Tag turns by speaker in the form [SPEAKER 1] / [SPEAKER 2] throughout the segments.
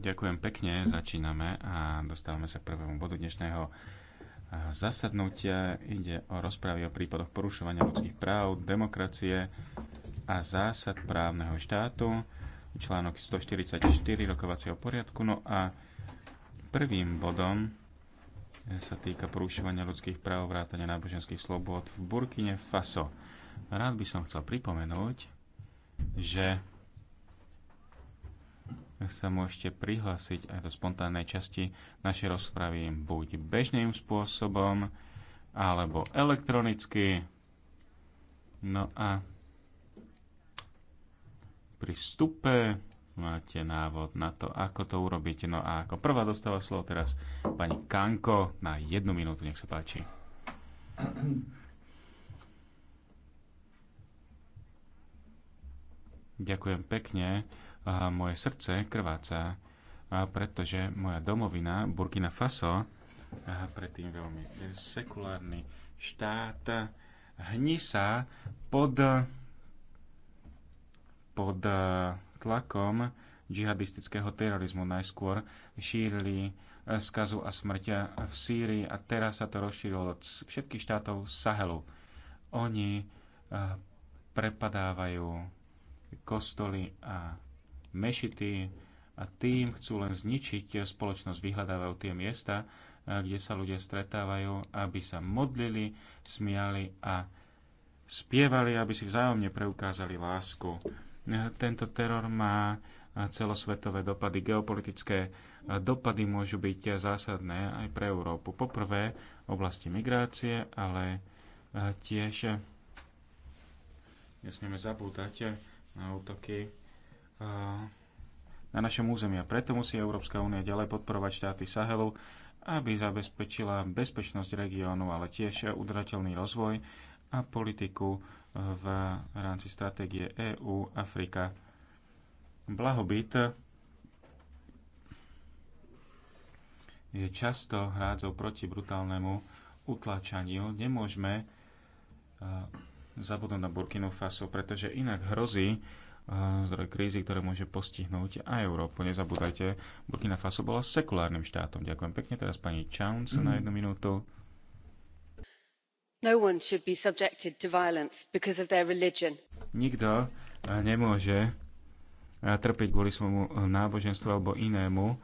[SPEAKER 1] Ďakujem pekne, začíname a dostávame sa k prvému bodu dnešného zasadnutia. Ide o rozprávy o prípadoch porušovania ľudských práv, demokracie a zásad právneho štátu, článok 144 rokovacieho poriadku. No a prvým bodom sa týka porušovania ľudských práv, vrátania náboženských slobod v Burkine Faso. Rád by som chcel pripomenúť, že sa môžete prihlásiť aj do spontánnej časti našej rozpravy buď bežným spôsobom, alebo elektronicky. No a pri vstupe máte návod na to, ako to urobiť. No a ako prvá dostáva slovo teraz pani Kanko na jednu minútu, nech sa páči. Ďakujem pekne. Moje srdce krváca, pretože moja domovina Burkina Faso, predtým veľmi sekulárny štát, hní sa pod, pod tlakom džihadistického terorizmu. Najskôr šírili skazu a smrťa v Sýrii a teraz sa to rozšírilo od všetkých štátov Sahelu. Oni prepadávajú kostoly a mešity a tým chcú len zničiť spoločnosť, vyhľadávajú tie miesta, kde sa ľudia stretávajú, aby sa modlili, smiali a spievali, aby si vzájomne preukázali lásku. Tento teror má celosvetové dopady, geopolitické dopady môžu byť zásadné aj pre Európu. Poprvé oblasti migrácie, ale tiež nesmieme zabúdať na útoky na našom území. A preto musí Európska únia ďalej podporovať štáty Sahelu, aby zabezpečila bezpečnosť regiónu, ale tiež udržateľný rozvoj a politiku v rámci stratégie EÚ Afrika. Blahobyt je často hrádzou proti brutálnemu utlačaniu. Nemôžeme zabudnúť na Burkinu Faso, pretože inak hrozí eh, zdroj krízy, ktoré môže postihnúť aj Európu. Nezabúdajte, Burkina Faso bola sekulárnym štátom. Ďakujem pekne. Teraz pani Chowns mm. na mhm. jednu minútu.
[SPEAKER 2] No one should be subjected to violence because of their religion.
[SPEAKER 1] Nikto eh, nemôže eh, trpiť kvôli svojmu náboženstvu alebo inému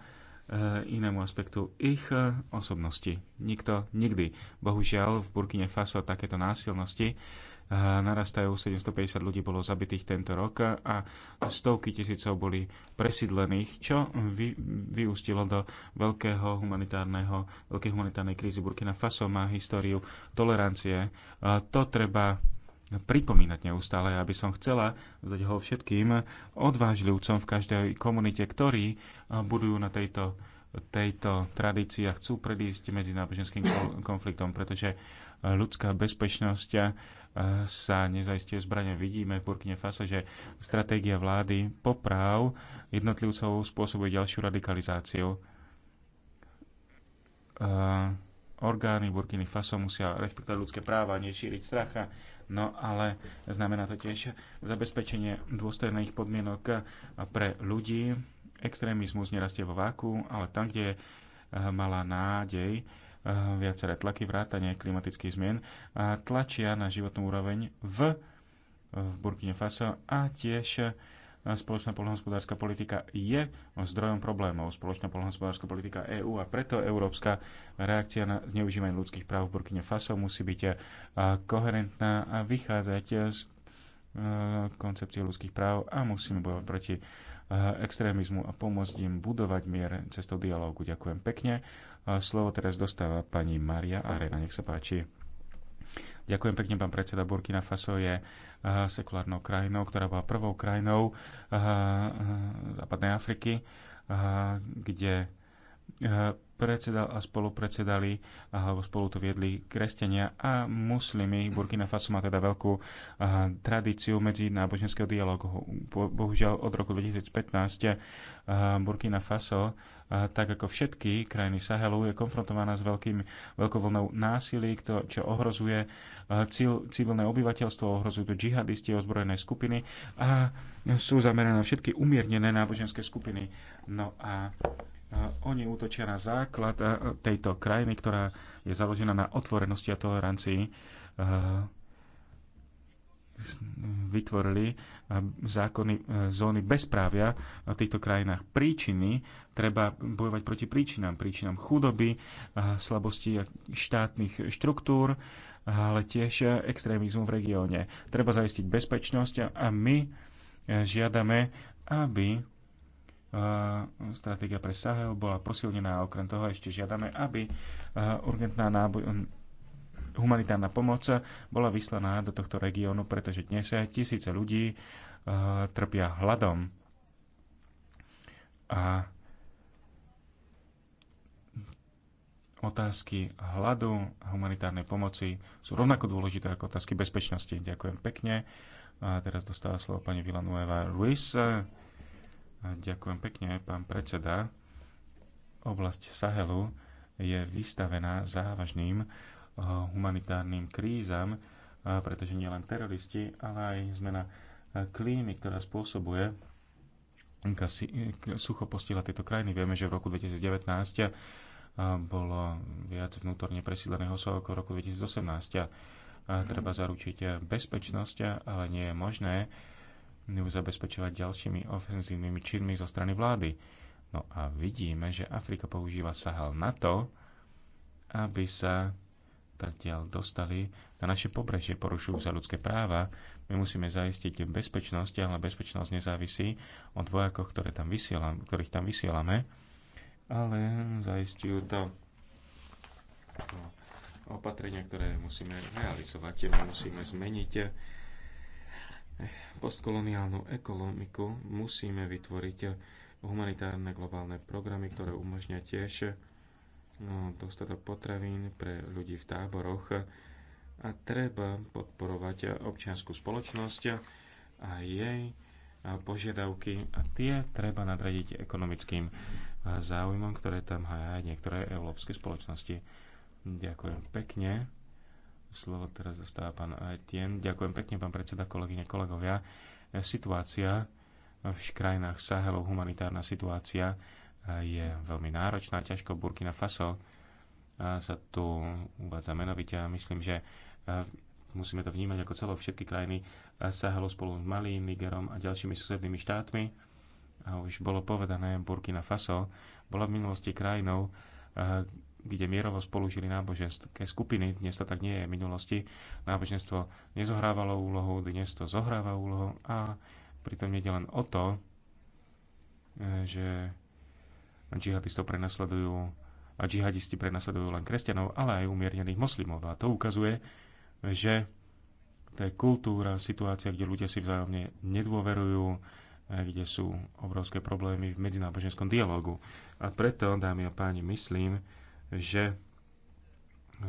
[SPEAKER 1] inému aspektu ich osobnosti. Nikto nikdy. Bohužiaľ v Burkine Faso takéto násilnosti narastajú. 750 ľudí bolo zabitých tento rok a stovky tisícov boli presídlených, čo vy, vyústilo do veľkého humanitárneho, veľkej humanitárnej krízy. Burkina Faso má históriu tolerancie. To treba pripomínať neustále. Aby som chcela vzdať ho všetkým odvážlivcom v každej komunite, ktorí budujú na tejto tejto tradícii a chcú predísť medzi náboženským konfliktom, pretože ľudská bezpečnosť sa nezajistie zbrania. Vidíme v Burkine Fase, že stratégia vlády poprav jednotlivcov spôsobuje ďalšiu radikalizáciu. Orgány Burkiny Faso musia rešpektovať ľudské práva, nešíriť stracha, no ale znamená to tiež zabezpečenie dôstojných podmienok pre ľudí. Extrémizmus nerastie vo váku, ale tam, kde je eh, malá nádej, Eh, viaceré tlaky, vrátanie klimatických zmien a tlačia na životnú úroveň v, v Burkine Faso a tiež eh, spoločná poľnohospodárska politika je zdrojom problémov. Spoločná poľnohospodárska politika EÚ a preto európska reakcia na zneužívanie ľudských práv v Burkine Faso musí byť eh, koherentná a vychádzať z koncepcie ľudských práv a musíme bojovať proti extrémizmu a pomôcť im budovať mier cestou dialógu. Ďakujem pekne slovo teraz dostáva pani Maria Arena. Nech sa páči. Ďakujem pekne, pán predseda. Burkina Faso je eh, sekulárnou krajinou, ktorá bola prvou krajinou eh, eh, západnej Afriky, kde predsedal a spolupredsedali, alebo spolu to viedli kresťania a muslimy. Burkina Faso má teda veľkú tradíciu medzi náboženského dialogu. Bohužiaľ od roku 2015 Burkina Faso tak ako všetky krajiny Sahelu, je konfrontovaná s veľkým, veľkou vlnou násilí, kto, čo ohrozuje eh, cil, civilné obyvateľstvo, ohrozujú to džihadisti, ozbrojené skupiny a sú zamerané na všetky umiernené náboženské skupiny. No a eh, oni útočia na základ eh, tejto krajiny, ktorá je založená na otvorenosti a tolerancii vytvorili eh, zákony, eh, zóny bezprávia v týchto krajinách. Príčiny, treba bojovať proti príčinám. Príčinám chudoby, eh, slabosti štátnych štruktúr, ale tiež extrémizmu v regióne. Treba zaistiť bezpečnosť a my žiadame, aby stratégia pre Sahel bola posilnená a okrem toho ešte žiadame, aby urgentná náboj, humanitárna pomoc bola vyslaná do tohto regiónu, pretože dnes tisíce ľudí eh, trpia hladom. A otázky hladu a humanitárnej pomoci sú rovnako dôležité ako otázky bezpečnosti. Ďakujem pekne. A teraz dostáva slovo pani Villanueva Ruiz. A ďakujem pekne, pán predseda. Oblasť Sahelu je vystavená závažným Eh, humanitárnym krízam, eh, pretože nielen teroristi, ale aj zmena eh, klímy, ktorá spôsobuje sucho postihla tieto krajiny. Vieme, že v roku 2019 bolo viac vnútorne presídlených osôb ako v roku 2018. A treba zaručiť bezpečnosť, ale nie je možné ju zabezpečovať ďalšími ofenzívnymi činmi zo strany vlády. No a vidíme, že Afrika používa Sahel na to, aby sa tatiaľ dostali na naše pobrežie, porušujú sa ľudské práva. My musíme zaistiť bezpečnosť, ale bezpečnosť nezávisí od vojakov, ktoré tam vysielam, ktorých tam vysielame, ale zaistujú to opatrenia, ktoré musíme realizovať. My musíme zmeniť postkoloniálnu ekonomiku, musíme vytvoriť humanitárne globálne programy, ktoré umožňa tiež No, dostatok potravín pre ľudí v táboroch a treba podporovať občianskú spoločnosť a jej požiadavky a tie treba nadradiť ekonomickým záujmom, ktoré tam hája niektoré európske spoločnosti. Ďakujem pekne. Slovo teraz zostáva pán Tien. Ďakujem pekne, pán predseda, kolegyne, kolegovia. Situácia v krajinách Sahelu, humanitárna situácia je veľmi náročná, ťažko Burkina Faso sa tu uvádza menovite a myslím, že musíme to vnímať ako celo všetky krajiny Sahelu spolu s malým Nigerom a ďalšími susednými štátmi. A už bolo povedané, Burkina Faso bola v minulosti krajinou, kde mierovo spolužili náboženské skupiny. Dnes to tak nie je. V minulosti náboženstvo nezohrávalo úlohu, dnes to zohráva úlohu a pritom nie len o to, e, že džihadistov prenasledujú a džihadisti prenasledujú len kresťanov, ale aj umiernených moslimov. No a to ukazuje, že to je kultúra, situácia, kde ľudia si vzájomne nedôverujú, eh, kde sú obrovské problémy v medzináboženskom dialogu. A preto, dámy a páni, myslím, že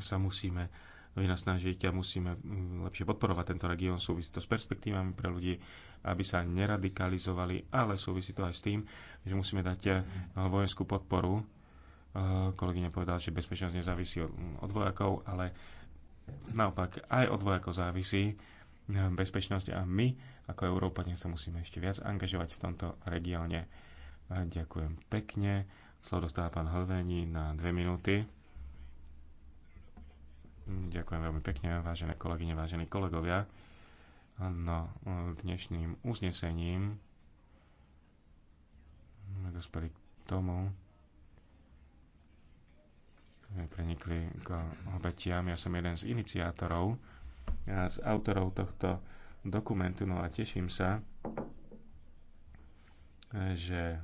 [SPEAKER 1] sa musíme vynasnažiť a musíme hm, lepšie podporovať tento región. Súvisí to s perspektívami pre ľudí aby sa neradikalizovali, ale súvisí to aj s tým, že musíme dať eh, vojenskú podporu. Eh, kolegyňa povedala, že bezpečnosť nezávisí od vojakov, ale naopak aj od vojakov závisí eh, bezpečnosť a my ako Európania sa musíme ešte viac angažovať v tomto regióne. Ďakujem pekne. Slovo dostáva pán Hlvení na dve minúty. Hm, ďakujem veľmi pekne, vážené kolegyne, vážení kolegovia. No, dnešným uznesením sme dospeli k tomu, že prenikli k obetiam. Ja som jeden z iniciátorov, a z autorov tohto dokumentu, no a teším sa, že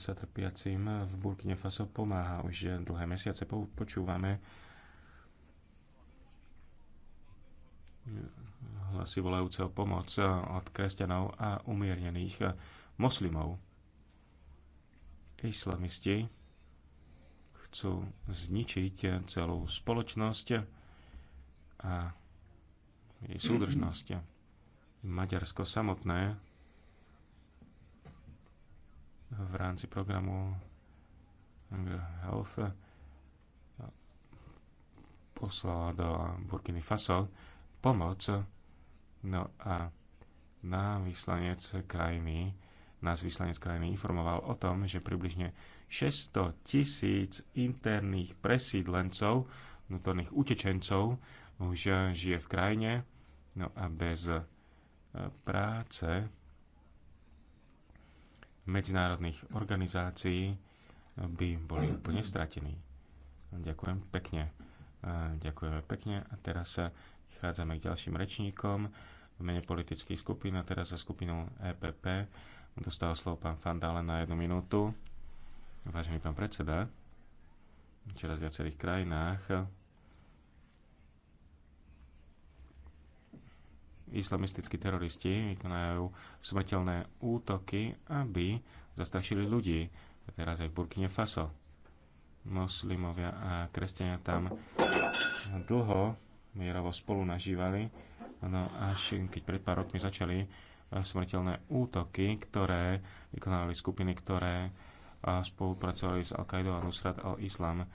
[SPEAKER 1] sa trpiacim v Burkine Faso pomáha. Už dlhé mesiace počúvame hlasy volajúce o pomoc od kresťanov a umiernených moslimov. Islamisti chcú zničiť celú spoločnosť a jej súdržnosť. Maďarsko samotné v rámci programu Health poslala do Burkiny Faso pomoc. No a na vyslanec krajiny, nás vyslanec krajiny informoval o tom, že približne 600 tisíc interných presídlencov, vnútorných utečencov už žije v krajine, no a bez e, práce medzinárodných organizácií by boli úplne stratení. Ďakujem pekne. E, ďakujeme pekne a teraz sa e, prechádzame k ďalším rečníkom v mene politických skupín a teraz za skupinu EPP dostal slovo pán Fandále na jednu minútu. Vážený pán predseda, včera viacerých krajinách islamistickí teroristi vykonajú smrteľné útoky, aby zastrašili ľudí. teraz aj v Burkine Faso. Moslimovia a kresťania tam dlho mierovo spolu nažívali. No až keď pred pár rokmi začali eh, smrteľné útoky, ktoré vykonali skupiny, ktoré eh, spolupracovali s Al-Qaidou a Nusrat al-Islam.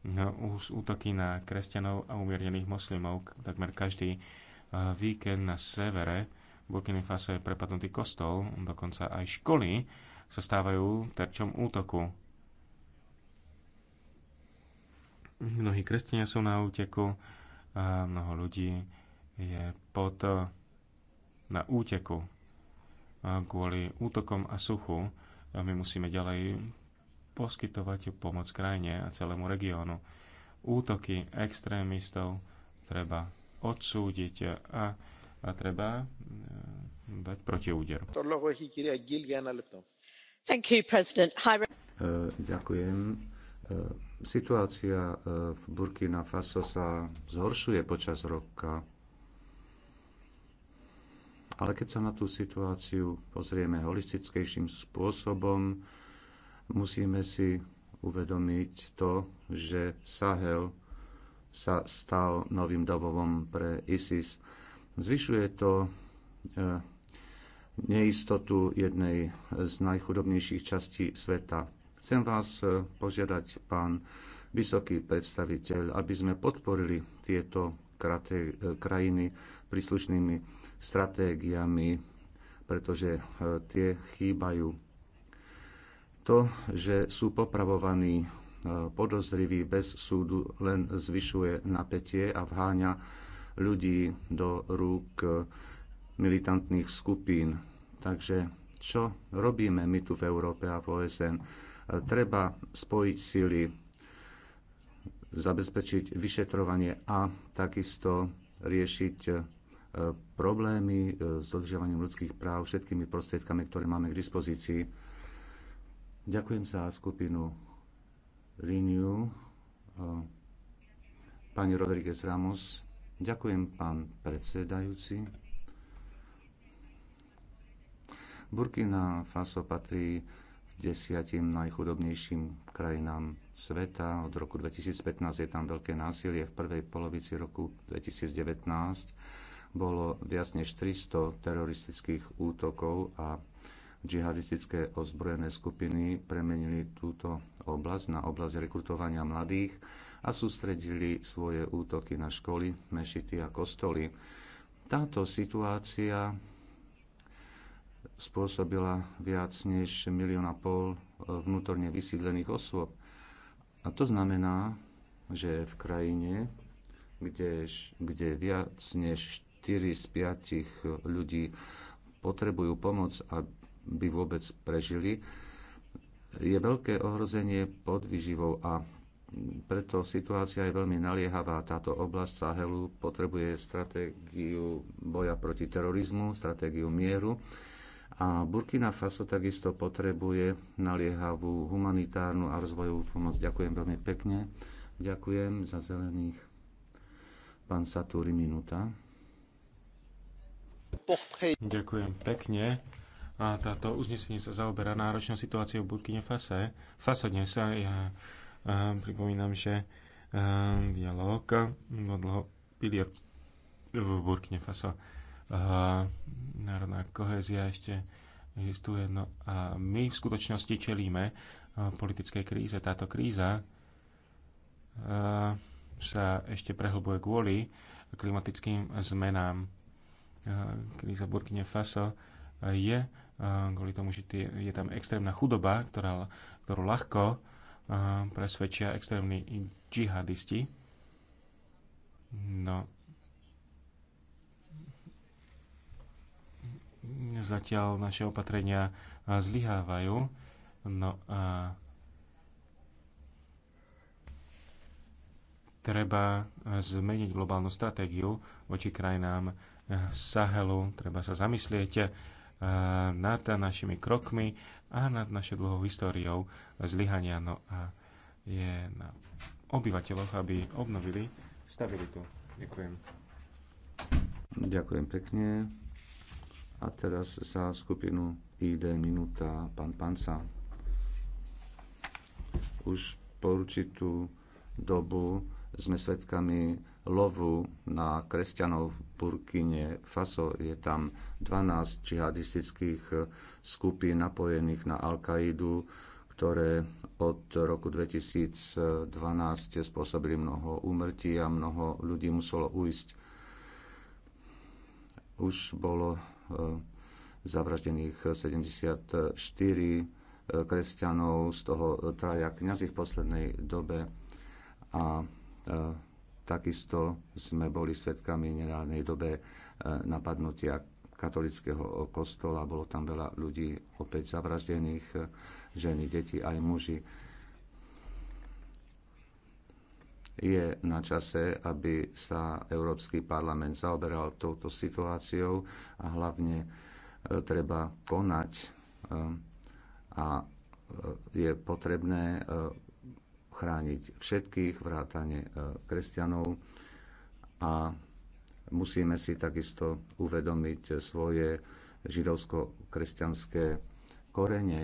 [SPEAKER 1] No, útoky na kresťanov a umiernených moslimov takmer každý eh, víkend na severe Burkina Faso je prepadnutý kostol, dokonca aj školy sa stávajú terčom útoku. Mnohí kresťania sú na úteku, a mnoho ľudí je pod eh, na úteku eh, kvôli útokom a suchu. My musíme ďalej poskytovať pomoc krajine a celému regiónu. Útoky extrémistov treba odsúdiť a, a treba eh, dať protiúder.
[SPEAKER 3] Ďakujem. Situácia e, v Burkina Faso sa zhoršuje počas roka. Ale keď sa na tú situáciu pozrieme holistickejším spôsobom, musíme si uvedomiť to, že Sahel sa stal novým dobovom pre ISIS. Zvyšuje to e, neistotu jednej z najchudobnejších častí sveta Chcem vás e, požiadať, pán vysoký predstaviteľ, aby sme podporili tieto e, krajiny príslušnými stratégiami, pretože e, tie chýbajú. To, že sú popravovaní podozriví bez súdu, len zvyšuje napätie a vháňa ľudí do rúk militantných skupín. Takže čo robíme my tu v Európe a v OSN? Treba spojiť sily, zabezpečiť vyšetrovanie a takisto riešiť e, problémy e, s dodržiavaním ľudských práv všetkými prostriedkami, ktoré máme k dispozícii. Ďakujem za skupinu Liniu. E, pani Rodríguez Ramos. Ďakujem, pán predsedajúci. Burkina Faso patrí desiatim najchudobnejším krajinám sveta. Od roku 2015 je tam veľké násilie. V prvej polovici roku 2019 bolo viac než 300 teroristických útokov a džihadistické ozbrojené skupiny premenili túto oblasť na oblasť rekrutovania mladých a sústredili svoje útoky na školy, mešity a kostoly. Táto situácia spôsobila viac než milión a pol e, vnútorne vysídlených osôb. A to znamená, že v krajine, kde, kde viac než 4 z 5 ľudí potrebujú pomoc, aby vôbec prežili, je veľké ohrozenie vyživou a preto situácia je veľmi naliehavá. Táto oblasť Sahelu potrebuje stratégiu boja proti terorizmu, stratégiu mieru a Burkina Faso takisto potrebuje naliehavú humanitárnu a rozvojovú pomoc. Ďakujem veľmi pekne. Ďakujem za zelených. Pán Satúri, minúta. Ďakujem pekne.
[SPEAKER 1] A táto uznesenie sa zaoberá náročnou situáciou v Burkine Fase. Faso dnes sa ja a, pripomínam, že a, dialog no, dlho pilier v Burkine Faso a národná kohézia ešte existuje. No a my v skutočnosti čelíme politickej kríze. Táto kríza sa ešte prehlbuje kvôli klimatickým zmenám. Kríza Burkine Faso je kvôli tomu, že je tam extrémna chudoba, ktorá, ktorú ľahko presvedčia extrémni džihadisti. No zatiaľ naše opatrenia e, zlyhávajú. No a treba e, zmeniť globálnu stratégiu voči krajinám e, Sahelu, treba sa zamyslieť nad našimi krokmi a nad našou dlhou históriou zlyhania. No a je na obyvateľoch, aby obnovili stabilitu. Ďakujem.
[SPEAKER 3] Ďakujem pekne. A teraz za skupinu ID Minúta pán Panca. Už po určitú dobu sme svetkami lovu na kresťanov v Burkine Faso. Je tam 12 džihadistických skupín napojených na Al-Kaidu, ktoré od roku 2012 spôsobili mnoho úmrtí a mnoho ľudí muselo ujsť. Už bolo E, zavraždených 74 e, kresťanov, z toho traja kniazy v poslednej dobe a e, takisto sme boli svetkami nedávnej dobe napadnutia katolického kostola. Bolo tam veľa ľudí opäť zavraždených, ženy, deti aj muži. je na čase, aby sa Európsky parlament zaoberal touto situáciou a hlavne e, treba konať e, a e, je potrebné chrániť všetkých, vrátane kresťanov a musíme si takisto uvedomiť svoje židovsko-kresťanské korene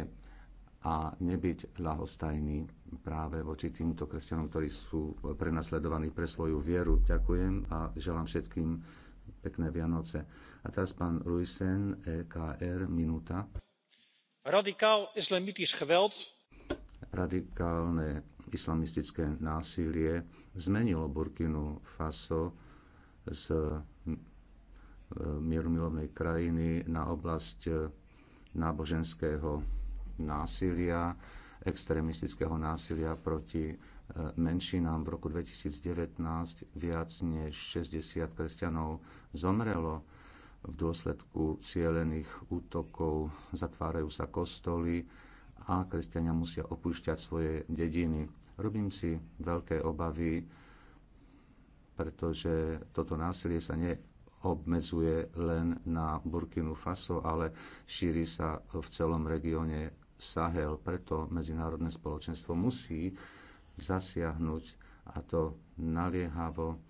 [SPEAKER 3] a nebyť ľahostajný práve voči týmto kresťanom, ktorí sú prenasledovaní pre svoju vieru. Ďakujem a želám všetkým pekné Vianoce. A teraz pán Ruisen, EKR, minúta.
[SPEAKER 4] Radikál islamitisch geweld.
[SPEAKER 3] Radikálne islamistické násilie zmenilo Burkinu Faso z mierumilovnej krajiny na oblasť e, náboženského násilia extrémistického násilia proti e, menšinám. V roku 2019 viac než 60 kresťanov zomrelo v dôsledku cielených útokov, zatvárajú sa kostoly a kresťania musia opúšťať svoje dediny. Robím si veľké obavy, pretože toto násilie sa neobmedzuje len na Burkinu Faso, ale šíri sa v celom regióne Sahel. Preto medzinárodné spoločenstvo musí zasiahnuť a to naliehavo.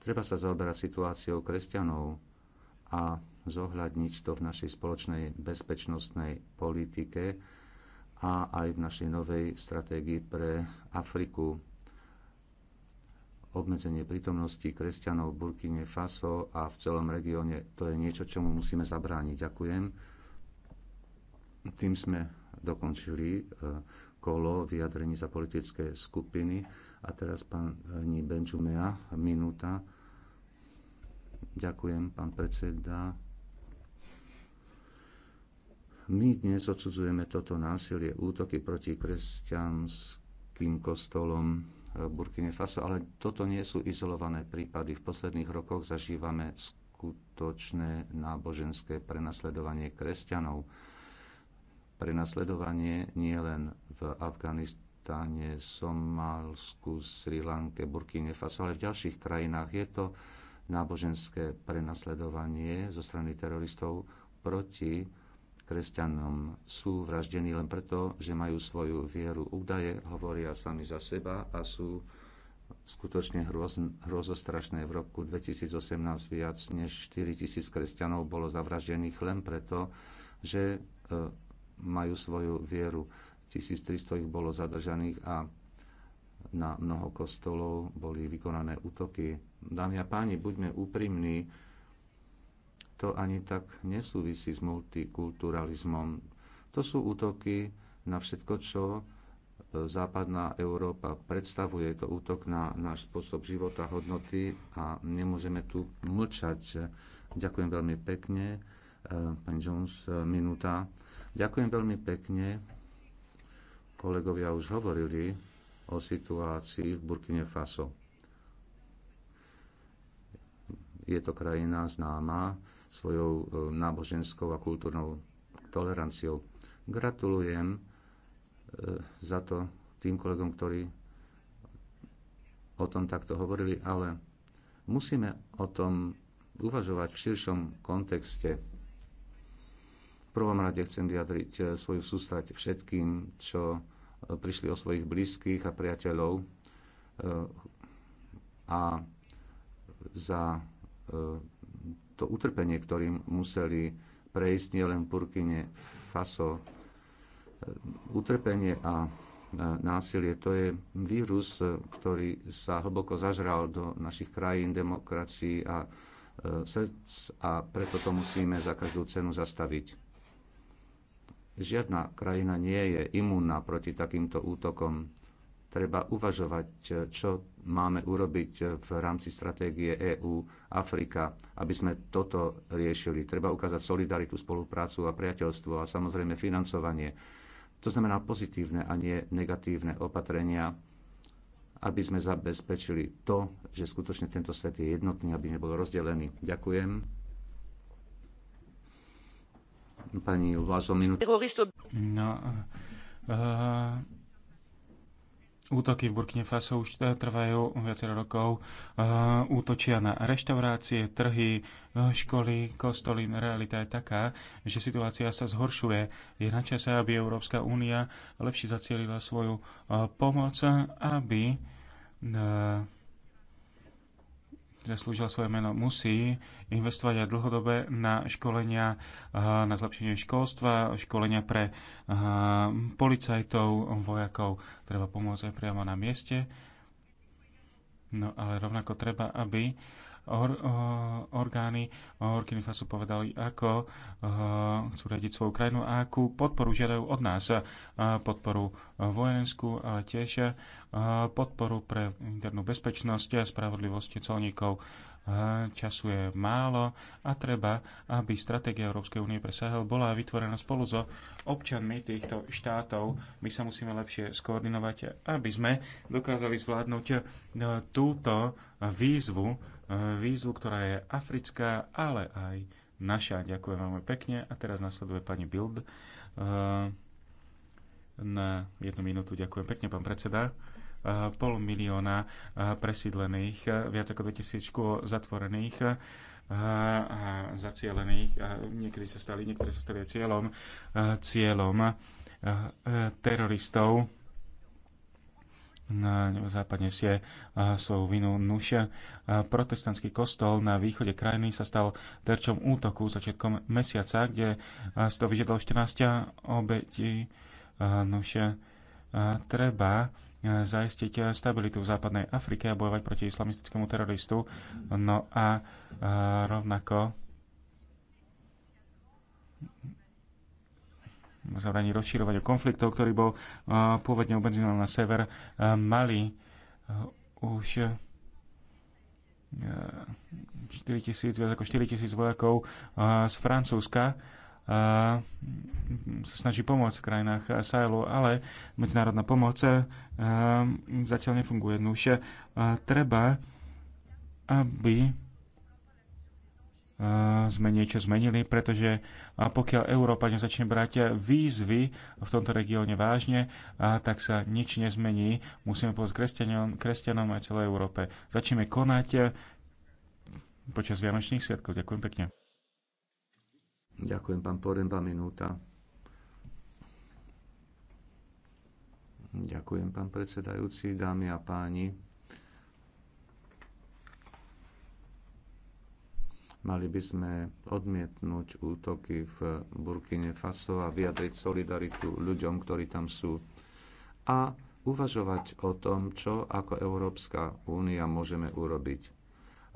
[SPEAKER 3] Treba sa zaoberať situáciou kresťanov a zohľadniť to v našej spoločnej bezpečnostnej politike a aj v našej novej stratégii pre Afriku. Obmedzenie prítomnosti kresťanov v Burkine Faso a v celom regióne to je niečo, čomu musíme zabrániť. Ďakujem. Tým sme dokončili e, kolo vyjadrení za politické skupiny. A teraz pani e, Benčumea, minúta. Ďakujem, pán predseda. My dnes odsudzujeme toto násilie, útoky proti kresťanským kostolom v e, Burkine Faso, ale toto nie sú izolované prípady. V posledných rokoch zažívame skutočné náboženské prenasledovanie kresťanov prenasledovanie nielen v Afganistáne, Somálsku, Sri Lanke, Burkine Faso, ale v ďalších krajinách. Je to náboženské prenasledovanie zo strany teroristov proti kresťanom. Sú vraždení len preto, že majú svoju vieru. Údaje hovoria sami za seba a sú skutočne hrozostrašné. V roku 2018 viac než 4 tisíc kresťanov bolo zavraždených len preto, že e, majú svoju vieru. 1300 ich bolo zadržaných a na mnoho kostolov boli vykonané útoky. Dámy a páni, buďme úprimní, to ani tak nesúvisí s multikulturalizmom. To sú útoky na všetko, čo e, západná Európa predstavuje. Je to útok na náš spôsob života, hodnoty a nemôžeme tu mlčať. Ďakujem veľmi pekne. E, Pani Jones, e, minúta. Ďakujem veľmi pekne. Kolegovia už hovorili o situácii v Burkine Faso. Je to krajina známa svojou e, náboženskou a kultúrnou toleranciou. Gratulujem e, za to tým kolegom, ktorí o tom takto hovorili, ale musíme o tom uvažovať v širšom kontexte prvom rade chcem vyjadriť e, svoju sústrať všetkým, čo e, prišli o svojich blízkych a priateľov e, a za to utrpenie, ktorým museli prejsť nielen v Burkine Faso. Utrpenie a násilie to je vírus, ktorý sa hlboko zažral do našich krajín, demokracií a srdc a preto to musíme za každú cenu zastaviť. Žiadna krajina nie je imúnna proti takýmto útokom. Treba uvažovať, čo máme urobiť v rámci stratégie EÚ Afrika, aby sme toto riešili. Treba ukázať solidaritu, spoluprácu a priateľstvo a samozrejme financovanie. To znamená pozitívne a nie negatívne opatrenia, aby sme zabezpečili to, že skutočne tento svet je jednotný, aby nebol rozdelený. Ďakujem. Pani Lubázov, minút. No, uh,
[SPEAKER 1] Útoky v Burkine Faso už eh, trvajú viacero rokov. Eh, útočia na reštaurácie, trhy, školy, kostoly. Realita je taká, že situácia sa zhoršuje. Je na čase, aby Európska únia lepšie zacielila svoju pomoc, aby zaslúžil svoje meno, musí investovať aj dlhodobé na školenia, eh, na zlepšenie školstva, školenia pre eh, policajtov, vojakov. Treba pomôcť aj priamo na mieste. No ale rovnako treba, aby or, orgány Orkiny Fasu povedali, ako chcú radiť svoju krajinu a akú podporu žiadajú od nás. Podporu vojenskú, ale tiež podporu pre internú bezpečnosť a spravodlivosť colníkov času je málo a treba, aby stratégia Európskej únie pre Sahel bola vytvorená spolu so občanmi týchto štátov. My sa musíme lepšie skoordinovať, aby sme dokázali zvládnuť e, túto výzvu, výzvu, ktorá je africká, ale aj naša. Ďakujem veľmi pekne. A teraz nasleduje pani Bild. Eh, na jednu minútu ďakujem pekne, pán predseda eh, pol milióna eh, presídlených, viac ako 2000 škôl zatvorených a zacielených. Niekedy sa stali, niektoré sa stali cieľom, cieľom teroristov na západne sie svoju vinu nušia. Protestantský kostol na východe krajiny sa stal terčom útoku začiatkom mesiaca, kde si to vyžiadalo 14 obetí nušia. Treba zaistiť stabilitu v západnej Afrike a bojovať proti islamistickému teroristu. No a rovnako rozširovať o konfliktov, ktorý bol eh, pôvodne obmedzený na sever eh, Mali. Eh, už 4 tisíc, viac ako 4 tisíc vojakov z Francúzska sa snaží pomôcť v krajinách Sahelu, ale medzinárodná pomoc zatiaľ nefunguje. Už treba, aby sme niečo zmenili, pretože a pokiaľ Európa nezačne brať výzvy v tomto regióne vážne, a tak sa nič nezmení. Musíme povedať kresťanom, kresťanom aj celej Európe. Začneme konať
[SPEAKER 3] počas Vianočných sviatkov. Ďakujem pekne. Ďakujem, pán Poremba, minúta. Ďakujem, pán predsedajúci, dámy a páni. Mali by sme odmietnúť útoky v Burkine Faso a vyjadriť solidaritu ľuďom, ktorí tam sú. A uvažovať o tom, čo ako Európska únia môžeme urobiť,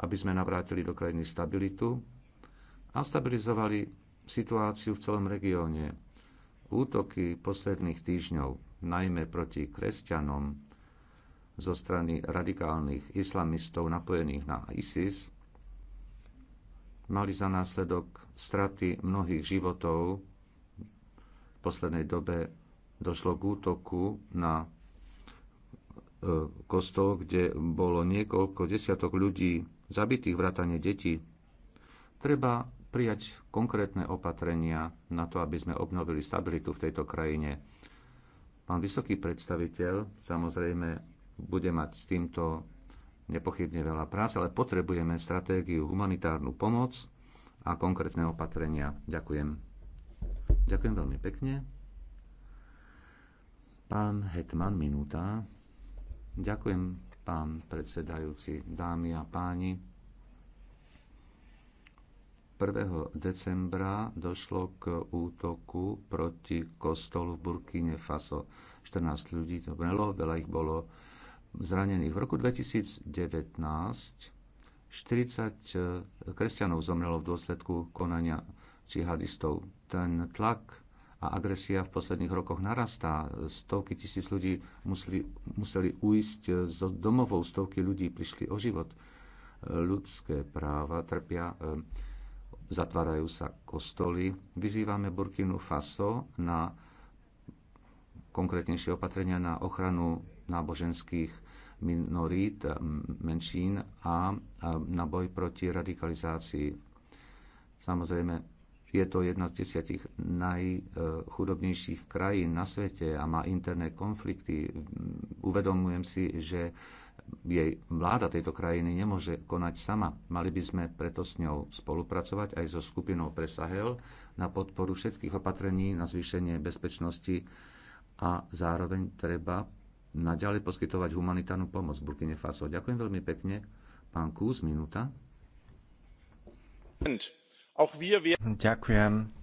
[SPEAKER 3] aby sme navrátili do krajiny stabilitu a stabilizovali situáciu v celom regióne. Útoky posledných týždňov, najmä proti kresťanom zo strany radikálnych islamistov napojených na ISIS, mali za následok straty mnohých životov. V poslednej dobe došlo k útoku na e, kostol, kde bolo niekoľko desiatok ľudí zabitých vrátane detí. Treba prijať konkrétne opatrenia na to, aby sme obnovili stabilitu v tejto krajine. Pán vysoký predstaviteľ samozrejme bude mať s týmto nepochybne veľa práce, ale potrebujeme stratégiu, humanitárnu pomoc a konkrétne opatrenia. Ďakujem. Ďakujem veľmi pekne. Pán Hetman, minúta. Ďakujem, pán predsedajúci, dámy a páni. 1. decembra došlo k útoku proti kostolu v Burkine Faso. 14 ľudí to brelo, veľa ich bolo zranených. V roku 2019 40 eh, kresťanov zomrelo v dôsledku konania džihadistov. Ten tlak a agresia v posledných rokoch narastá. Stovky tisíc ľudí museli, museli uísť eh, z domovou, stovky ľudí prišli o život. Eh, ľudské práva trpia, zatvárajú sa kostoly. Vyzývame Burkinu Faso na konkrétnejšie opatrenia na ochranu náboženských minorít, menšín a na boj proti radikalizácii. Samozrejme, je to jedna z desiatich najchudobnejších krajín na svete a má interné konflikty. Uvedomujem si, že jej vláda tejto krajiny nemôže konať sama. Mali by sme preto s ňou spolupracovať aj so skupinou Presahel na podporu všetkých opatrení na zvýšenie bezpečnosti a zároveň treba naďalej poskytovať humanitárnu pomoc v Burkine Faso. Ďakujem veľmi pekne. Pán Kús, minúta. Ďakujem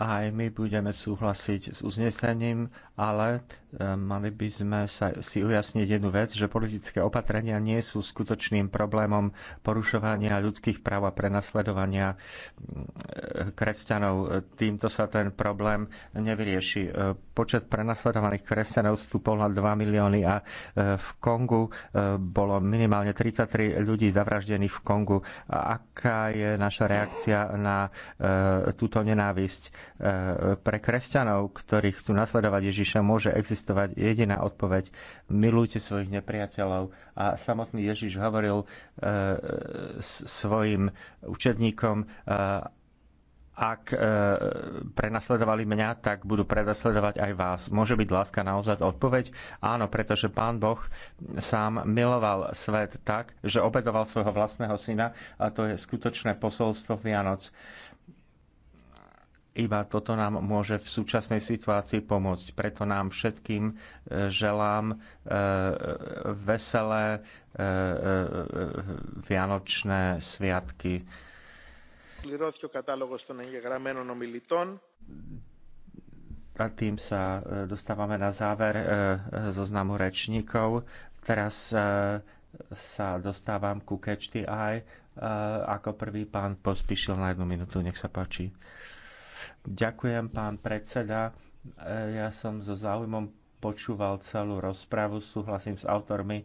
[SPEAKER 3] aj my budeme
[SPEAKER 4] súhlasiť s uznesením, ale e, mali by sme sa, si ujasniť jednu vec, že politické opatrenia nie sú skutočným problémom porušovania ľudských práv a prenasledovania e, kresťanov. Týmto sa ten problém nevyrieši. E, počet prenasledovaných kresťanov stúpol na 2 milióny a v Kongu bolo minimálne 33 ľudí zavraždených v Kongu. Aká je naša reakcia na túto nenávisť? E, pre kresťanov, ktorých chcú nasledovať Ježiša, môže existovať jediná odpoveď. Milujte svojich nepriateľov. A samotný Ježiš hovoril e, svojim učedníkom, e, ak prenasledovali mňa, tak budú prenasledovať aj vás. Môže byť láska naozaj odpoveď? Áno, pretože pán Boh sám miloval svet tak, že obedoval svojho vlastného syna a to je skutočné posolstvo Vianoc. Iba toto nám môže v súčasnej situácii pomôcť. Preto nám všetkým e, želám e, veselé e, vianočné sviatky. A tým sa dostávame na záver zoznamu rečníkov. Teraz sa dostávam ku Catch the Eye. Ako prvý pán pospíšil na jednu minútu, nech sa páči. Ďakujem, pán predseda. E, ja som so záujmom počúval celú rozpravu, súhlasím s autormi e,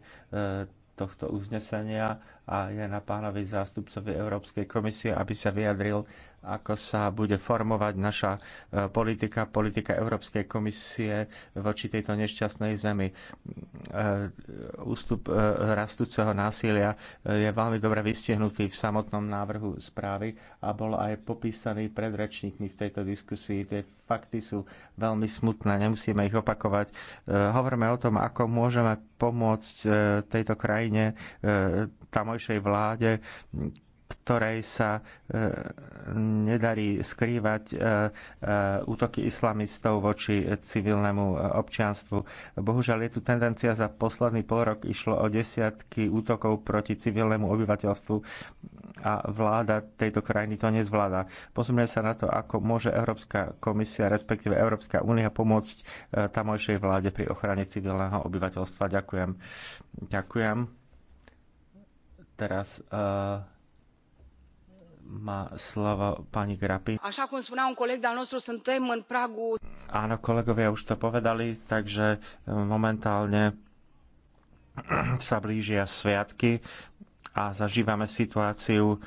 [SPEAKER 4] tohto uznesenia a je na pánovi zástupcovi Európskej komisie, aby sa vyjadril ako sa bude formovať naša e, politika, politika Európskej komisie voči tejto nešťastnej zemi. E, ústup e, rastúceho násilia je veľmi dobre vystihnutý v samotnom návrhu správy a bol aj popísaný pred rečníkmi v tejto diskusii. Tie fakty sú veľmi smutné, nemusíme ich opakovať. Hovoríme o tom, ako môžeme pomôcť tejto krajine, tamojšej vláde, ktorej sa e, nedarí skrývať e, e, útoky islamistov voči civilnému občianstvu. Bohužiaľ je tu tendencia za posledný pol rok išlo o desiatky útokov proti civilnému obyvateľstvu a vláda tejto krajiny to nezvláda. Pozrieme sa na to, ako môže Európska komisia, respektíve Európska únia pomôcť tamojšej vláde pri ochrane civilného obyvateľstva. Ďakujem. Ďakujem. Teraz uh má slovo pani Grapi.
[SPEAKER 5] Așa cum spunea un coleg de-al nostru, suntem în pragul...
[SPEAKER 4] Áno, kolegovia už to povedali, takže eh, momentálne sa blížia sviatky a zažívame situáciu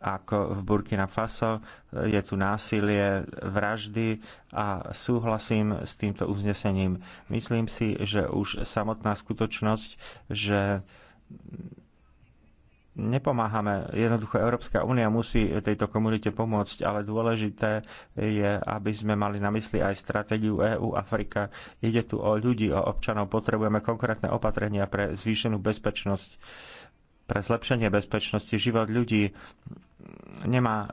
[SPEAKER 4] ako v Burkina Faso. Je tu násilie, vraždy a súhlasím s týmto uznesením. Myslím si, že už samotná skutočnosť, že nepomáhame. Jednoducho Európska únia musí tejto komunite pomôcť, ale dôležité je, aby sme mali na mysli aj stratégiu EÚ Afrika. Ide tu o ľudí, o občanov. Potrebujeme konkrétne opatrenia pre zvýšenú bezpečnosť, pre zlepšenie bezpečnosti. Život ľudí nemá e,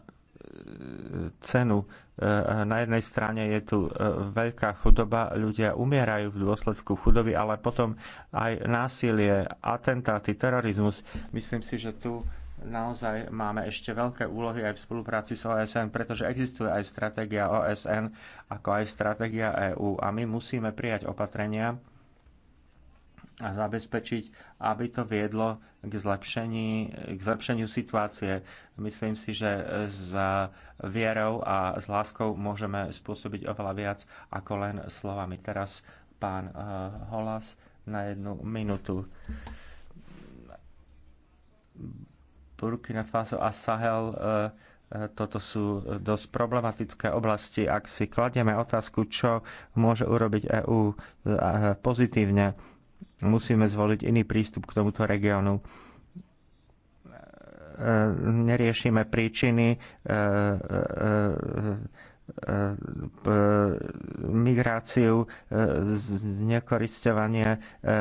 [SPEAKER 4] cenu Eh, na jednej strane je tu eh, veľká chudoba, ľudia umierajú v dôsledku chudoby, ale potom aj násilie, atentáty, terorizmus. Myslím si, že tu naozaj máme ešte veľké úlohy aj v spolupráci s OSN, pretože existuje aj stratégia OSN ako aj stratégia EÚ a my musíme prijať opatrenia, a zabezpečiť, aby to viedlo k, zlepšení, k zlepšeniu situácie. Myslím si, že s vierou a s láskou môžeme spôsobiť oveľa viac ako len slovami. Teraz pán eh, Holas na jednu minútu. Burkina Faso a Sahel eh, eh, toto sú dosť problematické oblasti. Ak si kladieme otázku, čo môže urobiť EÚ pozitívne, Musíme zvoliť iný prístup k tomuto regiónu e, e, neriešime príčiny e, migráciu, e, znekoristovanie e, e,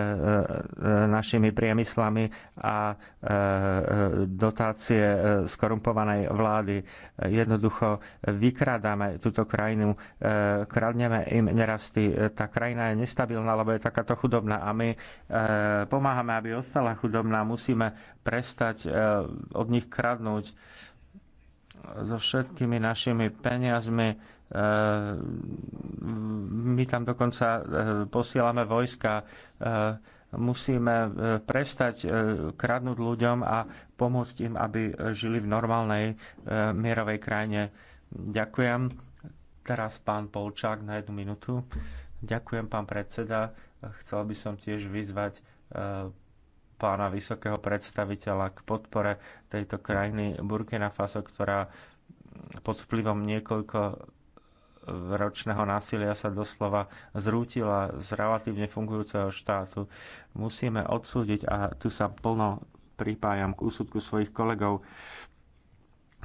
[SPEAKER 4] našimi priemyslami a dotácie skorumpovanej vlády. Jednoducho vykrádame túto krajinu, kradneme im nerasty. Tá krajina je nestabilná, lebo je takáto chudobná a my pomáhame, aby ostala chudobná. Musíme prestať od nich kradnúť so všetkými našimi peniazmi. E, my tam dokonca e, posielame vojska. E, musíme prestať kradnúť ľuďom a pomôcť im, aby žili v normálnej mierovej krajine. Ďakujem. Teraz pán Polčák na jednu minútu. Ďakujem, pán predseda. Chcel by som tiež vyzvať pána vysokého predstaviteľa k podpore tejto krajiny Burkina Faso, ktorá pod vplyvom niekoľko ročného násilia sa doslova zrútila z relatívne fungujúceho štátu. Musíme odsúdiť, a tu sa plno pripájam k úsudku svojich kolegov,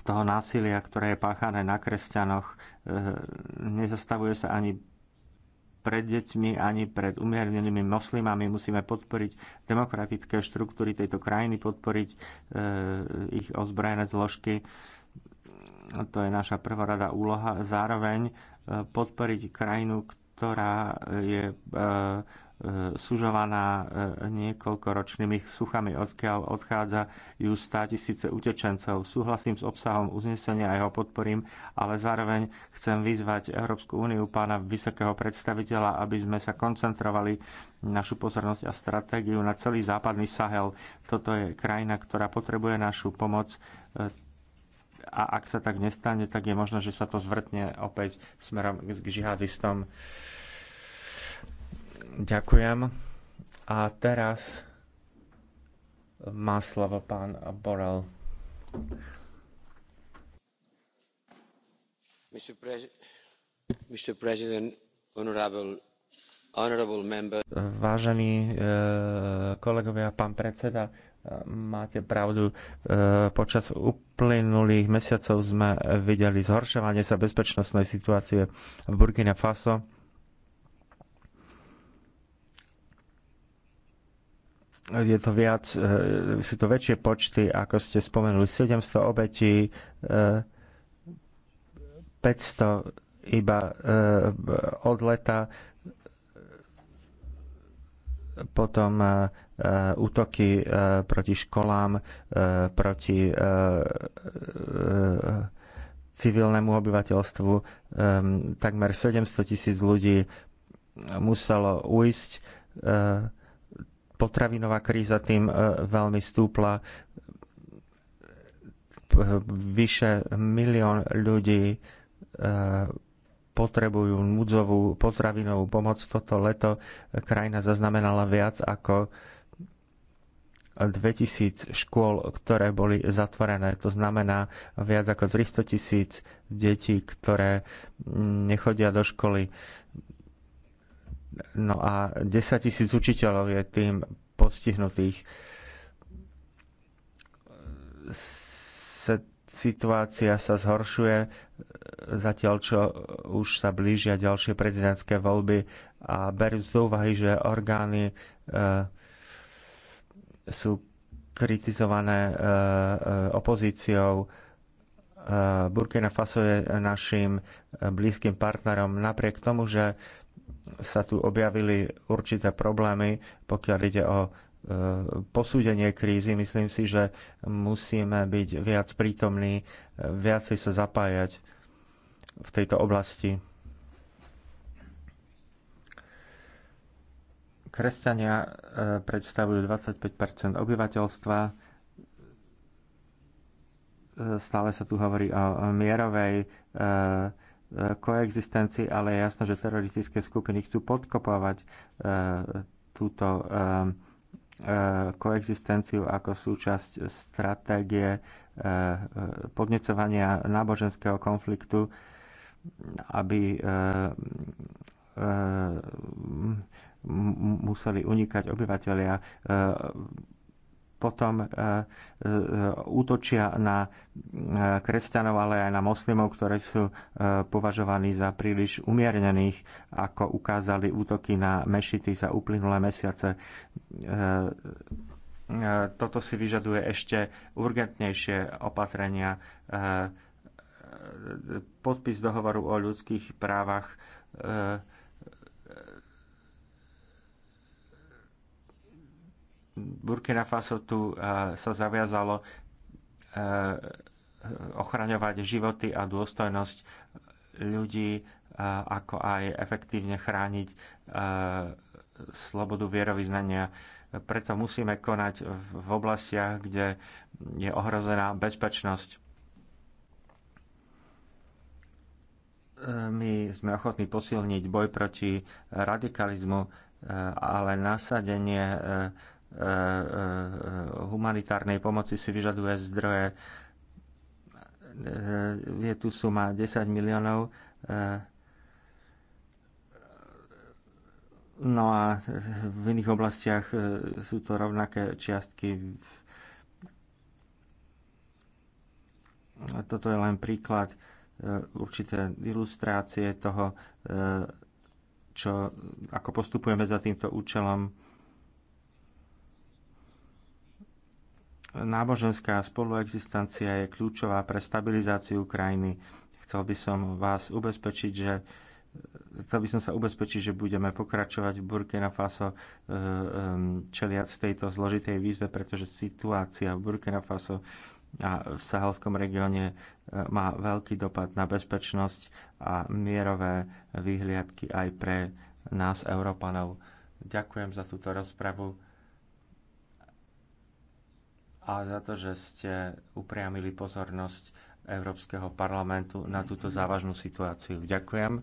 [SPEAKER 4] toho násilia, ktoré je páchané na kresťanoch. E, nezastavuje sa ani pred deťmi ani pred umiernenými moslimami. Musíme podporiť demokratické štruktúry tejto krajiny, podporiť e, ich ozbrojené zložky. To je naša prvorada úloha. Zároveň e, podporiť krajinu, ktorá je e, E, sužovaná e, niekoľkoročnými suchami, odkiaľ odchádzajú 100 tisíce utečencov. Súhlasím s obsahom uznesenia a jeho podporím, ale zároveň chcem vyzvať Európsku úniu pána vysokého predstaviteľa, aby sme sa koncentrovali našu pozornosť a stratégiu na celý západný Sahel. Toto je krajina, ktorá potrebuje našu pomoc e, a ak sa tak nestane, tak je možno, že sa to zvrtne opäť smerom k žihadistom. Ďakujem. A teraz má slovo pán Borel.
[SPEAKER 3] Mr. Pre- Mr.
[SPEAKER 4] President, honorable Vážení eh, kolegovia, pán predseda, eh, máte pravdu. Eh, počas uplynulých mesiacov sme videli zhoršovanie sa bezpečnostnej situácie v Burkina Faso je to viac, e, sú to väčšie počty, ako ste spomenuli, 700 obetí, 500 e, iba e, od leta, potom útoky proti školám, proti civilnému obyvateľstvu. Takmer 700 tisíc ľudí muselo ujsť Potravinová kríza tým e, veľmi stúpla. Vyše milión ľudí e, potrebujú núdzovú potravinovú pomoc. Toto leto krajina zaznamenala viac ako 2000 škôl, ktoré boli zatvorené. To znamená viac ako 300 tisíc detí, ktoré mm, nechodia do školy. No a 10 tisíc učiteľov je tým postihnutých. Situácia sa zhoršuje, zatiaľ čo už sa blížia ďalšie prezidentské voľby a berú z úvahy, že orgány e, sú kritizované e, e opozíciou. E, Burkina Faso je našim e, blízkym partnerom. Napriek tomu, že sa tu objavili určité problémy, pokiaľ ide o e, posúdenie krízy. Myslím si, že musíme byť viac prítomní, e, viacej sa zapájať v tejto oblasti. Kresťania e, predstavujú 25 obyvateľstva. Stále sa tu hovorí o mierovej koexistencii, ale je jasné, že teroristické skupiny chcú podkopávať eh, túto eh, eh, koexistenciu ako súčasť stratégie podnecovania náboženského konfliktu, aby museli unikať obyvateľia potom e, e, útočia na e, kresťanov, ale aj na moslimov, ktorí sú považovaní za príliš umiernených, ako ukázali útoky na mešity za uplynulé mesiace. Toto si vyžaduje ešte urgentnejšie opatrenia. Podpis dohovoru o ľudských právach Burkina Faso tu e, sa zaviazalo e, ochraňovať životy a dôstojnosť ľudí, e, ako aj efektívne chrániť slobodu vierovýznania. Preto musíme konať v oblastiach, kde je ohrozená bezpečnosť. My sme ochotní posilniť boj proti radikalizmu, ale nasadenie E, e, e, humanitárnej pomoci si vyžaduje zdroje. Je tu suma 10 miliónov. No a v iných oblastiach sú to rovnaké čiastky. Toto je len príklad určité ilustrácie toho, čo, ako postupujeme za týmto účelom Náboženská spoluexistencia je kľúčová pre stabilizáciu krajiny. Chcel by som vás ubezpečiť, že chcel by som sa ubezpečiť, že budeme pokračovať v Burkina Faso e, e, čeliac tejto zložitej výzve, pretože situácia v Burkina Faso a v sahelskom regióne e, má veľký dopad na bezpečnosť a mierové vyhliadky aj pre nás, Európanov. Ďakujem za túto rozpravu a za to, že ste upriamili pozornosť Európskeho parlamentu na túto závažnú situáciu. Ďakujem.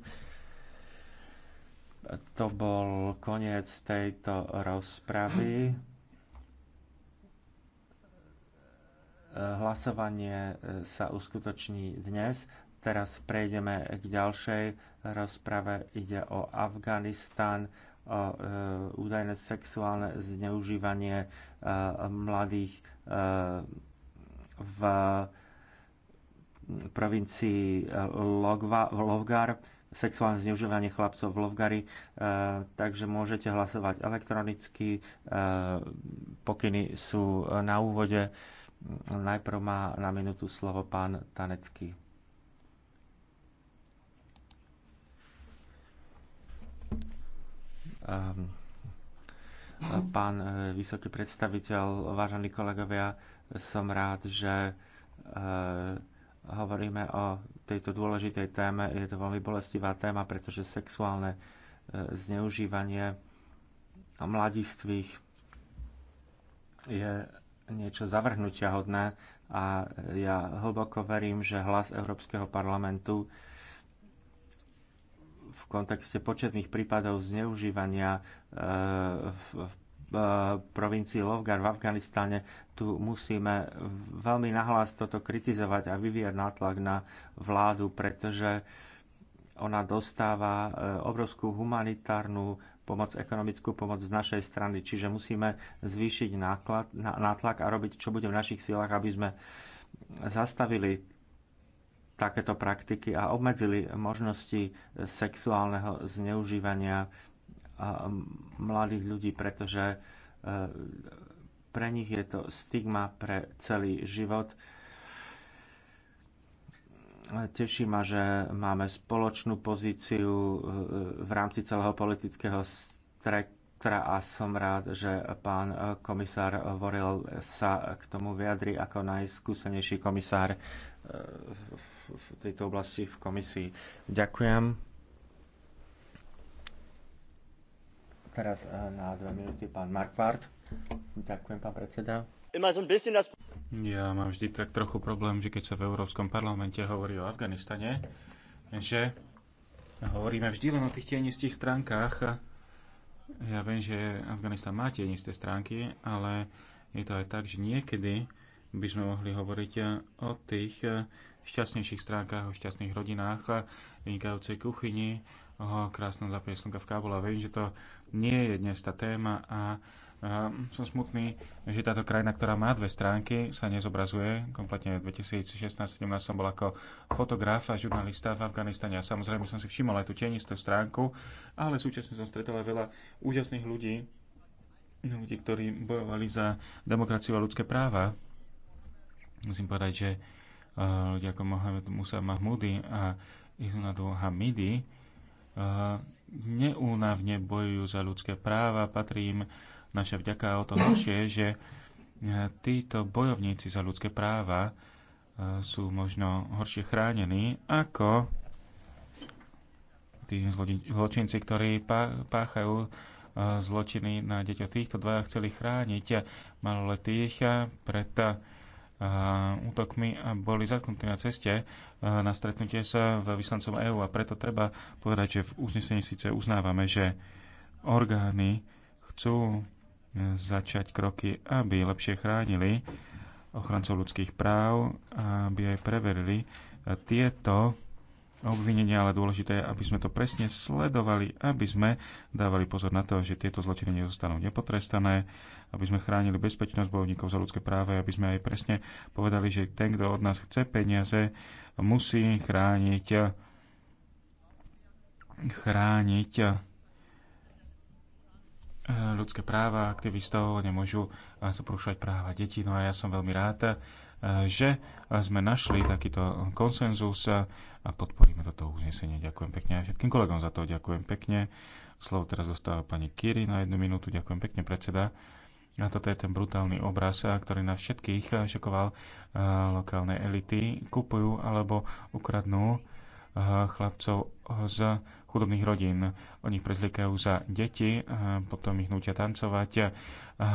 [SPEAKER 4] To bol koniec tejto rozpravy. Hlasovanie e, sa uskutoční dnes. Teraz prejdeme k ďalšej rozprave. Ide o Afganistan, o e, údajné sexuálne zneužívanie e, mladých v provincii Lovgar, sexuálne zneužívanie chlapcov v Lovgari, eh, takže môžete hlasovať elektronicky. Eh, pokyny sú na úvode. Najprv má na minútu slovo pán Tanecký. Um, Pán e, vysoký predstaviteľ, vážení kolegovia, som rád, že e, hovoríme o tejto dôležitej téme. Je to veľmi bolestivá téma, pretože sexuálne e, zneužívanie mladistvých je niečo zavrhnutia hodné a ja hlboko verím, že hlas Európskeho parlamentu v kontexte početných prípadov zneužívania e, v, e, provincii Lovgar v Afganistane. Tu musíme veľmi nahlas toto kritizovať a vyvíjať nátlak na vládu, pretože ona dostáva e, obrovskú humanitárnu pomoc, ekonomickú pomoc z našej strany. Čiže musíme zvýšiť náklad, nátlak a robiť, čo bude v našich silách, aby sme zastavili takéto praktiky a obmedzili možnosti sexuálneho zneužívania mladých ľudí, pretože e, pre nich je to stigma pre celý život. Teší ma, že máme spoločnú pozíciu e, v rámci celého politického teda a som rád, že pán e, komisár Vorel sa k tomu vyjadri ako najskúsenejší komisár e, v tejto oblasti v komisii. Ďakujem. Teraz e, na dve minúty pán Markvard. Ďakujem, pán predseda.
[SPEAKER 1] Ja mám vždy tak trochu problém, že keď sa v Európskom parlamente hovorí o Afganistane, že hovoríme vždy len o tých tienistých stránkach ja viem, že Afganistan má tie isté stránky, ale je to aj tak, že niekedy by sme mohli hovoriť o tých šťastnejších stránkach, o šťastných rodinách, vynikajúcej kuchyni, o krásnom zapiesnka v Kábule. Viem, že to nie je dnes tá téma a som smutný, že táto krajina, ktorá má dve stránky, sa nezobrazuje. Kompletne v 2016 2017 som bol ako fotograf a žurnalista v Afganistane a samozrejme som si všimol aj tú tenistú stránku, ale súčasne som stretol aj veľa úžasných ľudí, ľudí, ktorí bojovali za demokraciu a ľudské práva. Musím povedať, že eh, ľudia ako Mohamed Musa Mahmudi a Izunadu Hamidi eh, neúnavne bojujú za ľudské práva, patrí im Naša vďaka o to je, že eh, títo bojovníci za ľudské práva eh, sú možno horšie chránení ako tí zločinci, ktorí páchajú eh, zločiny na deťoch. Týchto dvaja chceli chrániť maloletých pred útokmi a boli zatknutí na ceste na stretnutie sa v vyslancom EÚ a preto treba povedať, že v uznesení síce uznávame, že orgány chcú začať kroky, aby lepšie chránili ochrancov ľudských práv, aby aj preverili tieto obvinenia, ale dôležité je, aby sme to presne sledovali, aby sme dávali pozor na to, že tieto zločiny nezostanú nepotrestané, aby sme chránili bezpečnosť bojovníkov za ľudské práve, aby sme aj presne povedali, že ten, kto od nás chce peniaze, musí chrániť chrániť ľudské práva aktivistov, nemôžu eh, sa porušovať práva detí. No a ja som veľmi rád, eh, že sme našli takýto konsenzus eh, a podporíme toto uznesenie. Ďakujem pekne a všetkým kolegom za to. Ďakujem pekne. Slovo teraz dostáva pani Kiri na jednu minútu. Ďakujem pekne, predseda. A toto je ten brutálny obraz, ktorý nás všetkých šokoval. Lokálne elity kupujú alebo ukradnú chlapcov z chudobných rodín. Oni prezliekajú za deti, a potom ich nutia tancovať, a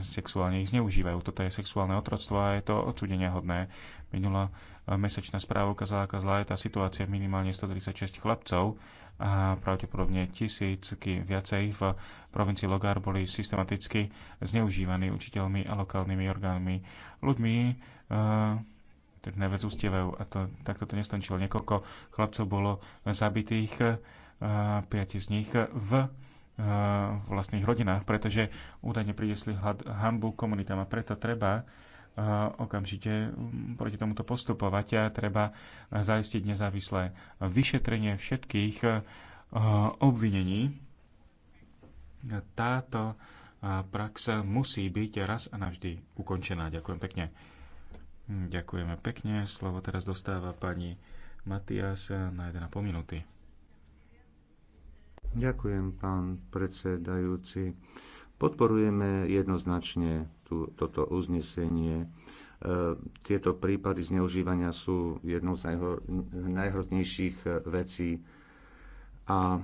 [SPEAKER 1] sexuálne ich zneužívajú. Toto je sexuálne otroctvo a je to odsudenia hodné. Minulá mesačná správa ukázala, aká zlá je tá situácia minimálne 136 chlapcov a pravdepodobne tisícky viacej v provincii Logár boli systematicky zneužívaní učiteľmi a lokálnymi orgánmi. Ľuďmi, ktorých najviac ustievajú. A to, takto to nestončilo. Niekoľko chlapcov bolo zabitých, piati z nich v vlastných rodinách, pretože údajne priniesli hambu komunitám a preto treba okamžite proti tomuto postupovať a treba zaistiť nezávislé vyšetrenie všetkých obvinení. Táto prax musí byť raz a navždy ukončená. Ďakujem pekne. Hm, ďakujeme pekne. Slovo teraz dostáva pani Matias na 1,5 minúty.
[SPEAKER 3] Ďakujem, pán predsedajúci. Podporujeme jednoznačne tú, toto uznesenie. E, tieto prípady zneužívania sú jednou z najho, najhroznejších e, vecí a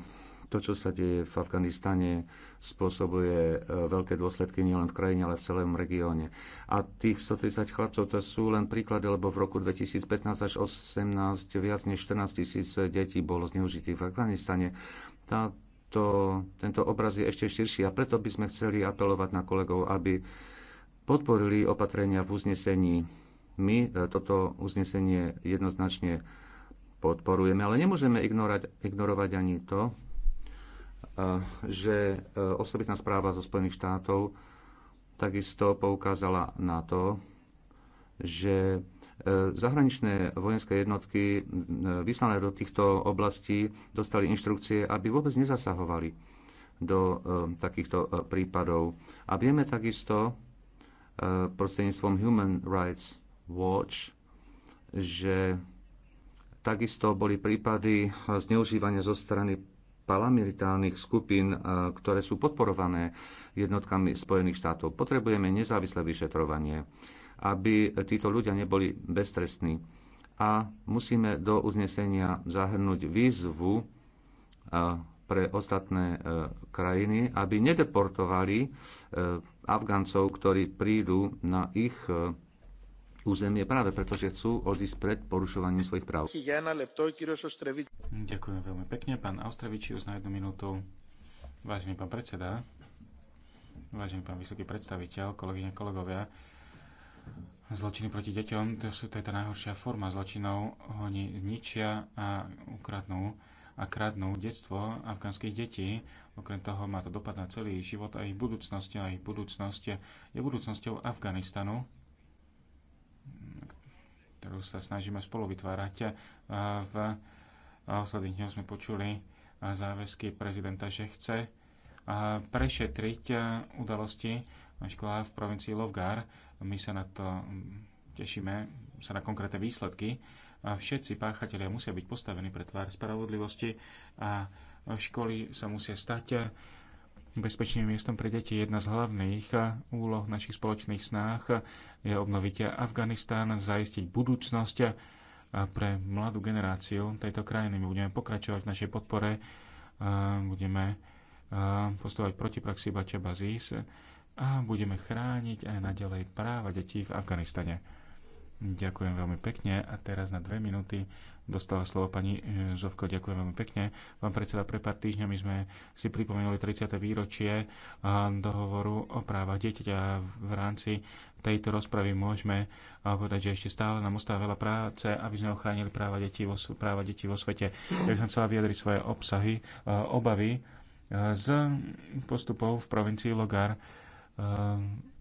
[SPEAKER 3] to, čo sa deje v Afganistane, spôsobuje e, veľké dôsledky nielen v krajine, ale v celom regióne. A tých 130 chlapcov to sú len príklady, lebo v roku 2015 až 18 viac než 14 tisíc detí bolo zneužitých v Afganistane. to, tento obraz je ešte širší a preto by sme chceli apelovať na kolegov, aby podporili opatrenia v uznesení. My e, toto uznesenie jednoznačne podporujeme, ale nemôžeme ignorať, ignorovať ani to, že e, osobitná správa zo Spojených štátov takisto poukázala na to, že e, zahraničné vojenské jednotky e, vyslané do týchto oblastí dostali inštrukcie, aby vôbec nezasahovali do takýchto prípadov. A vieme takisto prostredníctvom Human Rights Watch, že takisto boli prípady zneužívania zo strany paramilitárnych skupín, e, ktoré sú podporované jednotkami Spojených štátov. Potrebujeme nezávislé vyšetrovanie, aby títo ľudia neboli beztrestní. A musíme do uznesenia zahrnúť výzvu e, pre ostatné e, krajiny, aby nedeportovali Afgancov, ktorí prídu na ich územie práve preto, že chcú odísť pred porušovaním svojich práv.
[SPEAKER 1] Ďakujem veľmi pekne, pán Austrevičius, na jednu minútu. Vážený pán predseda, vážený pán vysoký predstaviteľ, kolegyne, kolegovia, zločiny proti deťom, to, sú, to je tá najhoršia forma zločinov. Oni ničia a ukradnú a kradnú detstvo afgánskych detí. Okrem toho má to dopad na celý život a ich budúcnosť a ich budúcnosť je budúcnosťou Afganistanu ktorú sa snažíme spolu vytvárať. V posledných dňoch sme počuli záväzky prezidenta, že chce prešetriť udalosti na školách v provincii Lovgar. My sa na to tešíme, sa na konkrétne výsledky. Všetci páchatelia musia byť postavení pre tvár spravodlivosti a školy sa musia stať bezpečným miestom pre deti. Jedna z hlavných eh, úloh našich spoločných snách eh, je obnoviť Afganistán, zaistiť budúcnosť eh, pre mladú generáciu tejto krajiny. My budeme pokračovať v našej podpore, budeme postovať proti praxi Bača Bazís a budeme chrániť aj naďalej práva detí v Afganistane. Ďakujem veľmi pekne a teraz na dve minúty dostala slovo pani e, Zovko. Ďakujem veľmi pekne. Vám predseda, pre pár týždňami sme si pripomenuli 30. výročie dohovoru o právach dieťaťa. V rámci tejto rozpravy môžeme povedať, že ešte stále nám ostáva veľa práce, aby sme ochránili práva detí vo, práva detí vo svete. Ja by som chcela vyjadriť svoje obsahy, obavy z postupov v provincii Logar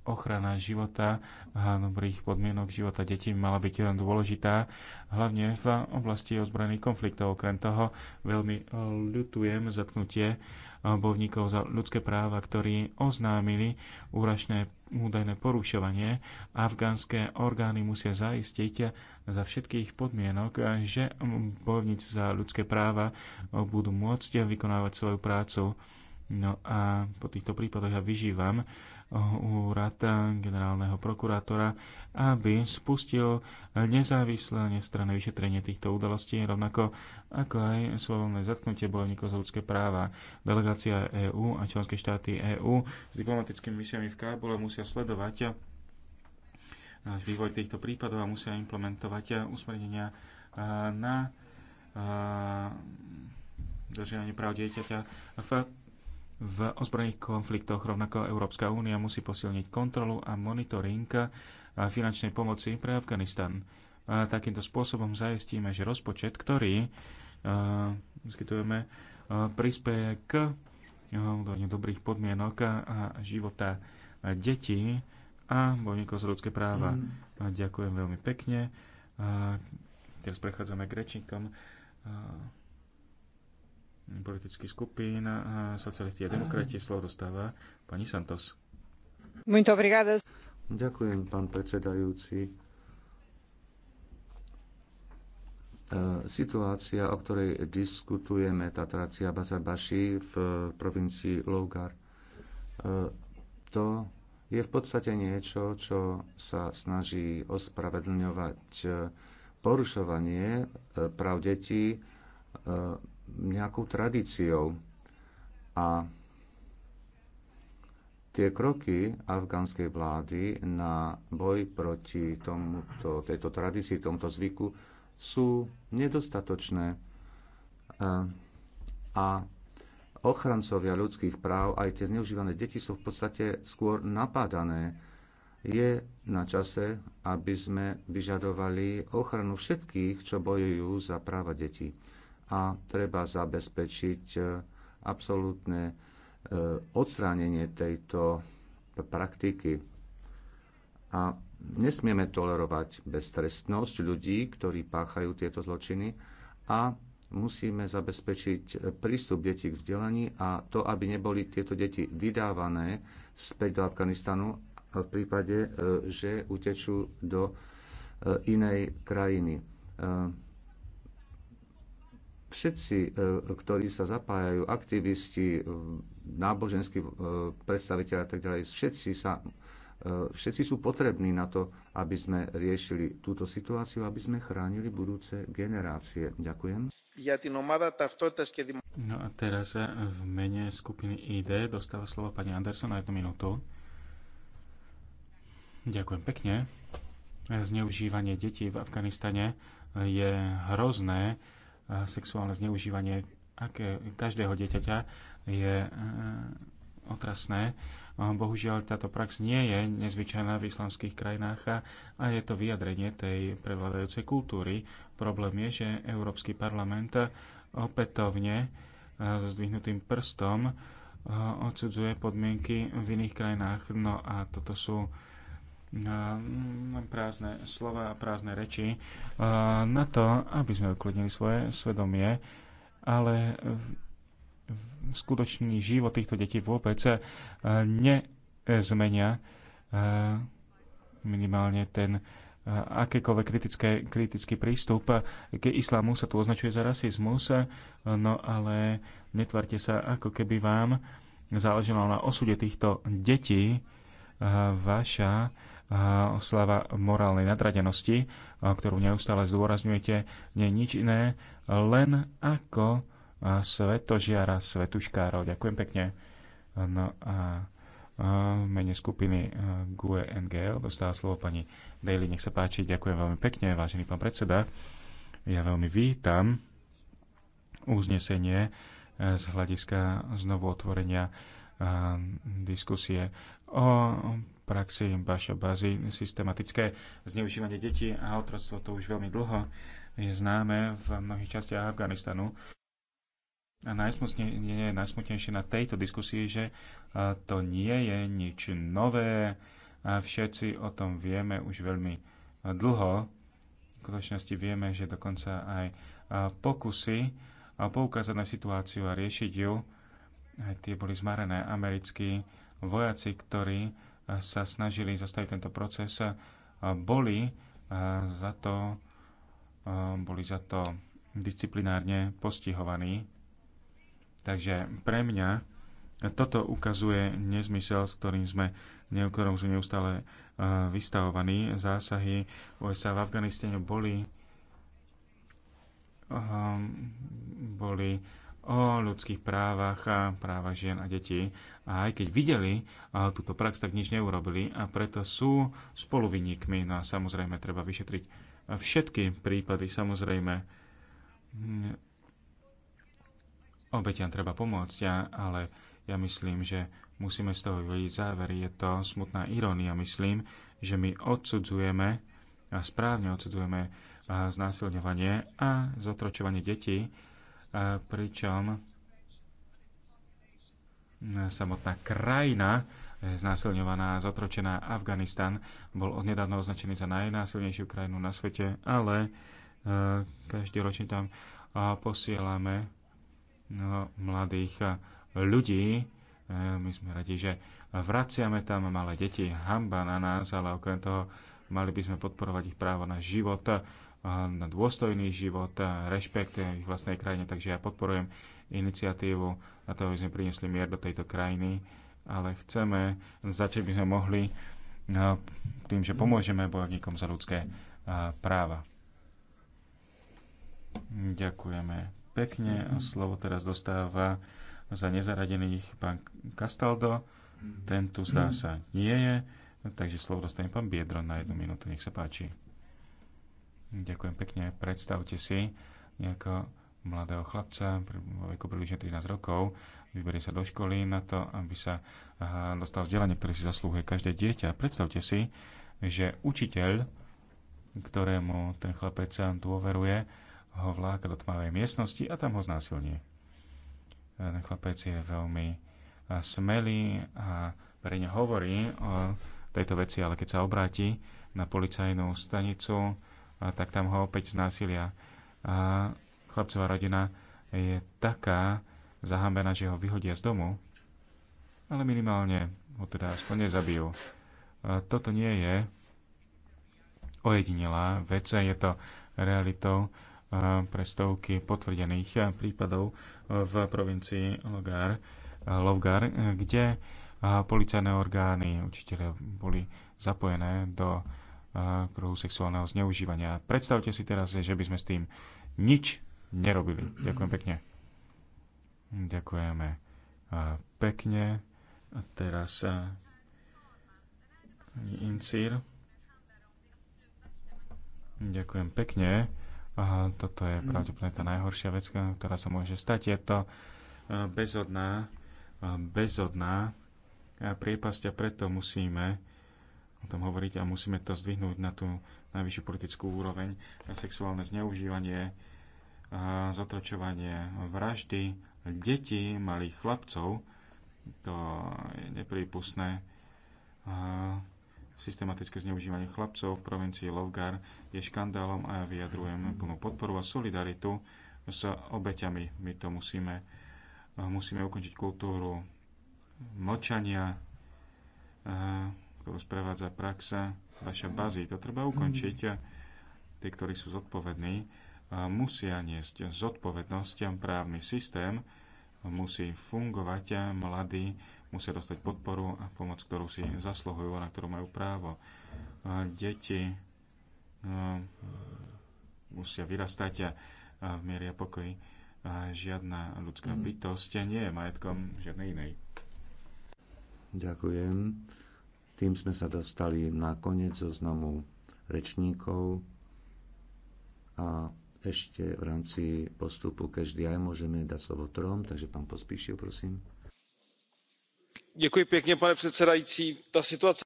[SPEAKER 1] ochrana života a dobrých podmienok života detí mala byť len dôležitá, hlavne v oblasti ozbrojených konfliktov. Okrem toho veľmi ľutujem zatknutie bojovníkov za ľudské práva, ktorí oznámili úračné údajné porušovanie. Afgánske orgány musia zaistiť za všetkých podmienok, že bojovníci za ľudské práva budú môcť vykonávať svoju prácu. No a po týchto prípadoch ja vyžívam úrad eh, generálneho prokurátora, aby spustil nezávislé nestranné vyšetrenie týchto udalostí, rovnako ako aj svojvoľné zatknutie bojovníkov za ľudské práva. Delegácia EÚ a členské štáty EÚ s diplomatickými misiami v Kábule musia sledovať eh, náš vývoj týchto prípadov a musia implementovať eh, usmernenia na dodržiavanie práv dieťaťa v v ozbrojených konfliktoch. Rovnako Európska únia musí posilniť kontrolu a monitoring finančnej pomoci pre Afganistan. A takýmto spôsobom zajistíme, že rozpočet, ktorý poskytujeme, prispieje k dobrých podmienok a života detí a bojníkov z ľudské práva. Mm. Ďakujem veľmi pekne. A teraz prechádzame k rečníkom politických skupín socialisti a demokrati slovo dostáva pani Santos.
[SPEAKER 3] Ďakujem, pán predsedajúci. E, situácia, o ktorej diskutujeme, tá trácia Bazarbaši v provincii Lougar, e, to je v podstate niečo, čo sa snaží ospravedlňovať e, porušovanie práv detí nejakou tradíciou a tie kroky afgánskej vlády na boj proti tomuto, tejto tradícii, tomto zvyku sú nedostatočné. A ochrancovia ľudských práv, aj tie zneužívané deti sú v podstate skôr napádané. Je na čase, aby sme vyžadovali ochranu všetkých, čo bojujú za práva detí a treba zabezpečiť e, absolútne e, odstránenie tejto praktiky. A nesmieme tolerovať beztrestnosť ľudí, ktorí páchajú tieto zločiny a musíme zabezpečiť prístup detí k vzdelaní a to, aby neboli tieto deti vydávané späť do Afganistanu v prípade, e, že utečú do inej krajiny všetci, e, ktorí sa zapájajú, aktivisti, e, náboženskí e, predstaviteľi a tak ďalej, všetci, sa, všetci sú potrební na to, aby sme riešili túto situáciu, aby sme chránili budúce generácie. Ďakujem. No a teraz
[SPEAKER 1] v mene skupiny ID dostáva slovo pani Anderson na jednu minútu. Ďakujem pekne. Zneužívanie detí v Afganistane je hrozné sexuálne zneužívanie aké, každého dieťaťa je eh, otrasné. Bohužiaľ, táto prax nie je nezvyčajná v islamských krajinách a, a je to vyjadrenie tej prevládajúcej kultúry. Problém je, že Európsky parlament opätovne eh, so zdvihnutým prstom eh, odsudzuje podmienky v iných krajinách. No a toto sú len mm, prázdne slova a prázdne reči na to, aby sme ukludnili svoje svedomie, ale skutočný život týchto detí vôbec e, nezmenia e, minimálne ten e, akékoľvek kritické, kritický prístup k islámu sa tu označuje za rasizmus, no ale netvarte sa, ako keby vám záležalo na osude týchto detí. Vaša oslava morálnej nadradenosti, ktorú neustále zdôrazňujete, nie je nič iné, len ako svetožiara svetuškárov. Ďakujem pekne. No a v mene skupiny GUE NGL dostáva slovo pani Daly. Nech sa páči, ďakujem veľmi pekne, vážený pán predseda. Ja veľmi vítam uznesenie z hľadiska znovu otvorenia diskusie o praxi vaše Bazy systematické zneužívanie detí a otroctvo to už veľmi dlho je známe v mnohých častiach Afganistanu. A najsmutnejšie, najsmutnejšie na tejto diskusii, že to nie je nič nové a všetci o tom vieme už veľmi dlho. V skutočnosti vieme, že dokonca aj pokusy poukázať na situáciu a riešiť ju, aj tie boli zmarené americkí vojaci, ktorí sa snažili zastaviť tento proces, boli za to, boli za to disciplinárne postihovaní. Takže pre mňa toto ukazuje nezmysel, s ktorým sme, ktorom sme neustále vystavovaní. Zásahy USA v Afganistane boli, boli o ľudských právach a práva žien a detí. A aj keď videli túto prax, tak nič neurobili a preto sú spoluvinníkmi. No a samozrejme treba vyšetriť všetky prípady, samozrejme. obeťam treba pomôcť, ale ja myslím, že musíme z toho vyvodiť závery. Je to smutná irónia, myslím, že my odsudzujeme a správne odsudzujeme znásilňovanie a zotročovanie detí, pričom samotná krajina eh, znásilňovaná a zotročená Afganistan bol odnedávno označený za najnásilnejšiu krajinu na svete, ale eh, každý ročne tam eh, posielame no, mladých ľudí. My sme radi, že vraciame tam malé deti. Hamba na nás, ale okrem toho mali by sme podporovať ich právo na život, na dôstojný život, rešpekt v ich vlastnej krajine. Takže ja podporujem iniciatívu na to, aby sme priniesli mier do tejto krajiny, ale chceme začať by sme mohli no, tým, že pomôžeme bojovníkom za ľudské práva. Ďakujeme pekne. A slovo teraz dostáva za nezaradených pán Castaldo. Ten tu zdá sa nie je, takže slovo dostane pán Biedron na jednu minútu. Nech sa páči. Ďakujem pekne. Predstavte si nejakého mladého chlapca, veku približne 13 rokov, vyberie sa do školy na to, aby sa dostal vzdelanie, ktoré si zaslúhuje každé dieťa. Predstavte si, že učiteľ, ktorému ten chlapec dôveruje, ho vláka do tmavej miestnosti a tam ho znásilní. Ten chlapec je veľmi smelý a verejne hovorí o tejto veci, ale keď sa obráti na policajnú stanicu, tak tam ho opäť znásilia. A chlapcová rodina je taká zahambená, že ho vyhodia z domu, ale minimálne ho teda aspoň nezabijú. Toto nie je ojedinelá vec, je to realitou pre stovky potvrdených prípadov v provincii Logar, Lovgar, kde policajné orgány učiteľe boli zapojené do kruhu sexuálneho zneužívania. Predstavte si teraz, že by sme s tým nič nerobili. Ďakujem pekne. Ďakujeme pekne. A teraz incir. Ďakujem pekne. Aha, toto je pravdepodobne tá najhoršia vec, ktorá sa môže stať. Je to bezodná, bezodná priepasť a preto musíme o tom hovoriť a musíme to zdvihnúť na tú najvyššiu politickú úroveň. sexuálne zneužívanie, zatračovanie zotročovanie, vraždy detí, malých chlapcov, to je neprípustné. systematické zneužívanie chlapcov v provincii Lovgar je škandálom a ja vyjadrujem plnú podporu a solidaritu s obeťami. My to musíme, musíme ukončiť kultúru mlčania, ktorú sprevádza praxa vaša bazí To treba ukončiť. Mhm. Tí, ktorí sú zodpovední, musia niesť zodpovednosť. Právny systém musí fungovať. Mladí musia dostať podporu a pomoc, ktorú si zasluhujú a na ktorú majú právo. Deti musia vyrastať v miery a pokoji. Žiadna ľudská mhm. bytosť nie je majetkom žiadnej inej.
[SPEAKER 3] Ďakujem. Tým sme sa dostali na koniec zoznamu rečníkov a ešte v rámci postupu každý aj môžeme dať slovo trom, takže pán Pospíšil, prosím.
[SPEAKER 6] Ďakujem pekne, pane predsedajúci. Tá situácia...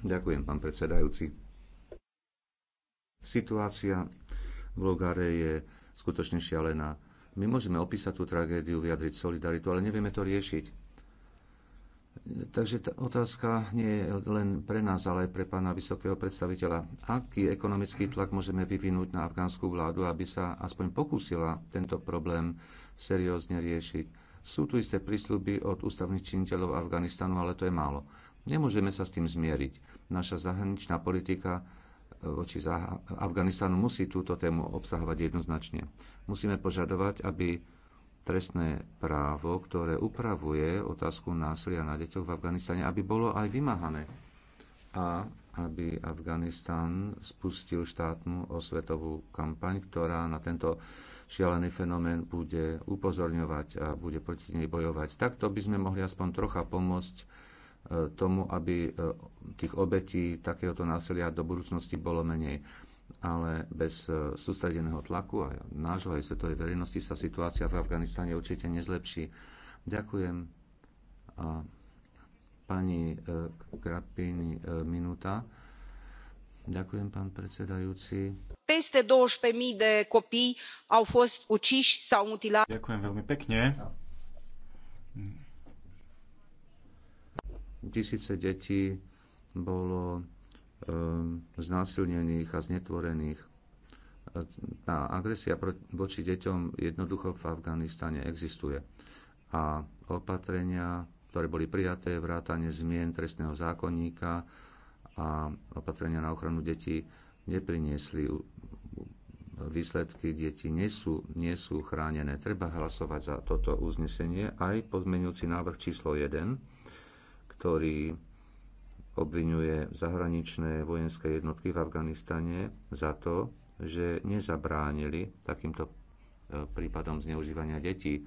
[SPEAKER 3] Ďakujem, pán predsedajúci. Situácia v Lugare je skutočne šialená. My môžeme opísať tú tragédiu, vyjadriť solidaritu, ale nevieme to riešiť Takže tá otázka nie je len pre nás, ale aj pre pána vysokého predstaviteľa. Aký ekonomický tlak môžeme vyvinúť na afgánsku vládu, aby sa aspoň pokúsila tento problém seriózne riešiť? Sú tu isté prísľuby od ústavných činiteľov Afganistanu, ale to je málo. Nemôžeme sa s tým zmieriť. Naša zahraničná politika e, voči Afganistanu musí túto tému obsahovať jednoznačne. Musíme požadovať, aby trestné právo, ktoré upravuje otázku násilia na deťoch v Afganistane, aby bolo aj vymáhané a aby Afganistan spustil štátnu osvetovú kampaň, ktorá na tento šialený fenomén bude upozorňovať a bude proti nej bojovať. Takto by sme mohli aspoň trocha pomôcť e, tomu, aby e, tých obetí takéhoto násilia do budúcnosti bolo menej ale bez e, sústredeného tlaku a nášho aj svetovej verejnosti sa situácia v Afganistane určite nezlepší. Ďakujem. A pani Krapini, e, e, minúta. Ďakujem, pán predsedajúci.
[SPEAKER 7] Peste 12.000 de copii au fost uciși sau mutilați.
[SPEAKER 3] Ďakujem veľmi pekne. Tisíce detí bolo Ehm, znásilnených a znetvorených. E, tá agresia voči deťom jednoducho v Afganistane existuje. A opatrenia, ktoré boli prijaté, vrátanie zmien trestného zákonníka a opatrenia na ochranu detí nepriniesli výsledky deti nie sú, nie sú chránené. Treba hlasovať za toto uznesenie aj pozmenujúci návrh číslo 1, ktorý obvinuje zahraničné vojenské jednotky v Afganistane za to, že nezabránili takýmto e, prípadom zneužívania detí.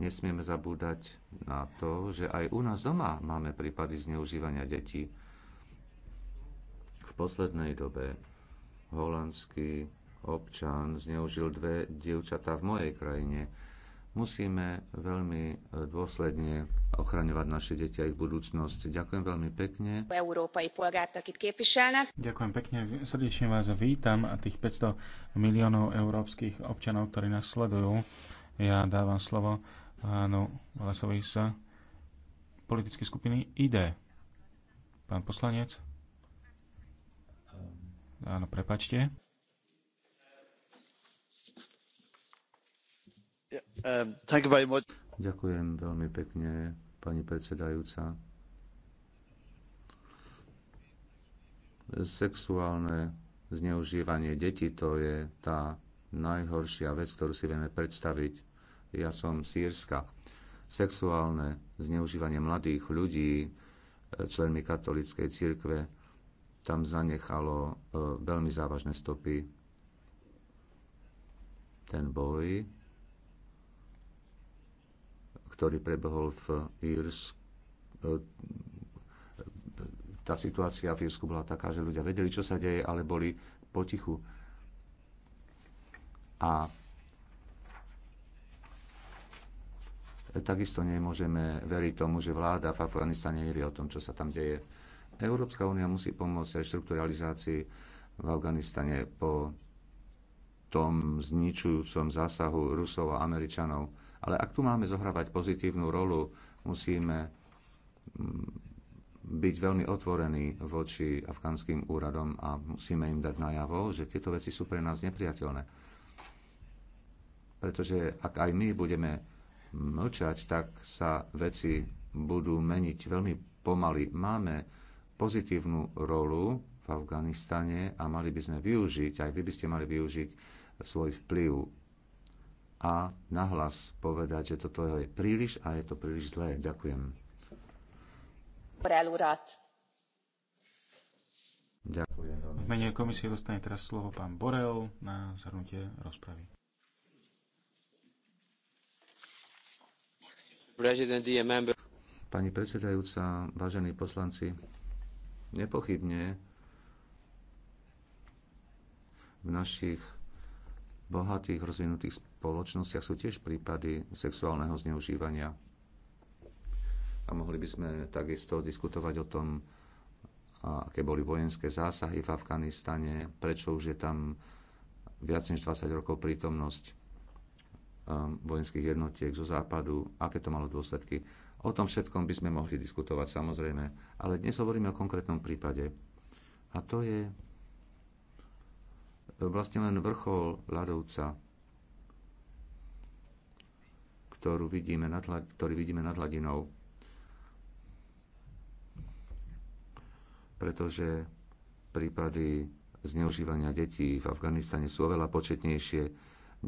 [SPEAKER 3] Nesmieme zabúdať na to, že aj u nás doma máme prípady zneužívania detí. V poslednej dobe holandský občan zneužil dve dievčatá v mojej krajine Musíme veľmi e, dôsledne ochraňovať naše deti a ich budúcnosť. Ďakujem veľmi pekne.
[SPEAKER 1] Ďakujem pekne, srdečne vás vítam a tých 500 miliónov európskych občanov, ktorí nás sledujú. Ja dávam slovo pánu Lesovi z politické skupiny ID. Pán poslanec. Áno, prepačte.
[SPEAKER 3] Ďakujem veľmi pekne, pani predsedajúca. Sexuálne zneužívanie detí to je tá najhoršia vec, ktorú si vieme predstaviť. Ja som sírska. Sexuálne zneužívanie mladých ľudí e, členmi katolíckej cirkve tam zanechalo e, veľmi závažné stopy. Ten boj ktorý prebehol v Írsku. Tá situácia v Írsku bola taká, že ľudia vedeli, čo sa deje, ale boli potichu. A takisto nemôžeme veriť tomu, že vláda v Afganistane nevie o tom, čo sa tam deje. Európska únia musí pomôcť reštrukturalizácii v Afganistane po tom zničujúcom zásahu Rusov a Američanov. Ale ak tu máme zohrávať pozitívnu rolu, musíme mm, byť veľmi otvorení voči afgánskym úradom a musíme im dať najavo, že tieto veci sú pre nás nepriateľné. Pretože ak aj my budeme mlčať, tak sa veci budú meniť veľmi pomaly. Máme pozitívnu rolu v Afganistane a mali by sme využiť, aj vy by ste mali využiť svoj vplyv a nahlas povedať, že toto je príliš a je to príliš zlé. Ďakujem.
[SPEAKER 1] Ďakujem. V mene komisie dostane teraz slovo pán Borel na zhrnutie rozpravy.
[SPEAKER 3] Pani predsedajúca, vážení poslanci, nepochybne v našich bohatých rozvinutých spoločnostiach sú tiež prípady sexuálneho zneužívania. A mohli by sme takisto diskutovať o tom, aké boli vojenské zásahy v Afganistane, prečo už je tam viac než 20 rokov prítomnosť vojenských jednotiek zo západu, aké to malo dôsledky. O tom všetkom by sme mohli diskutovať samozrejme, ale dnes hovoríme o konkrétnom prípade. A to je vlastne len vrchol ľadovca, ktorú vidíme nad, ktorý vidíme nad hladinou. Pretože prípady zneužívania detí v Afganistane sú oveľa početnejšie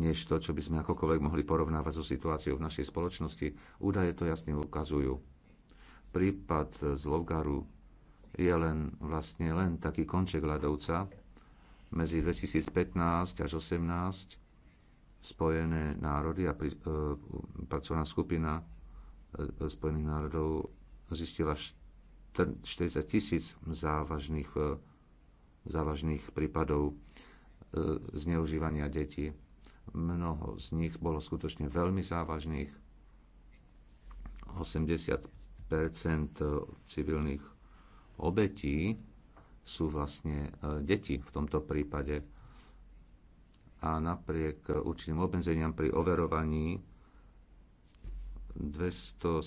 [SPEAKER 3] než to, čo by sme akokoľvek mohli porovnávať so situáciou v našej spoločnosti. Údaje to jasne ukazujú. Prípad z Lovgaru je len vlastne len taký konček ľadovca, medzi 2015 až 2018 Spojené národy a e, pracovná skupina e, Spojených národov zistila 40 tisíc závažných, e, závažných prípadov zneužívania detí. Mnoho z nich bolo skutočne veľmi závažných. 80 civilných obetí sú vlastne e, deti v tomto prípade. A napriek určitým obmedzeniam pri overovaní 274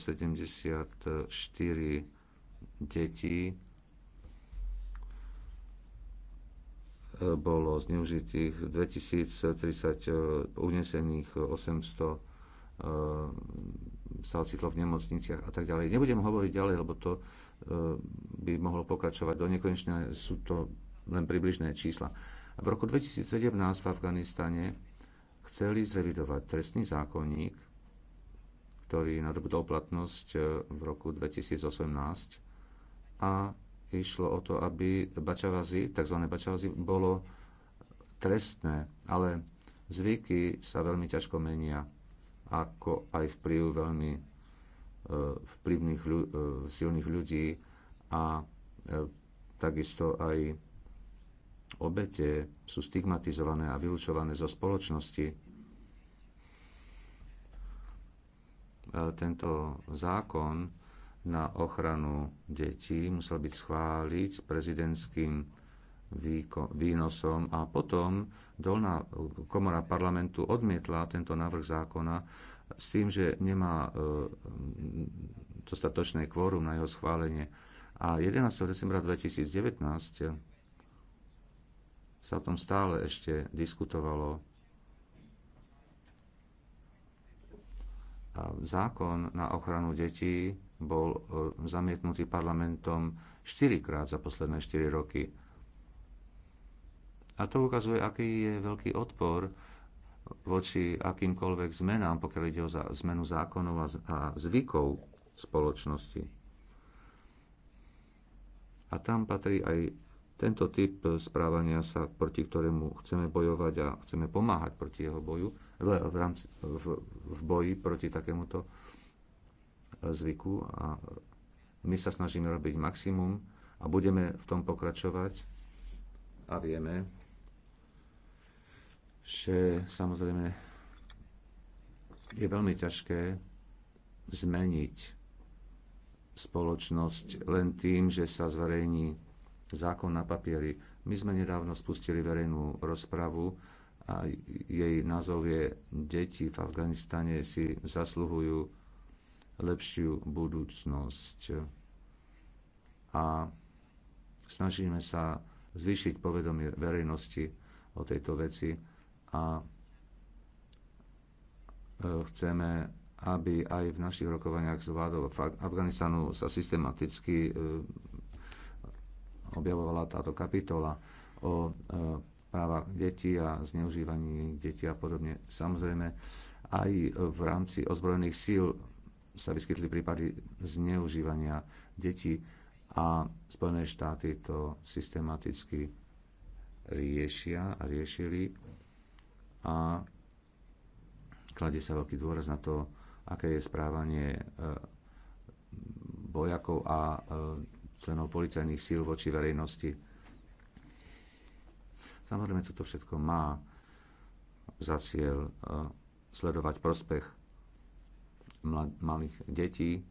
[SPEAKER 3] detí e, bolo zneužitých 2030 e, unesených 800 sa ocitlo v nemocniciach a tak ďalej. Nebudem hovoriť ďalej, lebo to E, by mohlo pokračovať do nekonečne, Sú to len približné čísla. V roku 2017 v Afganistane chceli zrevidovať trestný zákonník, ktorý nadobudol platnosť e, v roku 2018 a išlo o to, aby bačavazi, tzv. bačavazy, bolo trestné, ale zvyky sa veľmi ťažko menia, ako aj vplyv veľmi Eh, vplyvných, eh, silných ľudí a eh, takisto aj obete sú stigmatizované a vylúčované zo spoločnosti. Tento zákon na ochranu detí musel byť schváliť s prezidentským výnosom a potom dolná komora parlamentu odmietla tento návrh zákona s tým, že nemá e, dostatočné kvórum na jeho schválenie. A 11. decembra 2019 sa o tom stále ešte diskutovalo. Zákon na ochranu detí bol e, zamietnutý parlamentom 4 krát za posledné 4 roky. A to ukazuje, aký je veľký odpor voči akýmkoľvek zmenám, pokiaľ ide o zmenu zákonov a zvykov spoločnosti. A tam patrí aj tento typ správania sa, proti ktorému chceme bojovať a chceme pomáhať proti jeho boju, v, v, rámci, v, v boji proti takémuto zvyku. A my sa snažíme robiť maximum a budeme v tom pokračovať a vieme, že samozrejme je veľmi ťažké zmeniť spoločnosť len tým, že sa zverejní zákon na papieri. My sme nedávno spustili verejnú rozpravu a jej názov je Deti v Afganistane si zasluhujú lepšiu budúcnosť. A snažíme sa zvýšiť povedomie verejnosti o tejto veci a e, chceme, aby aj v našich rokovaniach s vládou Afganistanu sa systematicky e, objavovala táto kapitola o e, právach detí a zneužívaní detí a podobne. Samozrejme, aj v rámci ozbrojených síl sa vyskytli prípady zneužívania detí a Spojené štáty to systematicky riešia a riešili a kladie sa veľký dôraz na to, aké je správanie vojakov e, a e, členov policajných síl voči verejnosti. Samozrejme, toto všetko má za cieľ e, sledovať prospech malých detí.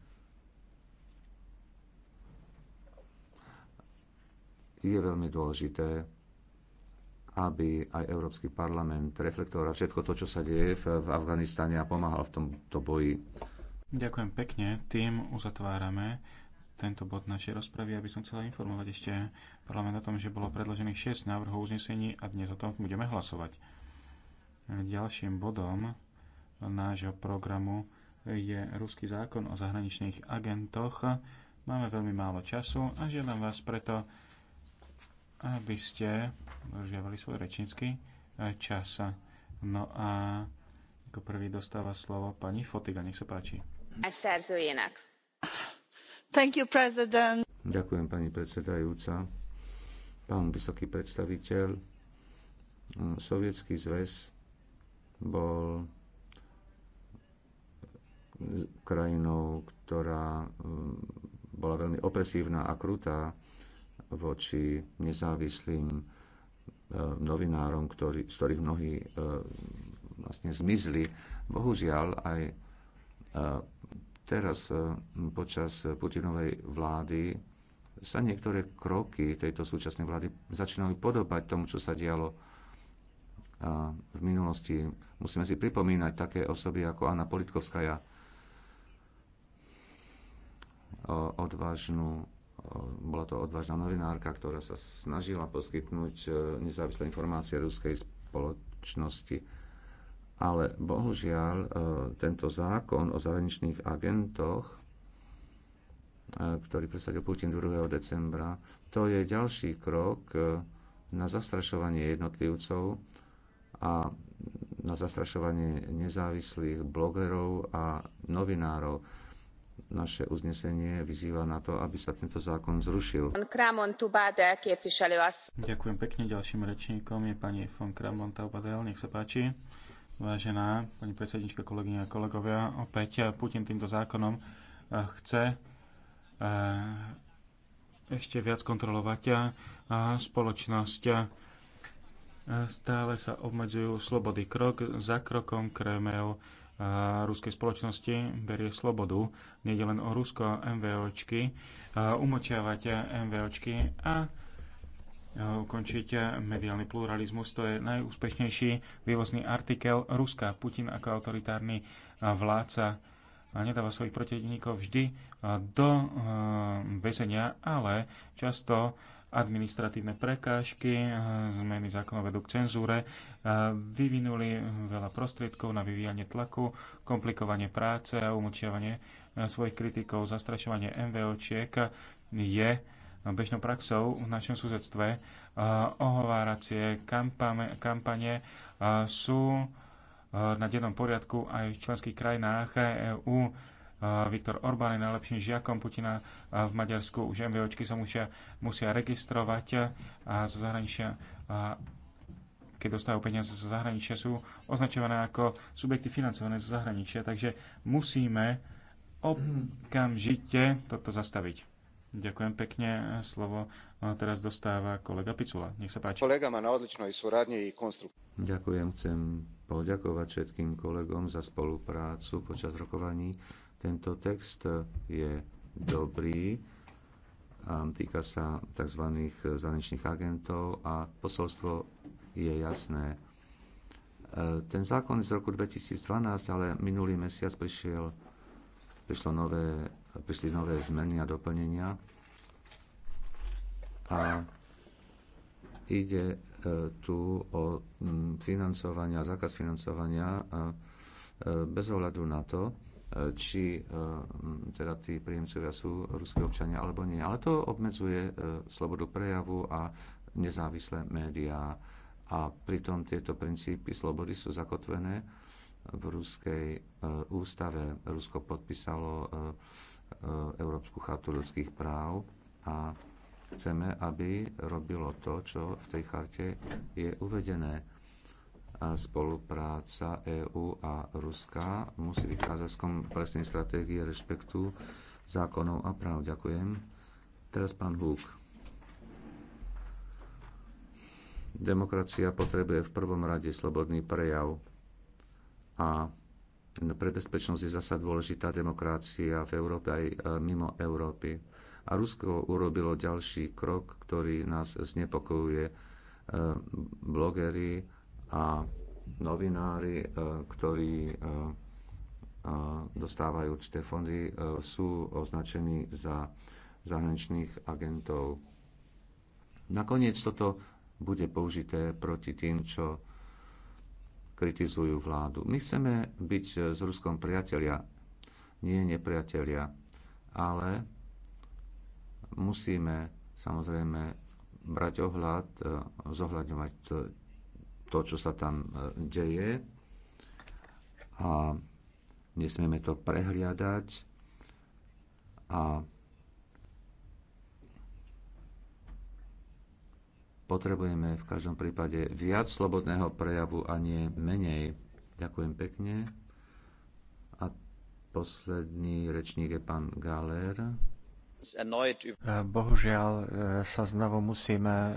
[SPEAKER 3] Je veľmi dôležité aby aj Európsky parlament reflektoval všetko to, čo sa deje v Afganistane a pomáhal v tomto boji.
[SPEAKER 1] Ďakujem pekne. Tým uzatvárame tento bod našej rozpravy, aby som chcela informovať ešte parlament o tom, že bolo predložených 6 návrhov uznesení a dnes o tom budeme hlasovať. Ďalším bodom nášho programu je Ruský zákon o zahraničných agentoch. Máme veľmi málo času a žiadam vás preto, aby ste dodržiavali svoj rečnícky eh, čas. No a ako prvý dostáva slovo pani Fotiga, nech sa páči.
[SPEAKER 7] Thank you, president.
[SPEAKER 3] Ďakujem, pani predsedajúca. Pán vysoký predstaviteľ, eh, Sovietský zväz bol eh, krajinou, ktorá bola veľmi opresívna a krutá voči nezávislým e, novinárom, ktorý, z ktorých mnohí e, vlastne zmizli. Bohužiaľ aj e, teraz počas Putinovej vlády sa niektoré kroky tejto súčasnej vlády začínajú podobať tomu, čo sa dialo v minulosti. Musíme si pripomínať také osoby ako Anna Politkovskaja, odvážnu bola to odvážna novinárka, ktorá sa snažila poskytnúť e, nezávislé informácie ruskej spoločnosti. Ale bohužiaľ e, tento zákon o zahraničných agentoch, e, ktorý presadil Putin 2. decembra, to je ďalší krok na zastrašovanie jednotlivcov a na zastrašovanie nezávislých blogerov a novinárov naše uznesenie vyzýva na to, aby sa tento zákon zrušil.
[SPEAKER 1] Ďakujem pekne. Ďalším rečníkom je pani von Kramon Taubadel. Nech sa páči. Vážená pani predsednička, kolegyňa a kolegovia, opäť Putin týmto zákonom eh, chce eh, ešte viac kontrolovať a eh, spoločnosť. Stále sa obmedzujú slobody krok za krokom Kremel ruskej spoločnosti berie slobodu. Nejde len o Rusko MVOčky, umočiavať MVOčky a ukončiť mediálny pluralizmus. To je najúspešnejší vývozný artikel Ruska. Putin ako autoritárny vládca nedáva svojich protivníkov vždy do väzenia, ale často administratívne prekážky, eh, zmeny zákonov vedú k cenzúre, eh, vyvinuli veľa prostriedkov na vyvíjanie tlaku, komplikovanie práce a umočiavanie eh, svojich kritikov, zastrašovanie MVOčiek je bežnou praxou v našom susedstve. Ohováracie kampane, kampane sú na dennom poriadku aj v členských krajinách EÚ Viktor Orbán je najlepším žiakom Putina v Maďarsku. Už MVOčky sa musia, musia registrovať a zo zahraničia a keď dostávajú peniaze zo zahraničia, sú označované ako subjekty financované zo zahraničia, takže musíme okamžite toto zastaviť. Ďakujem pekne. Slovo
[SPEAKER 3] teraz dostáva kolega Picula. Nech sa páči. Kolega má na odličnej súradne i konstrukt. Ďakujem. Chcem poďakovať všetkým kolegom za spoluprácu počas rokovaní tento text eh, je dobrý, týka sa tzv. Eh, zahraničných agentov a posolstvo je jasné. Eh, ten zákon z roku 2012, ale minulý mesiac prišiel, prišlo nové, prišli nové zmeny a doplnenia a ide tu o mm, financovania, zákaz financovania bez ohľadu na to, či e, teda tí príjemcovia sú ruské občania alebo nie. Ale to obmedzuje e, slobodu prejavu a nezávislé médiá. A pritom tieto princípy slobody sú zakotvené v ruskej e, ústave. Rusko podpísalo Európsku chartu ľudských práv a chceme, aby robilo to, čo v tej charte je uvedené a spolupráca EÚ a Ruska musí vychádzať z komplexnej stratégie rešpektu zákonov a práv. Ďakujem. Teraz pán Húk. Demokracia potrebuje v prvom rade slobodný prejav a pre bezpečnosť je zasa dôležitá demokracia v Európe aj e, mimo Európy. A Rusko urobilo ďalší krok, ktorý nás znepokojuje. E, blogery a novinári, e, ktorí e, e, dostávajú určité fondy, sú označení za zahraničných agentov. Nakoniec toto bude použité proti tým, čo kritizujú vládu. My chceme byť s Ruskom priatelia, nie nepriatelia, ale musíme samozrejme brať ohľad, zohľadňovať to, čo sa tam e, deje a nesmieme to prehliadať a potrebujeme v každom prípade viac slobodného prejavu a nie menej. Ďakujem pekne. A posledný rečník je pán Galer.
[SPEAKER 4] Eh,
[SPEAKER 3] bohužiaľ eh, sa
[SPEAKER 4] znovu musíme eh,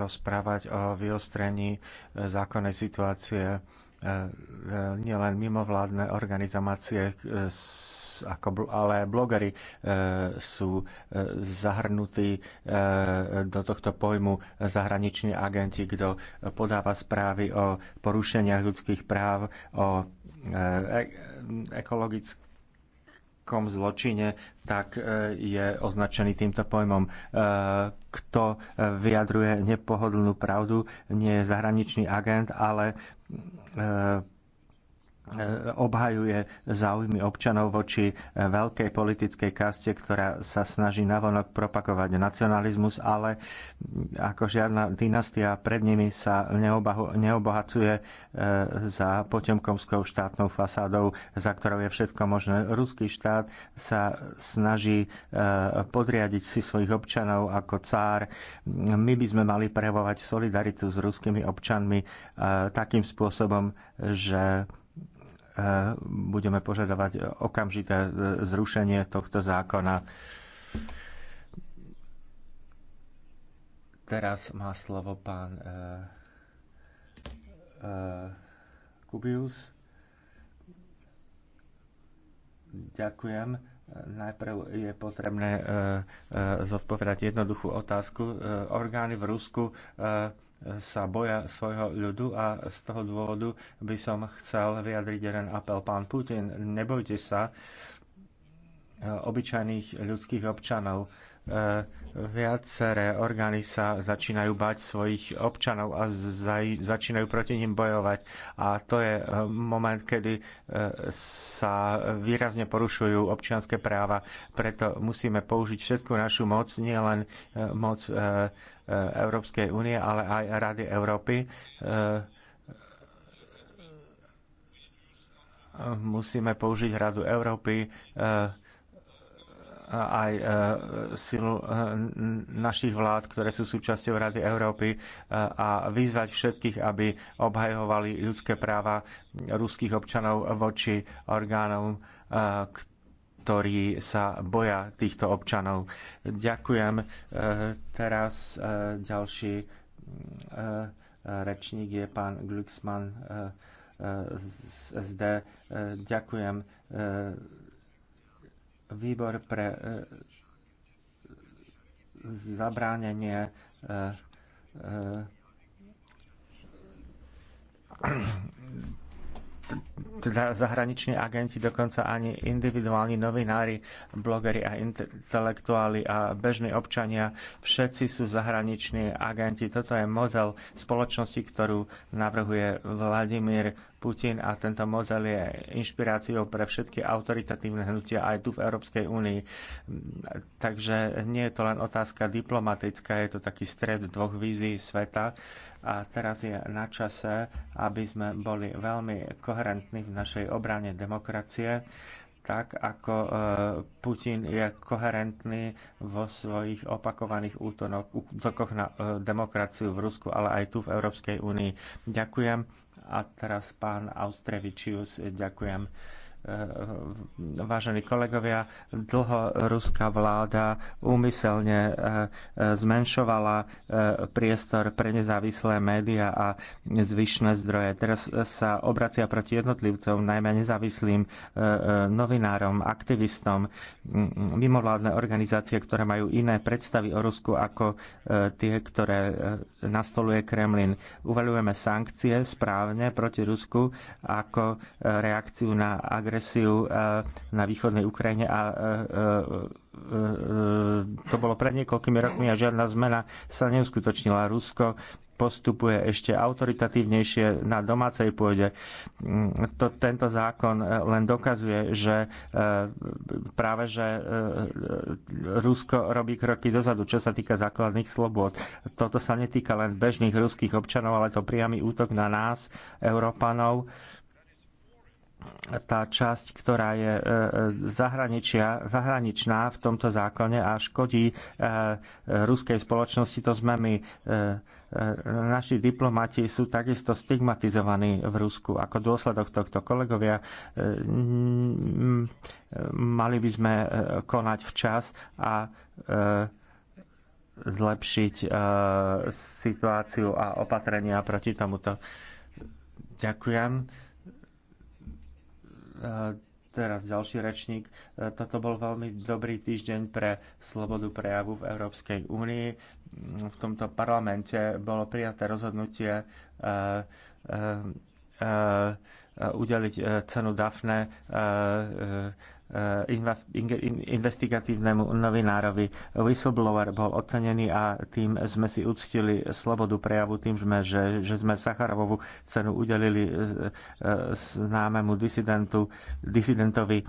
[SPEAKER 4] rozprávať o vyostrení zákonnej situácie nielen mimovládne organizácie, ale blogery sú zahrnutí do tohto pojmu zahraniční agenti, kto podáva správy o porušeniach ľudských práv, o e- ekologických nejakom zločine, tak e, je označený týmto pojmom. E, kto e, vyjadruje nepohodlnú pravdu, nie je zahraničný agent, ale E, obhajuje záujmy občanov voči e, veľkej politickej kaste, ktorá sa snaží navonok propakovať nacionalizmus, ale ako žiadna dynastia pred nimi sa neobohacuje e, za potemkomskou štátnou fasádou, za ktorou je všetko možné. Ruský štát sa snaží podriadiť si svojich občanov ako cár. My by sme mali prejavovať solidaritu s ruskými občanmi takým spôsobom, že budeme požadovať okamžité e, zrušenie tohto zákona. Teraz má slovo pán e, e, Kubius. Ďakujem. Najprv je potrebné zodpovedať jednoduchú otázku. orgány v Rusku sa boja svojho ľudu a z toho dôvodu by som chcel vyjadriť jeden apel. Pán Putin, nebojte sa e, obyčajných ľudských občanov Eh, viaceré orgány sa začínajú bať svojich občanov a začínajú proti nim bojovať. A to je eh, moment, kedy eh, sa výrazne porušujú občianské práva. Preto musíme použiť všetku našu moc, nielen moc Európskej únie, ale aj Rady Európy. Musíme použiť Radu Európy, aj e, silu e, našich vlád, ktoré sú súčasťou Rady Európy e, a vyzvať všetkých, aby obhajovali ľudské práva ruských občanov voči orgánom, ktorí sa boja týchto občanov. Ďakujem. Teraz ďalší rečník je pán Glücksmann z SD. Ďakujem výbor pre e, zabránenie e, e, teda zahraniční agenti, dokonca ani individuálni novinári, blogeri a intelektuáli a bežní občania, všetci sú zahraniční agenti. Toto je model spoločnosti, ktorú navrhuje Vladimír Putin a tento model je inšpiráciou pre všetky autoritatívne hnutia aj tu v Európskej únii. Takže nie je to len otázka diplomatická, je to taký stred dvoch vízií sveta a teraz je na čase, aby sme boli veľmi koherentní v našej obrane demokracie tak ako e, Putin je koherentný vo svojich opakovaných útokoch na e, demokraciu v Rusku, ale aj tu v Európskej únii. Ďakujem. A teraz pán Austrevičius, ďakujem. Eh, eh, vážení kolegovia, dlho ruská vláda úmyselne eh, zmenšovala priestor pre nezávislé médiá a zvyšné zdroje. Teraz sa obracia proti jednotlivcom, najmä nezávislým novinárom, aktivistom, mm, mimovládne organizácie, ktoré majú iné predstavy o Rusku ako tie, ktoré nastoluje Kremlin. Uvaľujeme sankcie správne proti Rusku ako reakciu na agresiu agresiu eh, na východnej Ukrajine a eh, eh, to bolo pred niekoľkými rokmi a žiadna zmena sa neuskutočnila. Rusko postupuje ešte autoritatívnejšie na domácej pôde. Mm, to, tento zákon len dokazuje, že práve, že Rusko robí kroky dozadu, čo sa týka základných slobôd. Toto sa netýka len bežných ruských občanov, ale to priamy útok na nás, Európanov tá časť, ktorá je e, e, zahraničia, zahraničná v tomto zákone a škodí e, ruskej spoločnosti, to sme my. Naši diplomati sú takisto stigmatizovaní v Rusku ako dôsledok tohto. Kolegovia, mali by sme konať včas a zlepšiť situáciu a opatrenia proti tomuto. Ďakujem. E, teraz ďalší rečník. E, toto bol veľmi dobrý týždeň pre slobodu prejavu v Európskej únii. Mm, v tomto parlamente bolo prijaté rozhodnutie e, udeliť cenu Dafne Eh, investigatívnemu novinárovi. Whistleblower bol ocenený a tým sme si uctili slobodu prejavu tým, sme, že, že sme Sacharovovú cenu udelili eh, eh, známemu disidentu, disidentovi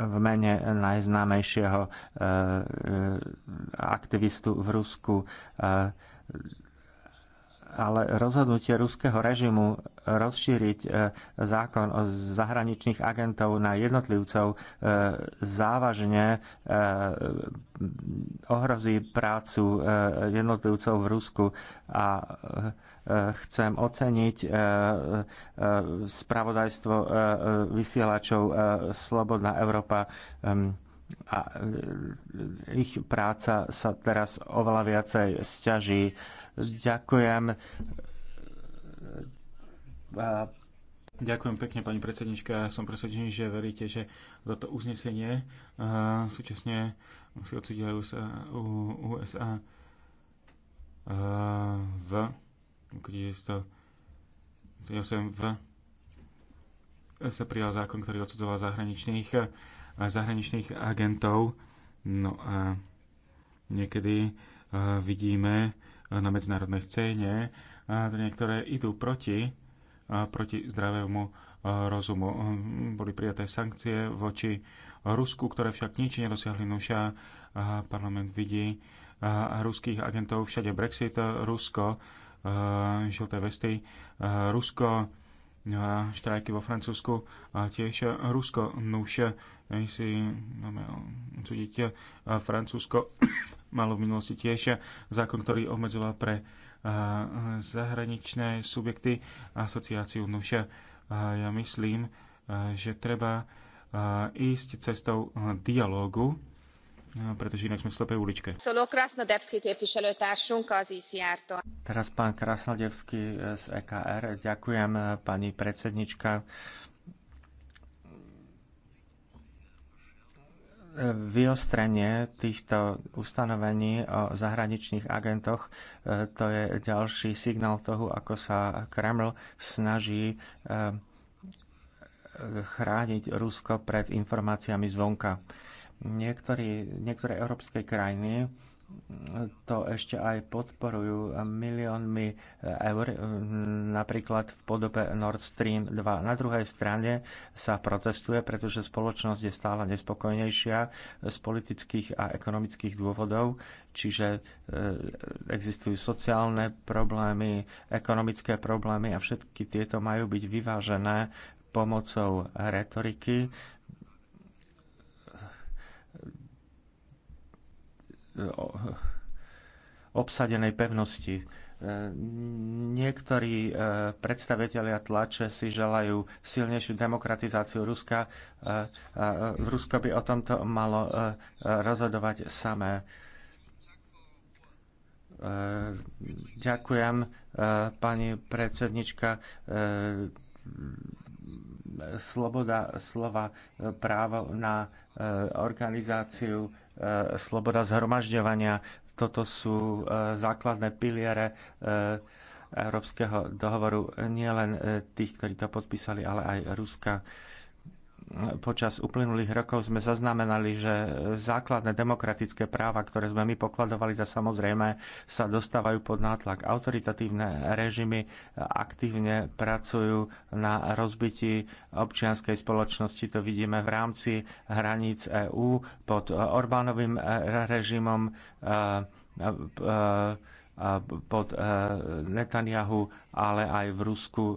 [SPEAKER 4] v mene najznámejšieho aktivistu v Rusku ale rozhodnutie ruského režimu rozšíriť e, zákon o zahraničných agentov na jednotlivcov e, závažne e, ohrozí prácu jednotlivcov v Rusku a chcem oceniť spravodajstvo vysielačov Slobodná Európa a ich práca sa teraz oveľa viacej stiaží Ďakujem.
[SPEAKER 1] Ďakujem pekne, pani predsednička. Som presvedčený, že veríte, že toto uznesenie uh, súčasne si odsúdia USA, USA uh, v kde to, ja som v sa prijal zákon, ktorý odsudzoval zahraničných, zahraničných agentov. No a niekedy uh, vidíme na medzinárodnej scéne, niektoré idú proti, proti zdravému rozumu. Mm, boli prijaté sankcie voči Rusku, ktoré však nič nedosiahli nuša. Parlament vidí ruských agentov všade Brexit, Rusko, žlté vesty, Rusko, štrajky vo Francúzsku, tiež Rusko, nuša. si máme odsúdiť Francúzsko malo v minulosti tiež zákon, ktorý obmedzoval pre eh, zahraničné subjekty asociáciu Nuša. Eh, ja myslím, eh, že treba ísť cestou dialógu, pretože
[SPEAKER 4] inak sme v slepej uličke. Teraz pán Krasnodevský z EKR. Ďakujem, pani predsednička. Vyostrenie týchto ustanovení o zahraničných agentoch e, to je ďalší signál toho, ako sa Kreml snaží e, chrániť Rusko pred informáciami zvonka. Niektorí, niektoré európske krajiny to ešte aj podporujú miliónmi eur, e, napríklad v podobe Nord Stream 2. Na druhej strane sa protestuje, pretože spoločnosť je stále nespokojnejšia z politických a ekonomických dôvodov, čiže e, existujú sociálne problémy, ekonomické problémy a všetky tieto majú byť vyvážené pomocou retoriky, E, obsadenej pevnosti. E, niektorí e, predstavitelia tlače si želajú silnejšiu demokratizáciu Ruska. Rusko by o tomto malo rozhodovať samé. Ďakujem, pani predsednička. Sloboda slova, právo na organizáciu E, sloboda zhromažďovania. Toto sú e, základné piliere e, Európskeho dohovoru nielen tých, ktorí to podpísali, ale aj Ruska. Počas uplynulých rokov sme zaznamenali, že základné demokratické práva, ktoré sme my pokladovali za samozrejme, sa dostávajú pod nátlak. Autoritatívne režimy aktívne pracujú na rozbití občianskej spoločnosti. To vidíme v rámci hraníc EÚ pod Orbánovým režimom. Uh, uh, pod e, Netanyahu, ale aj v Rusku e,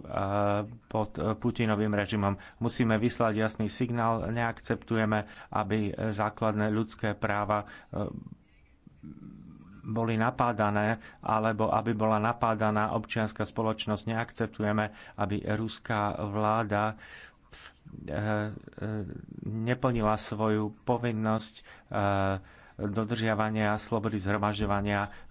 [SPEAKER 4] pod e, Putinovým režimom. Musíme vyslať jasný signál, neakceptujeme, aby základné ľudské práva boli napádané, alebo aby bola napádaná občianská spoločnosť. Neakceptujeme, aby ruská vláda neplnila svoju povinnosť dodržiavania slobody zhromažďovania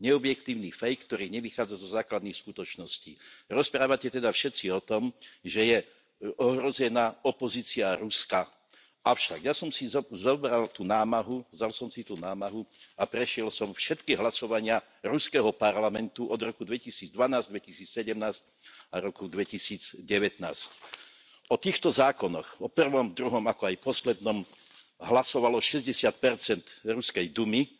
[SPEAKER 6] neobjektívny fejk, ktorý nevychádza zo základných skutočností. rozprávate teda všetci o tom že je e, ohrozená opozícia ruska avšak ja som si zobral tú námahu vzal som si tú námahu a prešiel som všetky hlasovania ruského parlamentu od roku two thousand and twelve two thousand and seventeen a roku. two thousand and nineteen o týchto zákonoch o prvom druhom ako aj poslednom hlasovalo sixty ruskej dumy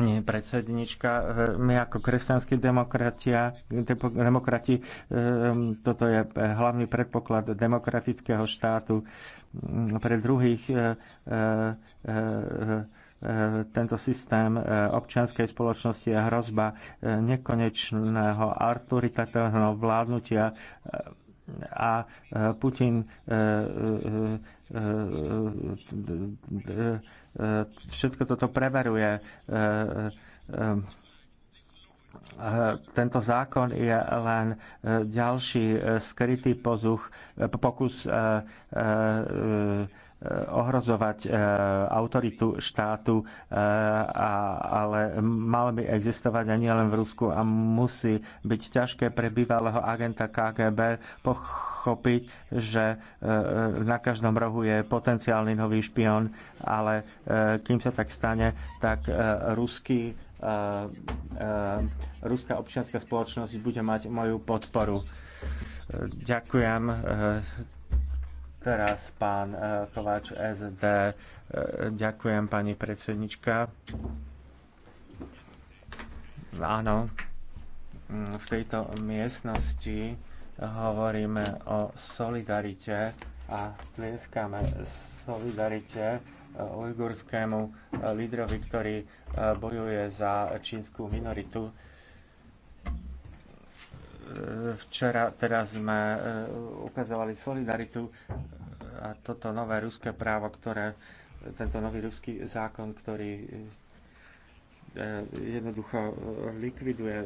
[SPEAKER 4] nie, predsednička, eh, my ako kresťanskí demokrati, eh, toto je hlavný predpoklad demokratického štátu. Mm, pre druhých eh, E, tento systém e, občianskej spoločnosti je hrozba e, nekonečného autoritatívneho vládnutia a Putin všetko toto preveruje. Tento zákon je len ďalší skrytý pozuch, pokus Eh, ohrozovať eh, autoritu štátu, eh, ale mal by existovať a nielen len v Rusku a musí byť ťažké pre bývalého agenta KGB pochopiť, že na každom rohu je potenciálny nový špion, ale kým sa tak stane, tak ruský Uh, uh, ruská občianská spoločnosť bude mať moju podporu. Ďakujem. Teraz pán e, Kováč SD. E, ďakujem, pani predsednička. Áno, mm, v tejto miestnosti hovoríme o solidarite a tlieskame solidarite e, ujgurskému lídrovi, ktorý bojuje za čínsku minoritu E, včera teda sme e, ukazovali solidaritu e, a toto nové ruské právo, ktoré, tento nový ruský zákon, ktorý jednoducho likviduje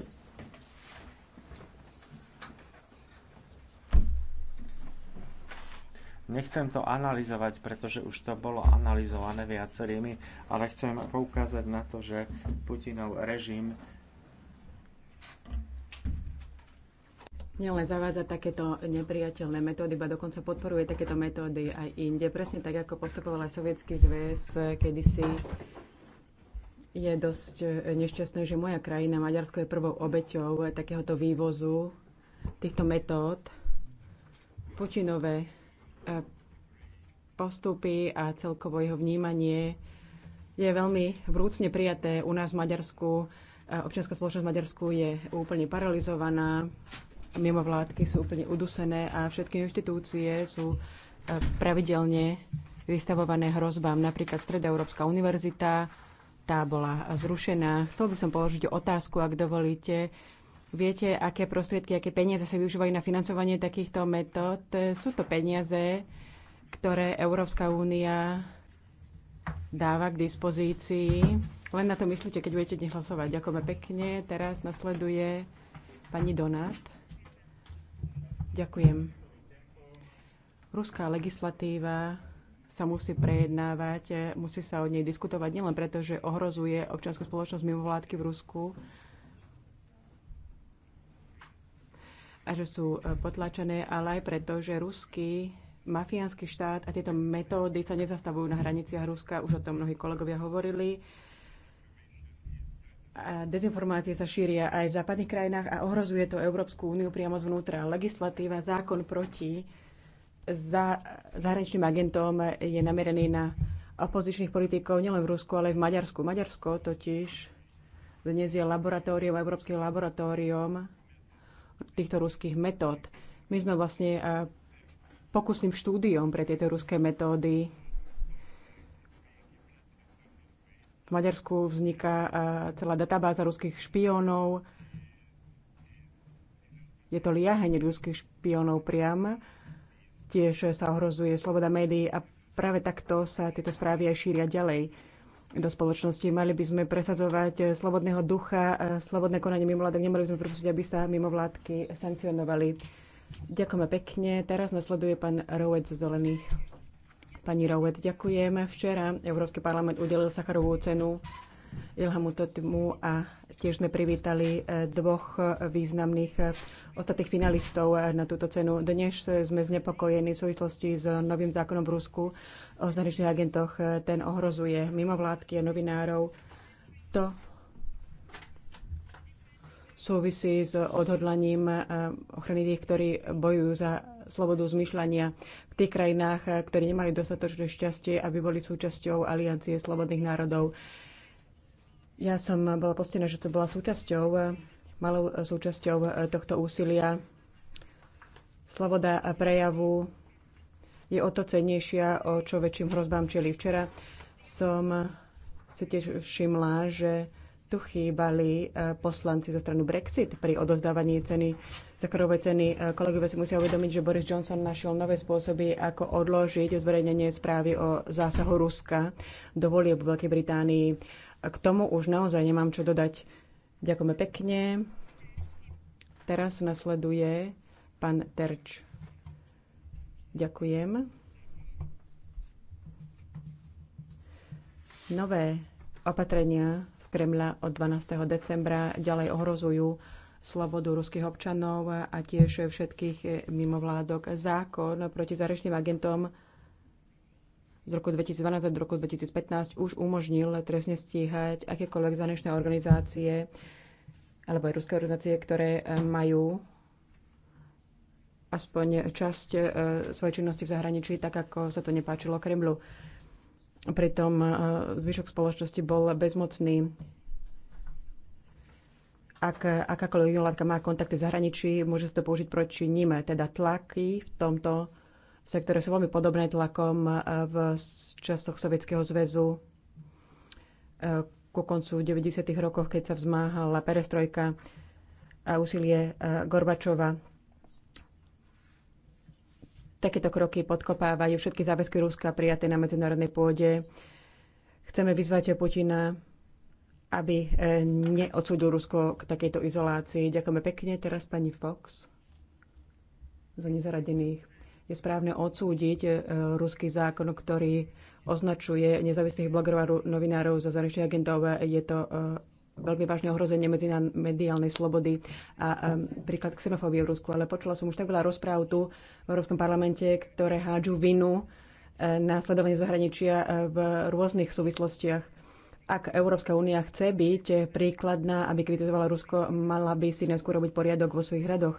[SPEAKER 4] Nechcem to analyzovať, pretože už to bolo analyzované viacerými, ale chcem poukázať na to, že Putinov režim
[SPEAKER 7] nielen zavádza takéto nepriateľné metódy, iba dokonca podporuje takéto metódy aj inde. Presne tak, ako postupoval aj Sovietský zväz kedysi. Je dosť eh, nešťastné, že moja krajina, Maďarsko, je prvou obeťou eh, takéhoto vývozu týchto metód. Putinové eh, postupy a celkovo jeho vnímanie je veľmi vrúcne prijaté u nás v Maďarsku. Občianská spoločnosť v Maďarsku je úplne paralizovaná mimovládky sú úplne udusené a všetky inštitúcie sú e, pravidelne vystavované hrozbám. Napríklad Stredoeurópska univerzita, tá bola zrušená. Chcel by som položiť otázku, ak dovolíte. Viete, aké prostriedky, aké peniaze sa využívajú na financovanie takýchto metód? Sú to peniaze, ktoré Európska únia dáva k dispozícii. Len na to myslíte, keď budete hlasovať. Ďakujeme pekne. Teraz nasleduje pani Donát. Ďakujem. Ruská legislatíva sa musí prejednávať, musí sa o nej diskutovať nielen preto, že ohrozuje občianskú spoločnosť mimovládky v Rusku a že sú e, potlačené, ale aj preto, že ruský mafiánsky štát a tieto metódy sa nezastavujú na hraniciach Ruska, už o tom mnohí kolegovia hovorili a dezinformácie sa šíria aj v západných krajinách a ohrozuje to Európsku úniu priamo zvnútra. Legislatíva, zákon proti za, zahraničným agentom je namerený na opozičných politikov nielen v Rusku, ale aj v Maďarsku. Maďarsko totiž dnes je laboratórium, európskym laboratórium týchto ruských metód. My sme vlastne pokusným štúdiom pre tieto ruské metódy V Maďarsku vzniká e, celá databáza ruských špiónov. Je to liaheň ruských špiónov priam. Tiež sa ohrozuje sloboda médií a práve takto sa tieto správy aj šíria ďalej do spoločnosti. Mali by sme presadzovať slobodného ducha, e, slobodné konanie mimovládok. Nemali by sme propustiť, aby sa mimovládky sankcionovali. Ďakujeme pekne. Teraz nasleduje pán Rowec z Zelených. Pani Rowet, ďakujem. Včera Európsky parlament udelil Sacharovú cenu Ilhamu Totimu a tiež sme privítali eh, dvoch významných eh, ostatných finalistov eh, na túto cenu. Dnes sme znepokojení v súvislosti s novým zákonom v Rusku o zahraničných agentoch. Ten ohrozuje mimovládky a novinárov. To súvisí s odhodlaním ochrany tých, ktorí bojujú za slobodu zmyšľania v tých krajinách, eh, ktoré nemajú dostatočné šťastie, aby boli súčasťou Aliancie slobodných národov. Ja som bola postená, že to bola súčasťou, eh, malou súčasťou eh, tohto úsilia. Sloboda a prejavu je o to cennejšia, o čo väčším hrozbám čeli. Včera som si tiež všimla, že tu chýbali e, poslanci zo stranu Brexit pri odozdávaní ceny, Sacharovej ceny. E, kolegovia si musia uvedomiť, že Boris Johnson našiel nové spôsoby, ako odložiť zverejnenie správy o zásahu Ruska do volieb v Veľkej Británii. E, k tomu už naozaj nemám čo dodať. Ďakujeme pekne. Teraz nasleduje pán Terč. Ďakujem. Nové Opatrenia z Kremľa od 12. decembra ďalej ohrozujú slobodu ruských občanov a tiež všetkých mimovládok. Zákon proti zahraničným agentom z roku 2012 do roku 2015 už umožnil trestne stíhať akékoľvek zahraničné organizácie alebo aj ruské organizácie, ktoré majú aspoň časť eh, svojej činnosti v zahraničí, tak ako sa to nepáčilo Kremlu. Pritom e, zvyšok spoločnosti bol bezmocný. Ak akákoľvek mimovládka má kontakty v zahraničí, môže sa to použiť proti ním. Teda tlaky v tomto sektore sú veľmi podobné tlakom e, v časoch Sovietskeho zväzu e, ku koncu 90. rokov, keď sa vzmáhala perestrojka a úsilie Gorbačova Takéto kroky podkopávajú všetky záväzky Ruska prijaté na medzinárodnej pôde. Chceme vyzvať Putina, aby e, neodsúdil Rusko k takejto izolácii. Ďakujeme pekne. Teraz pani Fox za nezaradených. Je správne odsúdiť e, ruský zákon, ktorý označuje nezávislých blogerov a novinárov za zahraničných agentov. E, je to veľmi vážne ohrozenie mediálnej slobody a a príklad ksenofóbie v Rusku. Ale počula som už tak veľa rozpráv tu v Európskom parlamente, ktoré hádžu vinu e, na sledovanie zahraničia e, v rôznych súvislostiach. Ak Európska únia chce byť príkladná, aby kritizovala Rusko, mala by si neskôr robiť poriadok vo svojich radoch.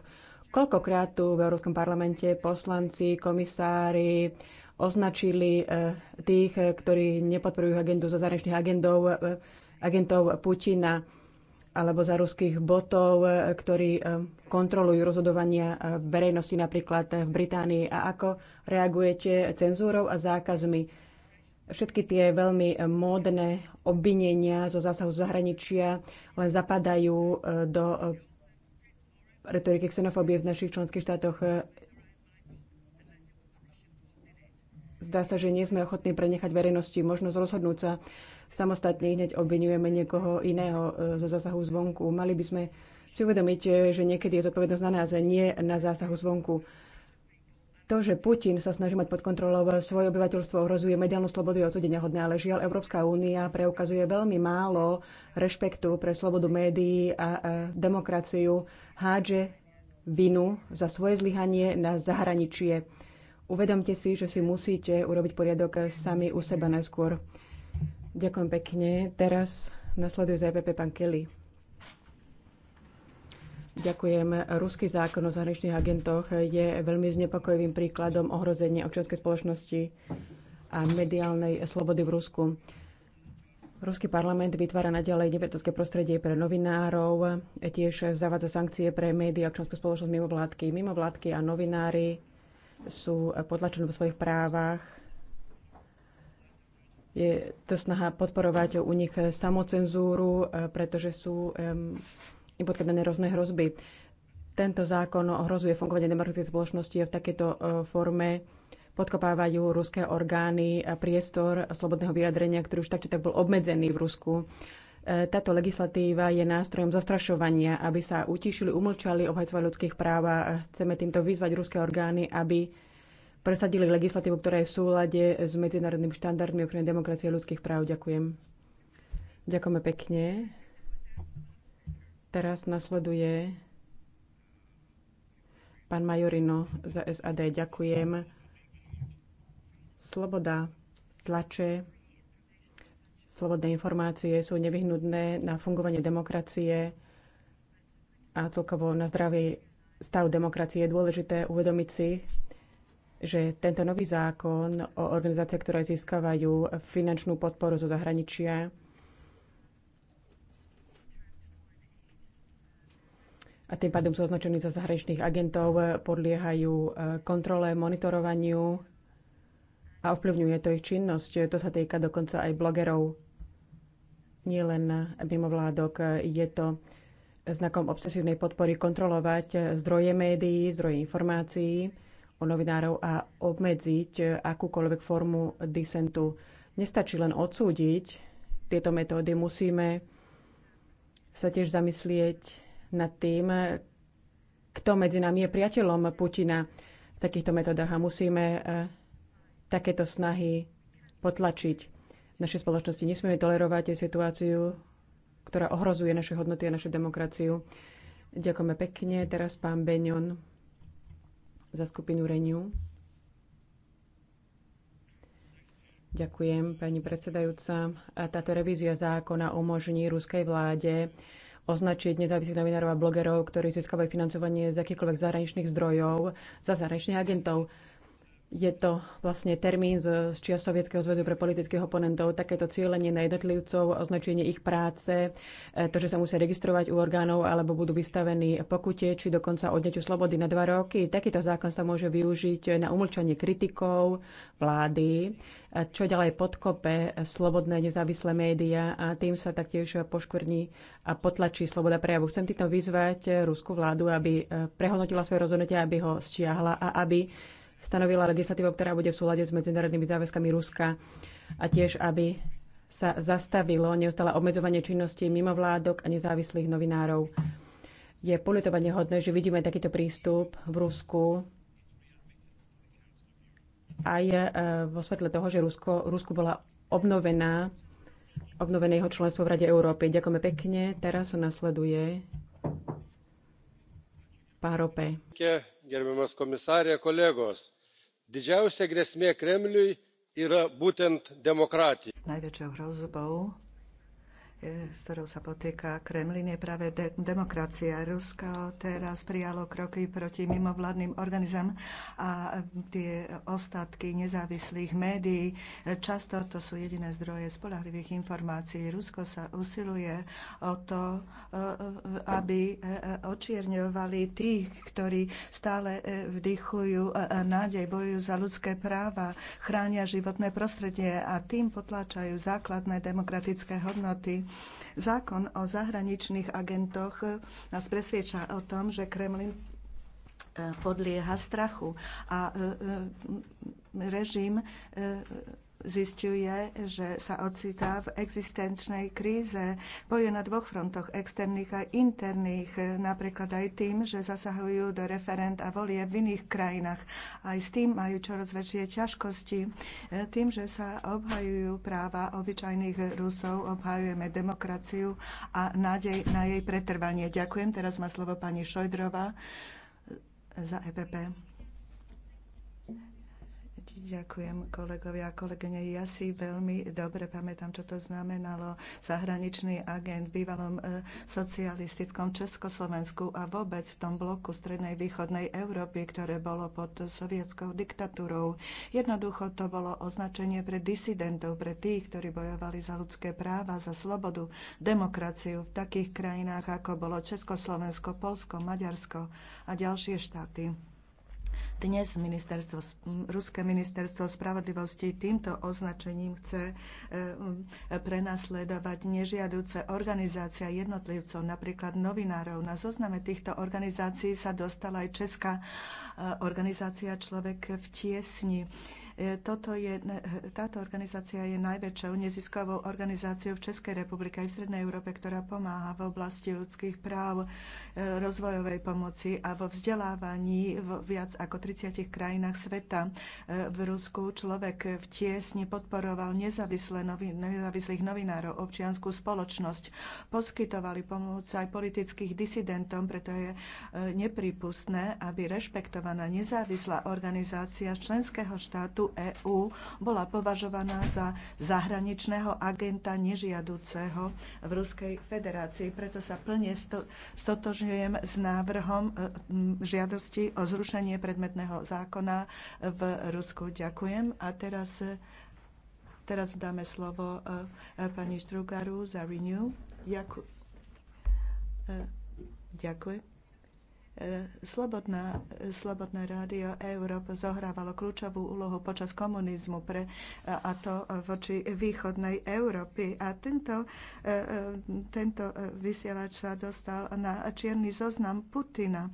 [SPEAKER 7] Koľkokrát tu v Európskom parlamente poslanci, komisári označili e, tých, ktorí nepodporujú agendu za zahraničných agendov agentov Putina alebo za ruských botov, e, ktorí e, kontrolujú rozhodovania e, verejnosti napríklad v Británii. A ako reagujete cenzúrou a zákazmi? Všetky tie veľmi módne obvinenia zo zásahu zahraničia len zapadajú do retoriky xenofóbie v našich členských štátoch. Zdá sa, že nie sme ochotní prenechať verejnosti možnosť rozhodnúť sa, samostatne hneď obvinujeme niekoho iného e, zo zásahu zvonku. Mali by sme si uvedomiť, e, že niekedy je zodpovednosť na nás, nie na zásahu zvonku. To, že Putin sa snaží mať pod kontrolou svoje obyvateľstvo, ohrozuje mediálnu slobodu, je odsudenia hodné, ale žiaľ Európska únia preukazuje veľmi málo rešpektu pre slobodu médií a, a demokraciu, hádže vinu za svoje zlyhanie na zahraničie. Uvedomte si, že si musíte urobiť poriadok sami u seba najskôr. Ďakujem pekne. Teraz nasleduje ZPP e pán Kelly. Ďakujem. Ruský zákon o zahraničných agentoch je veľmi znepokojivým príkladom ohrozenia občianskej spoločnosti a mediálnej slobody v Rusku. Ruský parlament vytvára naďalej nepriateľské prostredie pre novinárov, tiež zavádza sankcie pre médiá, občianskú spoločnosť mimo vládky. Mimo vládky a novinári sú potlačení vo svojich právach je to snaha podporovať u nich eh, samocenzúru, eh, pretože sú im podkladané rôzne hrozby. Tento zákon ohrozuje fungovanie demokratickej spoločnosti a v takejto eh, forme podkopávajú ruské orgány a priestor slobodného vyjadrenia, ktorý už tak či tak bol obmedzený v Rusku. Táto legislatíva je nástrojom zastrašovania, aby sa utišili, umlčali obhajcovia ľudských práv a chceme týmto vyzvať ruské orgány, aby presadili legislatívu, ktorá je v súlade s medzinárodnými štandardmi ochrany demokracie a ľudských práv. Ďakujem. Ďakujeme pekne. Teraz nasleduje pán Majorino za SAD. Ďakujem. Sloboda tlače, slobodné informácie sú nevyhnutné na fungovanie demokracie a celkovo na zdravý stav demokracie. Je dôležité uvedomiť si, že tento nový zákon o organizáciách, ktoré získavajú finančnú podporu zo zahraničia, a tým pádom sú označení za zahraničných agentov, podliehajú e, kontrole, monitorovaniu a ovplyvňuje to ich činnosť. To sa týka dokonca aj blogerov, nielen mimovládok. Je to znakom obsesívnej podpory kontrolovať zdroje médií, zdroje informácií, o novinárov a obmedziť akúkoľvek formu disentu. Nestačí len odsúdiť tieto metódy, musíme sa tiež zamyslieť nad tým, kto medzi nami je priateľom Putina v takýchto metodách a musíme e, takéto snahy potlačiť v našej spoločnosti. Nesmieme tolerovať situáciu, ktorá ohrozuje naše hodnoty a našu demokraciu. Ďakujeme pekne. Teraz pán Beňon za skupinu Renew. Ďakujem, pani predsedajúca. Táto revízia zákona umožní ruskej vláde označiť nezávislých novinárov a blogerov, ktorí získavajú financovanie z akýchkoľvek zahraničných zdrojov, za zahraničných agentov je to vlastne termín z, z čia Sovietskeho zväzu pre politických oponentov. Takéto cieľenie na jednotlivcov, označenie ich práce, e, to, že sa musia registrovať u orgánov alebo budú vystavení pokute či dokonca odneťu slobody na dva roky. Takýto zákon sa môže využiť na umlčanie kritikov vlády, čo ďalej podkope slobodné nezávislé médiá a tým sa taktiež poškvrní a potlačí sloboda prejavu. Chcem týmto vyzvať ruskú vládu, aby e, prehodnotila svoje rozhodnutie, aby ho stiahla a aby stanovila legislatívu, ktorá bude v súlade s medzinárodnými záväzkami Ruska a tiež, aby sa zastavilo neustále obmedzovanie činnosti mimovládok a nezávislých novinárov. Je politovanie hodné, že vidíme takýto prístup v Rusku aj e, vo svetle toho, že Rusko, Rusku bola obnovená obnovené jeho členstvo v Rade Európy. Ďakujeme pekne. Teraz sa nasleduje pán Rope
[SPEAKER 4] gerbiamas komisare kolegos didžiausia grėsmė kremliui yra būtent demokratija.
[SPEAKER 8] E, s ktorou sa potýka Kremlin, je práve de- demokracia. Rusko teraz prijalo kroky proti mimovládnym organizám a e, tie ostatky nezávislých médií. E, často to sú jediné zdroje spolahlivých informácií. Rusko sa usiluje o to, aby očierňovali tých, ktorí stále vdychujú nádej, bojujú za ľudské práva, chránia životné prostredie a tým potláčajú základné demokratické hodnoty Zákon o zahraničných agentoch nás presvieča o tom, že Kremlin e, podlieha strachu a e, e, režim zistuje, že sa ocitá v existenčnej kríze. Bojuje na dvoch frontoch, externých a interných, napríklad aj tým, že zasahujú do referent a volie v iných krajinách. Aj s tým majú čoraz väčšie ťažkosti. Tým, že sa obhajujú práva obyčajných Rusov, obhajujeme demokraciu a nádej na jej pretrvanie. Ďakujem. Teraz má slovo pani Šojdrova za EPP. Ďakujem kolegovia a kolegyne. Ja si veľmi dobre pamätám, čo to znamenalo zahraničný agent v bývalom e, socialistickom Československu a vôbec v tom bloku strednej východnej Európy, ktoré bolo pod sovietskou diktatúrou. Jednoducho to bolo označenie pre disidentov, pre tých, ktorí bojovali za ľudské práva, za slobodu, demokraciu v takých krajinách, ako bolo Československo, Polsko, Maďarsko a ďalšie štáty. Dnes ministerstvo, Ruské ministerstvo spravodlivosti týmto označením chce e, prenasledovať nežiaduce organizácia jednotlivcov, napríklad novinárov. Na zozname týchto organizácií sa dostala aj Česká e, organizácia Človek v tiesni e, toto je, táto organizácia je najväčšou neziskovou organizáciou v Českej republike aj v Strednej Európe, ktorá pomáha v oblasti ľudských práv rozvojovej pomoci a vo vzdelávaní v viac ako 30 krajinách sveta. E, v Rusku človek v tiesni podporoval nezávislé novin- nezávislých novinárov, občianskú spoločnosť. Poskytovali pomoc aj politických disidentom, preto je e, nepripustné, aby rešpektovaná nezávislá organizácia členského štátu EÚ bola považovaná za zahraničného agenta nežiaduceho v Ruskej federácii. Preto sa plne stotožňujem stotožňujem s návrhom e, žiadosti o zrušenie predmetného zákona v Rusku. Ďakujem. A teraz, e, teraz dáme slovo e, pani Štrugaru za Renew. Ďakujem. Slobodná, Slobodné rádio Európa zohrávalo kľúčovú úlohu počas komunizmu pre, a to voči východnej Európy. A tento, e, e, tento vysielač sa dostal na čierny zoznam Putina.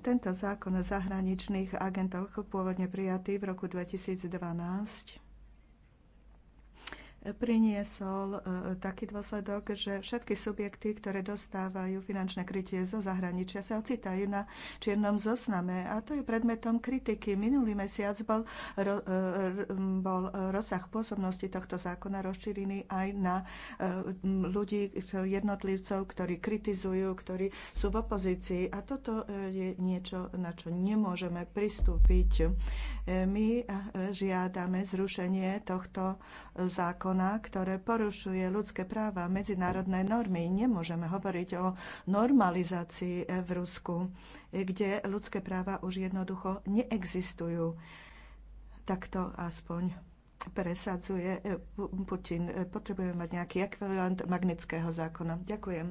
[SPEAKER 8] Tento zákon o zahraničných agentoch, pôvodne prijatý v roku 2012, priniesol e, taký dôsledok, že všetky subjekty, ktoré dostávajú finančné krytie zo zahraničia, sa ocitajú na čiernom zozname. A to je predmetom kritiky. Minulý mesiac bol, ro, e, bol rozsah pôsobnosti tohto zákona rozšírený aj na e, ľudí, jednotlivcov, ktorí kritizujú, ktorí sú v opozícii. A toto je niečo, na čo nemôžeme pristúpiť. My žiadame zrušenie tohto zákona zákona, ktoré porušuje ľudské práva a medzinárodné normy. Nemôžeme hovoriť o normalizácii v Rusku, kde ľudské práva už jednoducho neexistujú. Takto aspoň presadzuje Putin. Potrebujeme mať nejaký ekvivalent magnického zákona. Ďakujem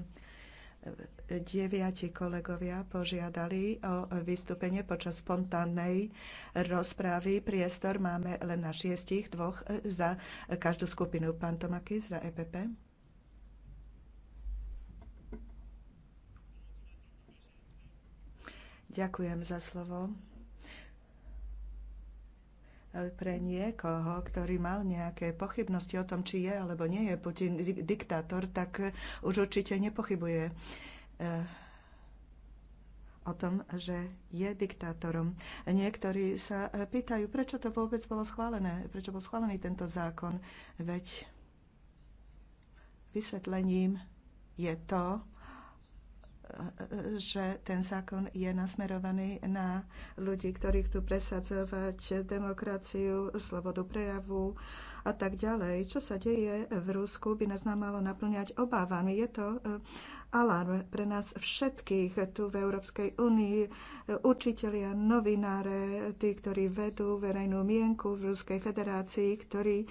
[SPEAKER 8] deviati kolegovia požiadali o vystúpenie počas spontánnej rozprávy. Priestor máme len na šiestich, dvoch za každú skupinu. Pán Tomakis za EPP. Ďakujem za slovo pre niekoho, ktorý mal nejaké pochybnosti o tom, či je alebo nie je Putin diktátor, tak už určite nepochybuje eh, o tom, že je diktátorom. Niektorí sa eh, pýtajú, prečo to vôbec bolo schválené, prečo bol schválený tento zákon. Veď vysvetlením je to, že ten zákon je nasmerovaný na ľudí, ktorí chcú presadzovať demokraciu, slobodu prejavu a tak ďalej. Čo sa deje v Rusku by nás nám malo naplňať obávami. Je to alarm pre nás všetkých tu v Európskej únii. Učitelia, novináre, tí, ktorí vedú verejnú mienku v Ruskej federácii, ktorí,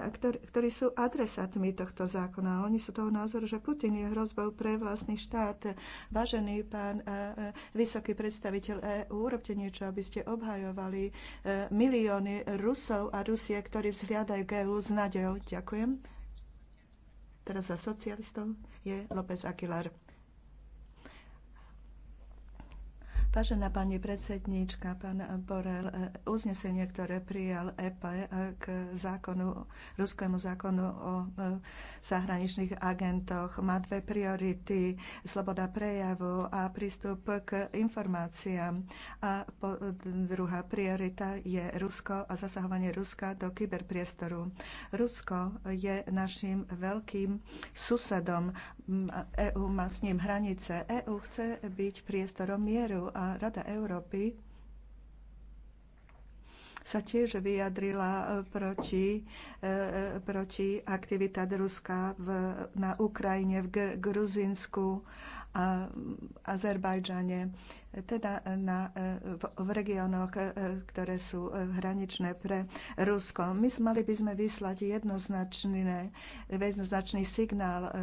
[SPEAKER 8] ktorí, ktorí sú adresátmi tohto zákona. Oni sú toho názoru, že Putin je hrozbou pre vlastný štát. Vážený pán e, e, vysoký predstaviteľ EÚ, urobte niečo, aby ste obhajovali e, milióny Rusov a Rusie, ktorí vzhliadajú k EÚ s nádejou. Ďakujem. Teraz za socialistov je López Aguilar. Vážená pani predsedníčka, pán Borel, uznesenie, ktoré prijal EPA k zákonu, ruskému zákonu o e, zahraničných agentoch, má dve priority. Sloboda prejavu a prístup k informáciám. A po, druhá priorita je Rusko a zasahovanie Ruska do kyberpriestoru. Rusko je našim veľkým susedom. EU má s ním hranice. EU chce byť priestorom mieru a Rada Európy sa tiež vyjadrila e, proti, e, e, proti aktivitám Ruska v, na Ukrajine, v Gruzinsku a Azerbajdžane, teda na, v, v regiónoch, e, ktoré sú e, hraničné pre Rusko. My mali by sme vyslať jednoznačný, jednoznačný signál, e,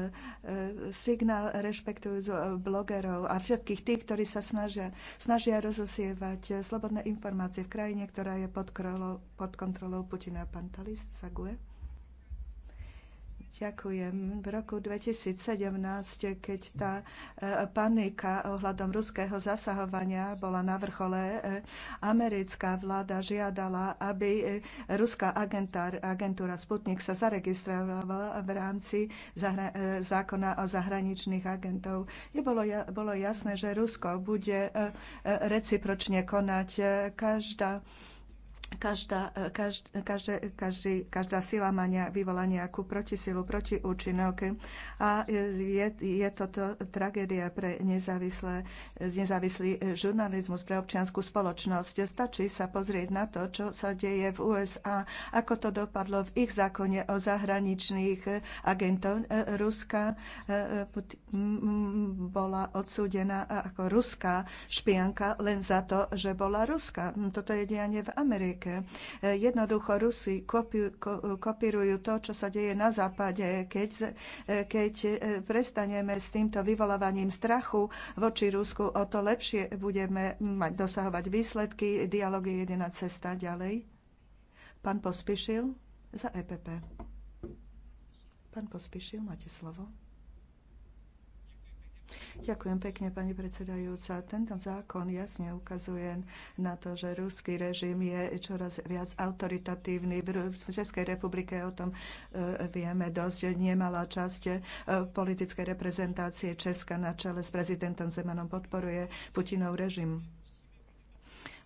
[SPEAKER 8] signál rešpektujúc blogerov a všetkých tých, ktorí sa snažia, snažia rozosievať slobodné informácie v krajine, ktorá je pod, krolo, pod kontrolou Putina. Pán Talis Sague. Ďakujem. V roku 2017, keď tá e, panika ohľadom ruského zasahovania bola na vrchole, e, americká vláda žiadala, aby e, ruská agentúra Sputnik sa zaregistrovala v rámci zahra- zákona o zahraničných agentov. Je bolo, bolo jasné, že Rusko bude recipročne konať. Každá každá, e, každ, každé, každý, každá sila má ne, vyvolá nejakú protisilu, protiúčinok a je, je toto tragédia pre nezávislé, nezávislý žurnalizmus, pre občianskú spoločnosť. Stačí sa pozrieť na to, čo sa deje v USA, ako to dopadlo v ich zákone o zahraničných agentov e, Ruska e, bola odsúdená ako ruská špianka len za to, že bola ruská. Toto je dianie v Amerike. Amerike. Jednoducho Rusi kopírujú to, čo sa deje na západe. Keď, keď e, prestaneme s týmto vyvolovaním strachu voči Rusku, o to lepšie budeme mať dosahovať výsledky. Dialóg je jediná cesta ďalej. Pán Pospišil za EPP. Pán Pospišil, máte slovo. Ďakujem pekne, pani predsedajúca. Tento zákon jasne ukazuje na to, že ruský režim je čoraz viac autoritatívny. V Českej republike o tom e, vieme dosť. Nemalá časť e, politickej reprezentácie Česka na čele s prezidentom Zemanom podporuje Putinov režim.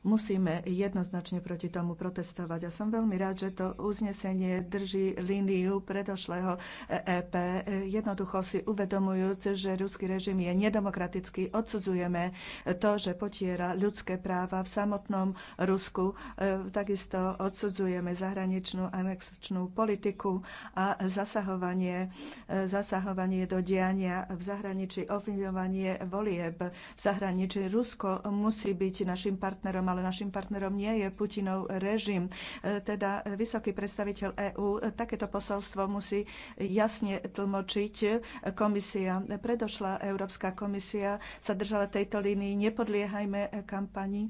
[SPEAKER 8] Musíme jednoznačne proti tomu protestovať. A som veľmi rád, že to uznesenie drží líniu predošlého EP, jednoducho si uvedomujúc, že ruský režim je nedemokratický. Odsudzujeme to, že potiera ľudské práva v samotnom Rusku. E, takisto odsudzujeme zahraničnú anexačnú politiku a zasahovanie, e, zasahovanie do diania v zahraničí, ovplyvňovanie volieb v zahraničí. Rusko musí byť našim partnerom, ale našim partnerom nie je Putinov režim. E, teda e, vysoký predstaviteľ EÚ e, takéto posolstvo musí jasne tlmočiť komisia. Predošla Európska komisia sa držala tejto línii. Nepodliehajme kampani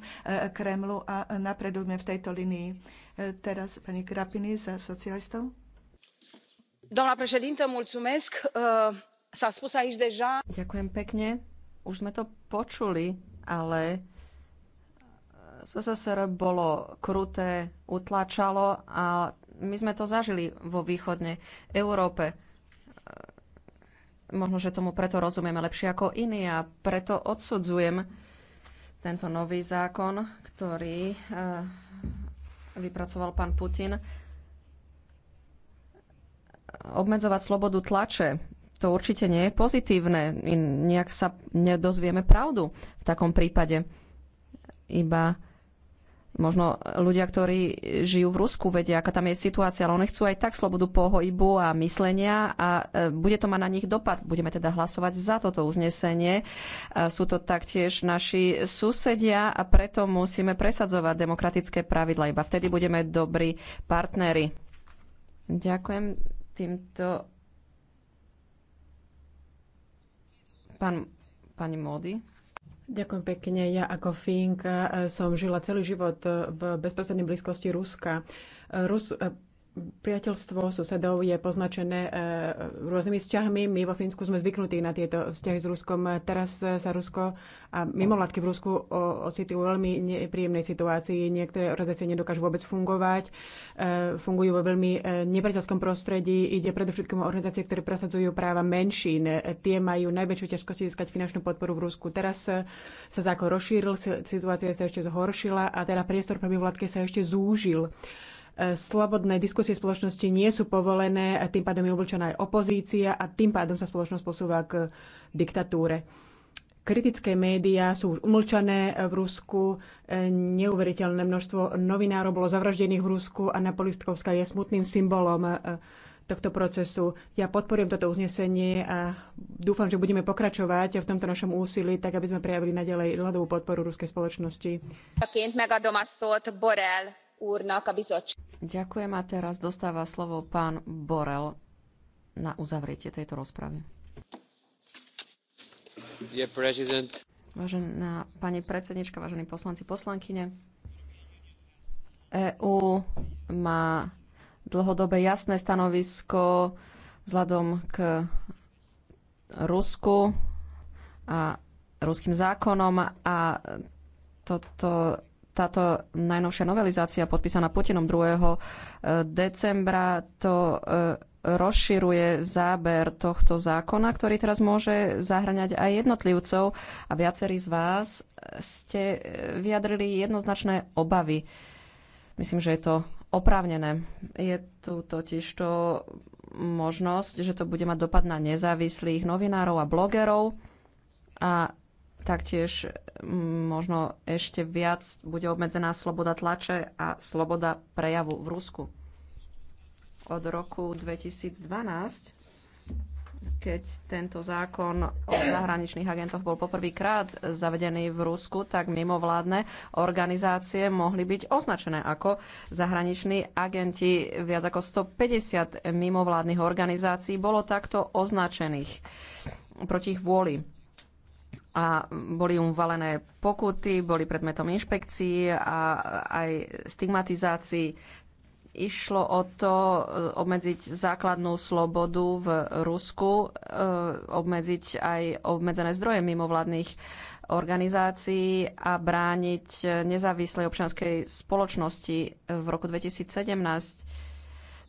[SPEAKER 8] Kremlu a napredujme v tejto línii. Teraz pani Krapiny za socialistov.
[SPEAKER 9] Doamna președintă, mulcumesk. deja. Ďakujem pekne. Už sme to počuli, ale SSR bolo kruté, utlačalo a my sme to zažili vo východnej Európe. E, možno, že tomu preto rozumieme lepšie ako iní a preto odsudzujem tento nový zákon, ktorý e, vypracoval pán Putin. E, obmedzovať slobodu tlače, to určite nie je pozitívne. Nejak sa nedozvieme pravdu v takom prípade. Iba Možno ľudia, ktorí žijú v Rusku, vedia, aká tam je situácia, ale oni chcú aj tak slobodu pohybu a myslenia a e, bude to mať na nich dopad. Budeme teda hlasovať za toto uznesenie. E, sú to taktiež naši susedia a preto musíme presadzovať demokratické pravidla. Iba vtedy budeme dobrí partnery. Ďakujem týmto.
[SPEAKER 7] Pán, pani Módy. Ďakujem pekne. Ja ako Fink eh, som žila celý život eh, v bezprostrednej blízkosti Ruska. Rus, eh, priateľstvo susedov je poznačené e, rôznymi vzťahmi. My vo Fínsku sme zvyknutí na tieto vzťahy s Ruskom. Teraz sa Rusko a mimovládky v Rusku ocitujú veľmi nepríjemnej situácii. Niektoré organizácie nedokážu vôbec fungovať. E, fungujú vo veľmi e, nepriateľskom prostredí. Ide predovšetkým o organizácie, ktoré presadzujú práva menšín. Tie majú najväčšiu ťažkosť získať finančnú podporu v Rusku. Teraz sa zákon rozšíril, situácia sa ešte zhoršila a teda priestor pre mimovládky sa ešte zúžil slobodné diskusie spoločnosti nie sú povolené, a tým pádom je obľúčená aj opozícia a tým pádom sa spoločnosť posúva k diktatúre. Kritické médiá sú už umlčané v Rusku, neuveriteľné množstvo novinárov bolo zavraždených v Rusku a Napolistkovská je smutným symbolom e, tohto procesu. Ja podporujem toto uznesenie a dúfam, že budeme pokračovať v tomto našom úsilí, tak aby sme prejavili naďalej hľadovú podporu ruskej spoločnosti.
[SPEAKER 9] Borel úrnak a Ďakujem a teraz dostáva slovo pán Borel na uzavretie tejto rozpravy. Vážená pani predsednička, vážení poslanci, poslankyne, EÚ má dlhodobé jasné stanovisko vzhľadom k Rusku a ruským zákonom a toto táto najnovšia novelizácia podpísaná Putinom 2. E, decembra to e, rozširuje záber tohto zákona, ktorý teraz môže zahrňať aj jednotlivcov a viacerí z vás ste vyjadrili jednoznačné obavy. Myslím, že je to oprávnené. Je tu totiž to možnosť, že to bude mať dopad na nezávislých novinárov a blogerov a Taktiež mm, možno ešte viac bude obmedzená sloboda tlače a sloboda prejavu v Rusku. Od roku 2012, keď tento zákon o zahraničných agentoch bol poprvýkrát zavedený v Rusku, tak mimovládne organizácie mohli byť označené ako zahraniční agenti. Viac ako 150 mimovládnych organizácií bolo takto označených proti ich vôli a boli im uvalené pokuty, boli predmetom inšpekcií a aj stigmatizácií. Išlo o to eh, obmedziť základnú slobodu v Rusku, eh, obmedziť aj obmedzené zdroje mimovládnych organizácií a brániť nezávislej občianskej spoločnosti. V roku 2017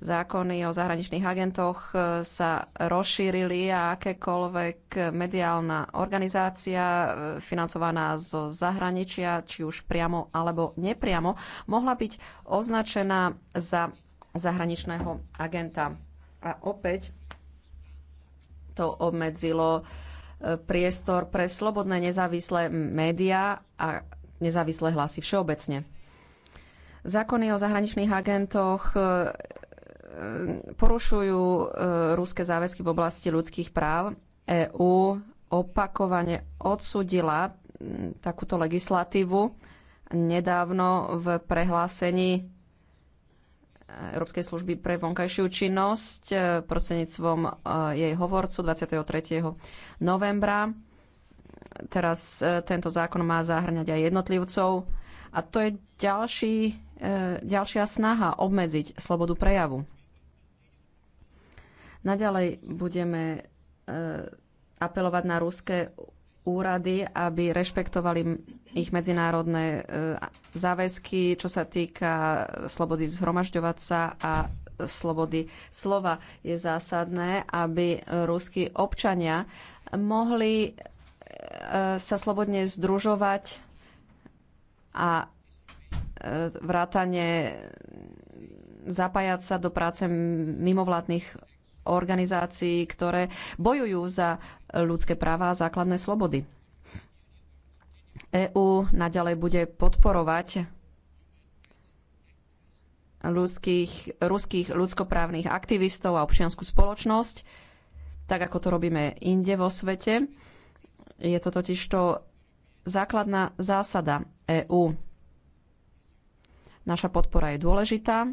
[SPEAKER 9] zákony o zahraničných agentoch e, sa rozšírili a akékoľvek mediálna organizácia e, financovaná zo zahraničia, či už priamo alebo nepriamo, mohla byť označená za zahraničného agenta. A opäť to obmedzilo e, priestor pre slobodné nezávislé médiá a nezávislé hlasy všeobecne. Zákony o zahraničných agentoch porušujú e, ruské záväzky v oblasti ľudských práv. EÚ opakovane odsudila takúto legislatívu. Nedávno v prehlásení e, Európskej služby pre vonkajšiu činnosť e, prostredníctvom jej hovorcu 23. novembra. Teraz tento zákon má zahrňať aj jednotlivcov a to je ďalší, ďalšia snaha obmedziť slobodu prejavu. Naďalej budeme eh, apelovať na ruské úrady, aby rešpektovali ich medzinárodné eh, záväzky, čo sa týka slobody zhromažďovať sa a slobody slova. Je zásadné, aby ruskí občania mohli eh, sa slobodne združovať a vrátane zapájať sa do práce mimovládnych organizácií, ktoré bojujú za ľudské práva a základné slobody. EÚ naďalej bude podporovať ľudských, ruských ľudskoprávnych aktivistov a občianskú spoločnosť, tak ako to robíme inde vo svete. Je to totiž to základná zásada EÚ. Naša podpora je dôležitá,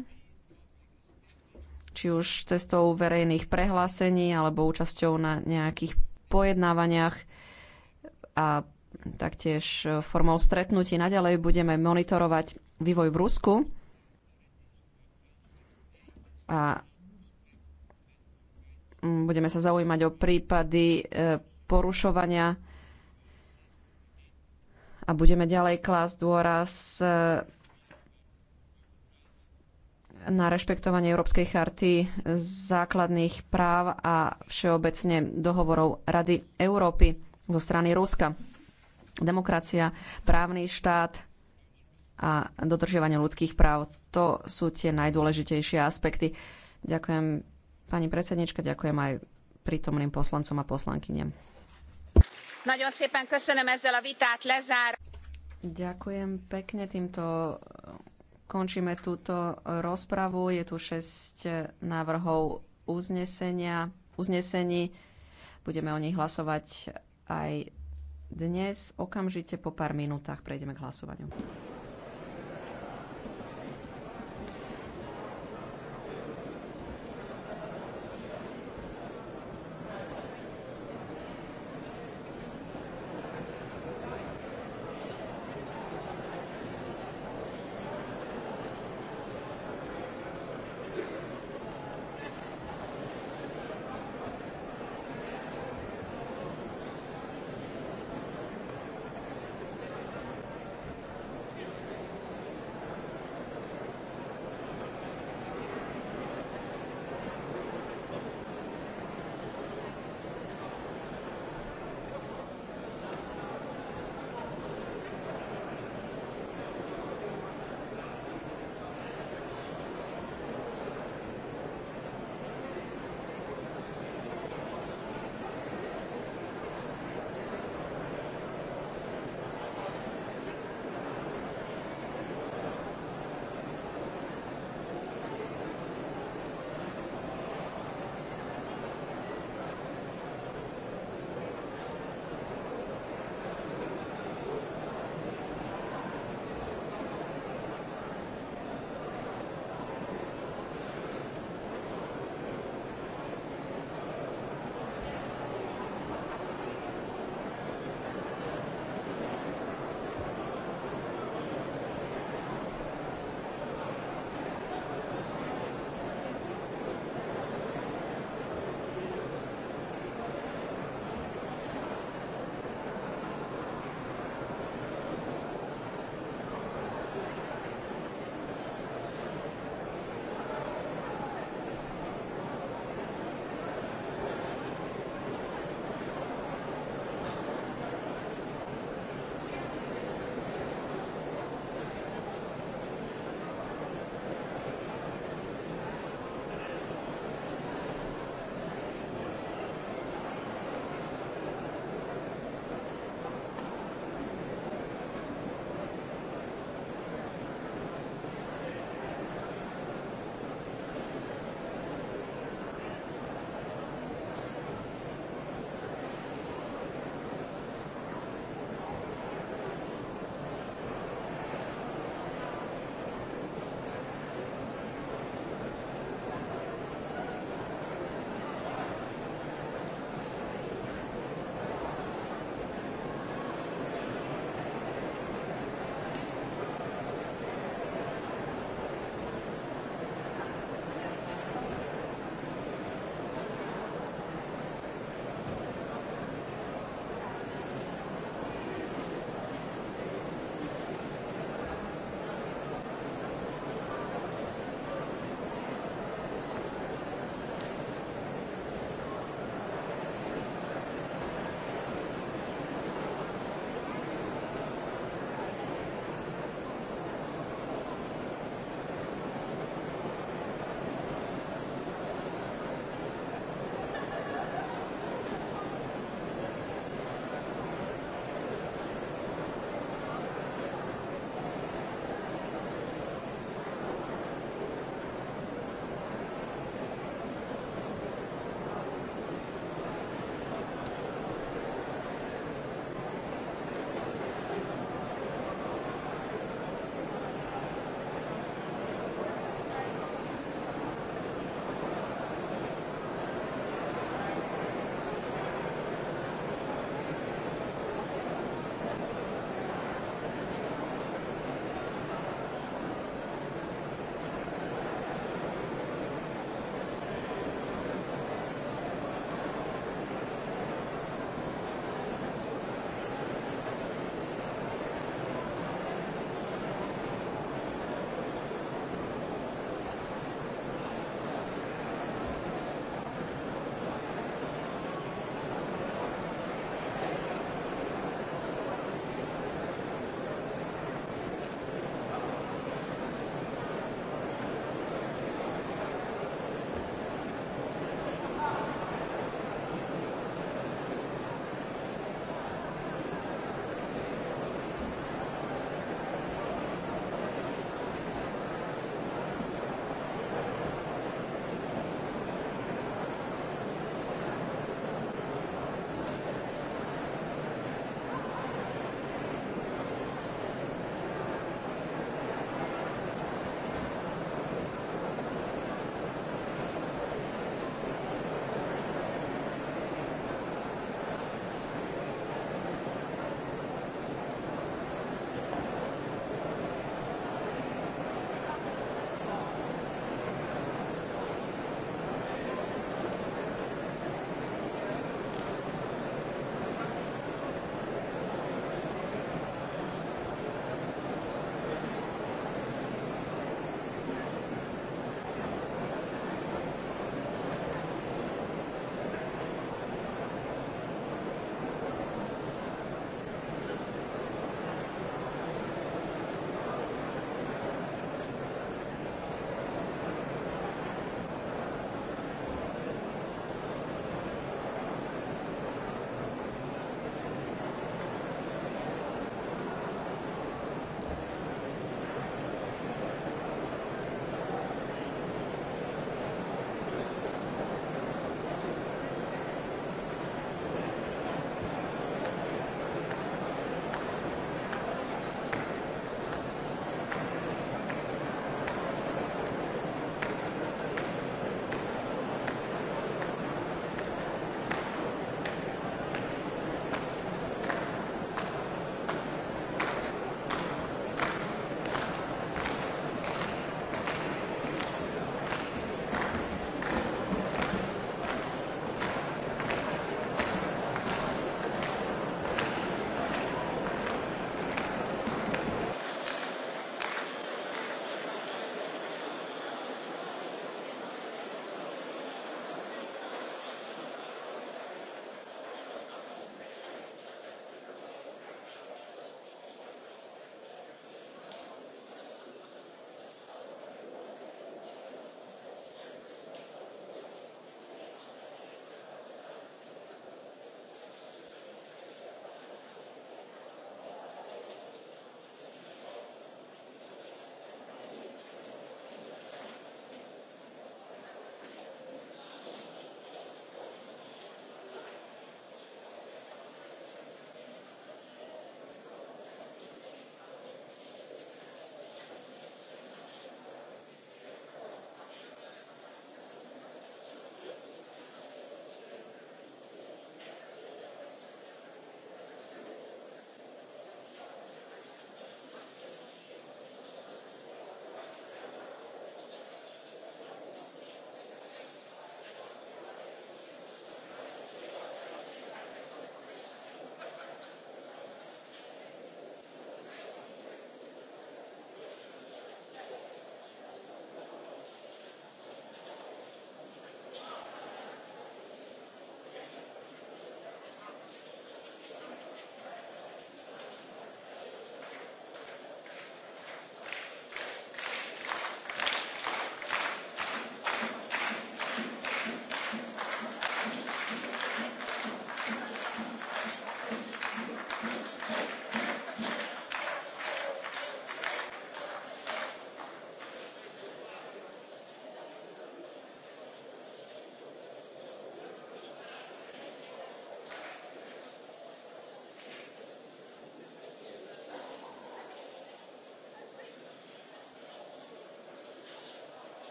[SPEAKER 9] či už cestou verejných prehlásení alebo účasťou na nejakých pojednávaniach a taktiež formou stretnutí. Naďalej budeme monitorovať vývoj v Rusku a budeme sa zaujímať o prípady e, porušovania a budeme ďalej klásť dôraz e, na rešpektovanie Európskej charty základných práv a všeobecne dohovorov Rady Európy zo strany Ruska. Demokracia, právny štát a dodržiavanie ľudských práv, to sú tie najdôležitejšie aspekty. Ďakujem pani predsednička, ďakujem aj prítomným poslancom a poslankyniam. Ďakujem pekne, týmto Končíme túto rozpravu. Je tu 6 návrhov uznesenia, uznesení. Budeme o nich hlasovať aj dnes, okamžite po pár minútach prejdeme k hlasovaniu.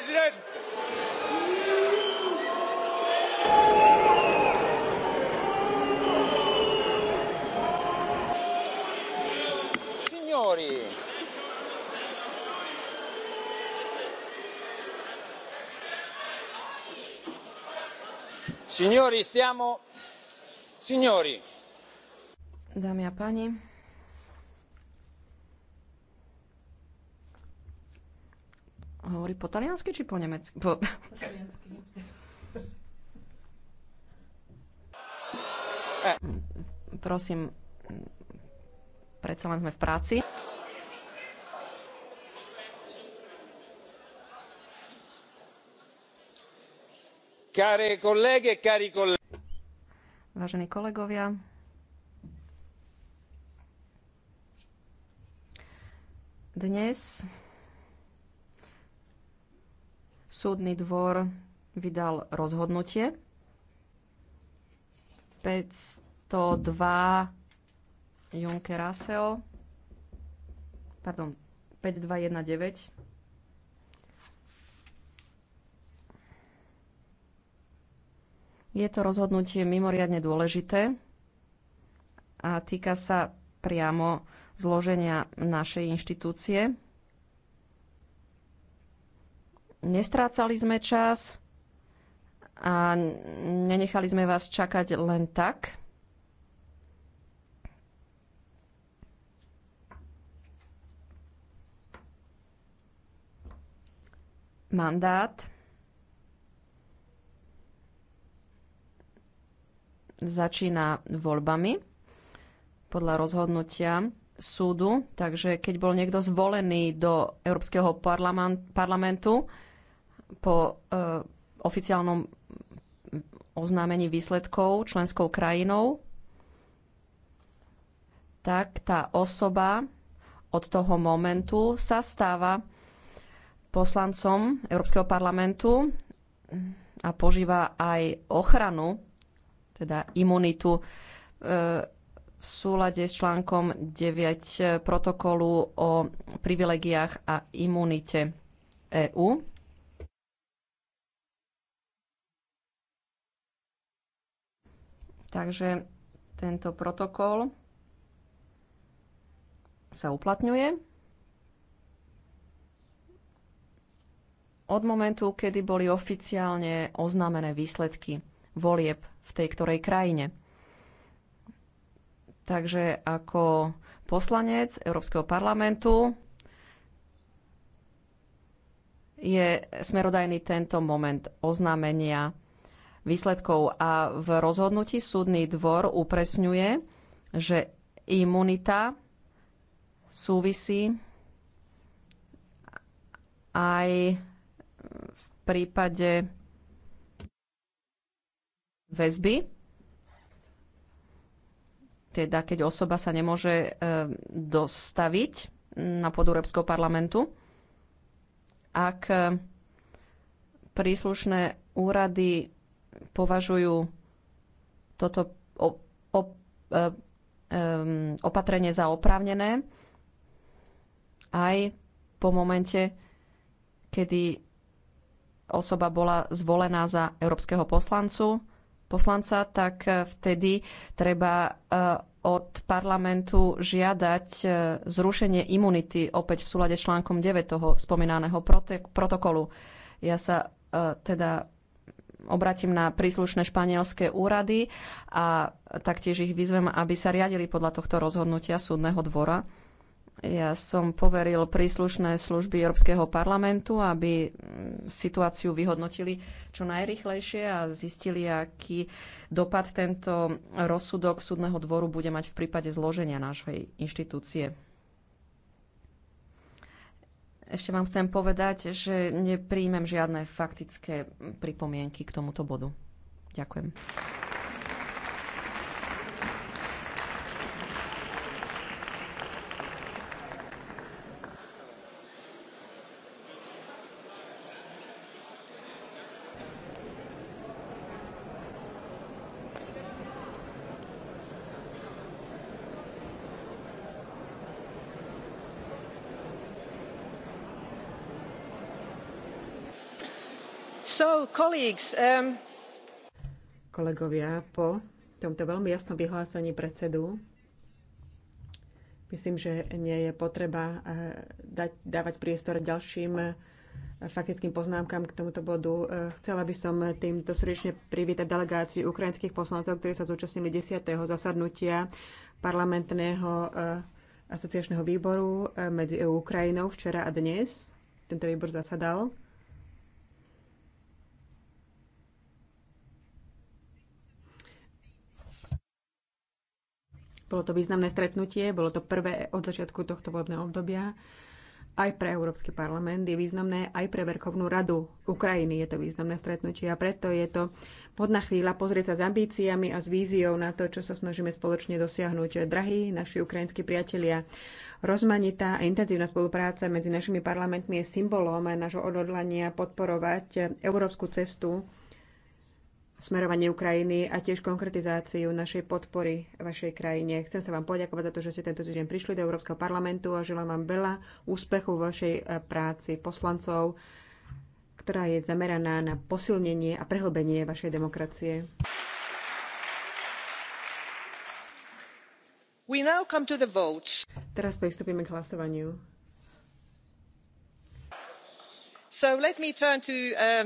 [SPEAKER 3] president. Signori!
[SPEAKER 9] Signori, stiamo... Signori! Dámy a páni, po taliansky či po nemecky? Po, po Prosím, predsa len sme v práci.
[SPEAKER 6] Care colleghe, e cari colleghi.
[SPEAKER 9] Vážení kolegovia, dnes Súdny dvor vydal rozhodnutie 502 Junkeraseo pardon 5219 Je to rozhodnutie mimoriadne dôležité a týka sa priamo zloženia našej inštitúcie nestrácali sme čas a nenechali sme vás čakať len tak. Mandát začína voľbami podľa rozhodnutia súdu. Takže keď bol niekto zvolený do Európskeho parlamentu, po eh, oficiálnom oznámení výsledkov členskou krajinou, tak tá osoba od toho momentu sa stáva poslancom Európskeho parlamentu a požíva aj ochranu, teda imunitu eh, v súlade s článkom 9 protokolu o privilegiách a imunite EÚ. Takže tento protokol sa uplatňuje. Od momentu, kedy boli oficiálne oznámené výsledky volieb v tej ktorej krajine. Takže ako poslanec Európskeho parlamentu je smerodajný tento moment oznámenia výsledkov. A v rozhodnutí súdny dvor upresňuje, že imunita súvisí aj v prípade väzby, teda keď osoba sa nemôže e, dostaviť na pôdu Európskeho parlamentu, ak príslušné úrady považujú toto e, opatrenie za oprávnené aj po momente, kedy osoba bola zvolená za európskeho poslancu, poslanca, tak e, vtedy treba e, od parlamentu žiadať zrušenie imunity opäť v súlade s článkom 9 toho spomínaného protokolu. Ja sa teda obratím na príslušné španielské úrady a taktiež ich vyzvem, aby sa riadili podľa tohto rozhodnutia súdneho dvora. Ja som poveril príslušné služby Európskeho parlamentu, aby mm, situáciu vyhodnotili čo najrychlejšie a zistili, aký dopad tento rozsudok súdneho dvoru bude mať v prípade zloženia našej inštitúcie. Ešte vám chcem povedať, že nepríjmem žiadne faktické pripomienky k tomuto bodu. Ďakujem.
[SPEAKER 7] Um, Kolegovia, po tomto veľmi jasnom vyhlásení predsedu myslím, že nie je potreba eh, dať, dávať priestor ďalším eh, faktickým poznámkam k tomuto bodu. Eh, chcela by som týmto srdečne privítať delegáciu ukrajinských poslancov, ktorí sa zúčastnili 10. zasadnutia parlamentného asociačného výboru medzi EU Ukrajinou včera a dnes. Tento výbor zasadal. Bolo to významné stretnutie, bolo to prvé od začiatku tohto volebného obdobia. Aj pre Európsky parlament je významné, aj pre Verkovnú radu Ukrajiny je to významné stretnutie a preto je to podná chvíľa pozrieť sa s ambíciami a s víziou na to, čo sa snažíme spoločne dosiahnuť. Drahí naši ukrajinskí priatelia, rozmanitá a intenzívna spolupráca medzi našimi parlamentmi je symbolom nášho odhodlania podporovať európsku cestu smerovanie Ukrajiny a tiež konkretizáciu našej podpory vašej krajine. Chcem sa vám poďakovať za to, že ste tento týždeň prišli do Európskeho parlamentu a želám vám veľa úspechu v vašej e, práci poslancov, ktorá je zameraná na posilnenie a prehlbenie vašej demokracie. We now come to the votes. Teraz pristúpime k hlasovaniu. So let me turn to um,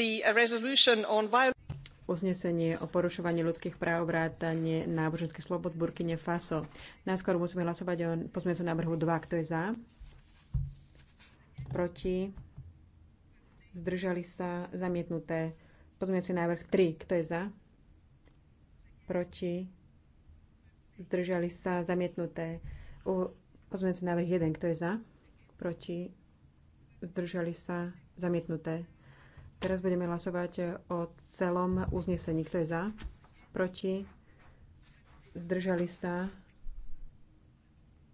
[SPEAKER 7] the uh, resolution on violence uznesenie o porušovaní ľudských práv vrátane náboženských slobod Burkine Faso. Najskôr musíme hlasovať o pozmeňujúcom návrhu 2. Kto je za? Proti? Zdržali sa? Zamietnuté. Pozmeňujúci návrh 3. Kto je za? Proti? Zdržali sa? Zamietnuté. Pozmeňujúci návrh 1. Kto je za? Proti? Zdržali sa? Zamietnuté. Teraz budeme hlasovať o celom uznesení. Kto je za? Proti? Zdržali sa?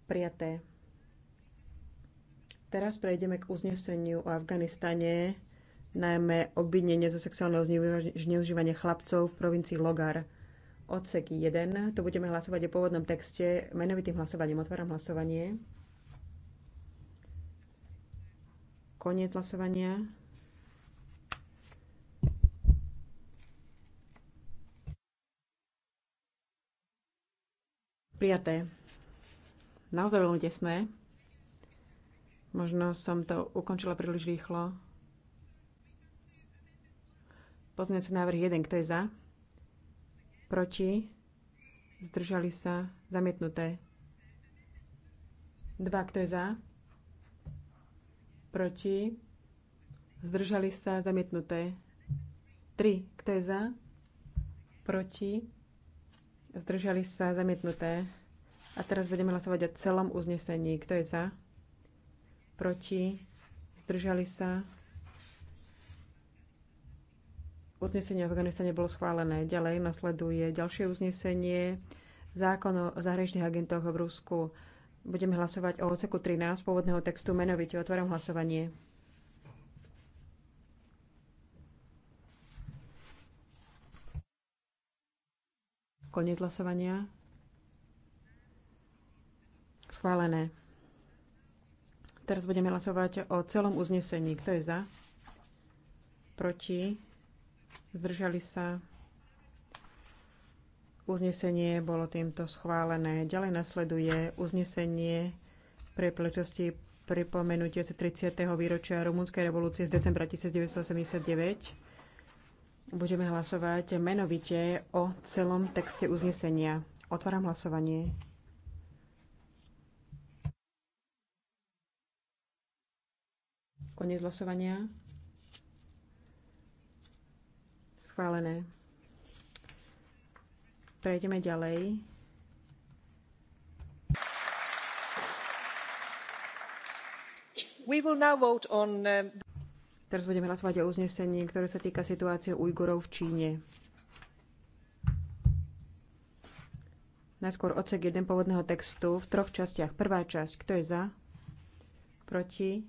[SPEAKER 7] Prijaté. Teraz prejdeme k uzneseniu o Afganistane, najmä obvinenie zo sexuálneho zneužívania chlapcov v provincii Logar. Odsek 1, tu budeme hlasovať o pôvodnom texte, menovitým hlasovaním otváram hlasovanie. Koniec hlasovania. Prijaté. Naozaj veľmi tesné. Možno som to ukončila príliš rýchlo. Pozmeňujúci návrh 1. Kto je za? Proti? Zdržali sa? Zamietnuté. 2. Kto je za? Proti? Zdržali sa? Zamietnuté. 3. Kto je za? Proti? Zdržali sa zamietnuté. A teraz budeme hlasovať o celom uznesení. Kto je za? Proti? Zdržali sa? Uznesenie v Afganistane bolo schválené. Ďalej nasleduje ďalšie uznesenie. Zákon o zahraničných agentoch v Rusku. Budeme hlasovať o oceku 13 pôvodného textu menovite. Otváram hlasovanie. Koniec hlasovania. Schválené. Teraz budeme hlasovať o celom uznesení. Kto je za? Proti? Zdržali sa? Uznesenie bolo týmto schválené. Ďalej nasleduje uznesenie pre príležitosti pripomenutie 30. výročia Rumunskej revolúcie z decembra 1989. Budeme hlasovať menovite o celom texte uznesenia. Otváram hlasovanie. Koniec hlasovania. Schválené. Prejdeme ďalej. We will now vote on uh, Teraz budeme hlasovať o uznesení, ktoré sa týka situácie Ujgurov v Číne. Najskôr odsek jeden pôvodného textu v troch častiach. Prvá časť, kto je za? Proti?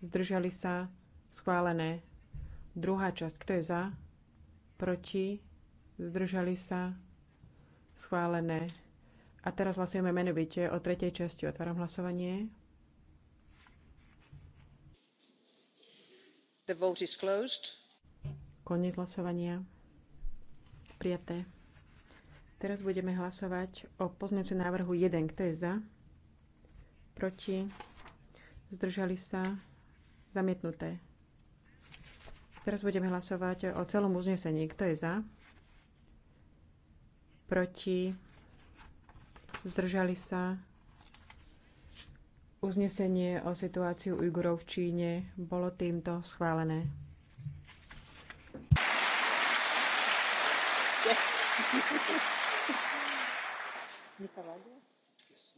[SPEAKER 7] Zdržali sa? Schválené. Druhá časť, kto je za? Proti? Zdržali sa? Schválené. A teraz hlasujeme menovite o tretej časti. Otváram hlasovanie. The vote Koniec hlasovania. Prijaté. Teraz budeme hlasovať o pozmeňujúcom návrhu 1. Kto je za? Proti? Zdržali sa? Zamietnuté. Teraz budeme hlasovať o celom uznesení. Kto je za? Proti? Zdržali sa? Uznesenie o situáciu Ujgurov v Číne bolo týmto schválené.
[SPEAKER 8] Yes.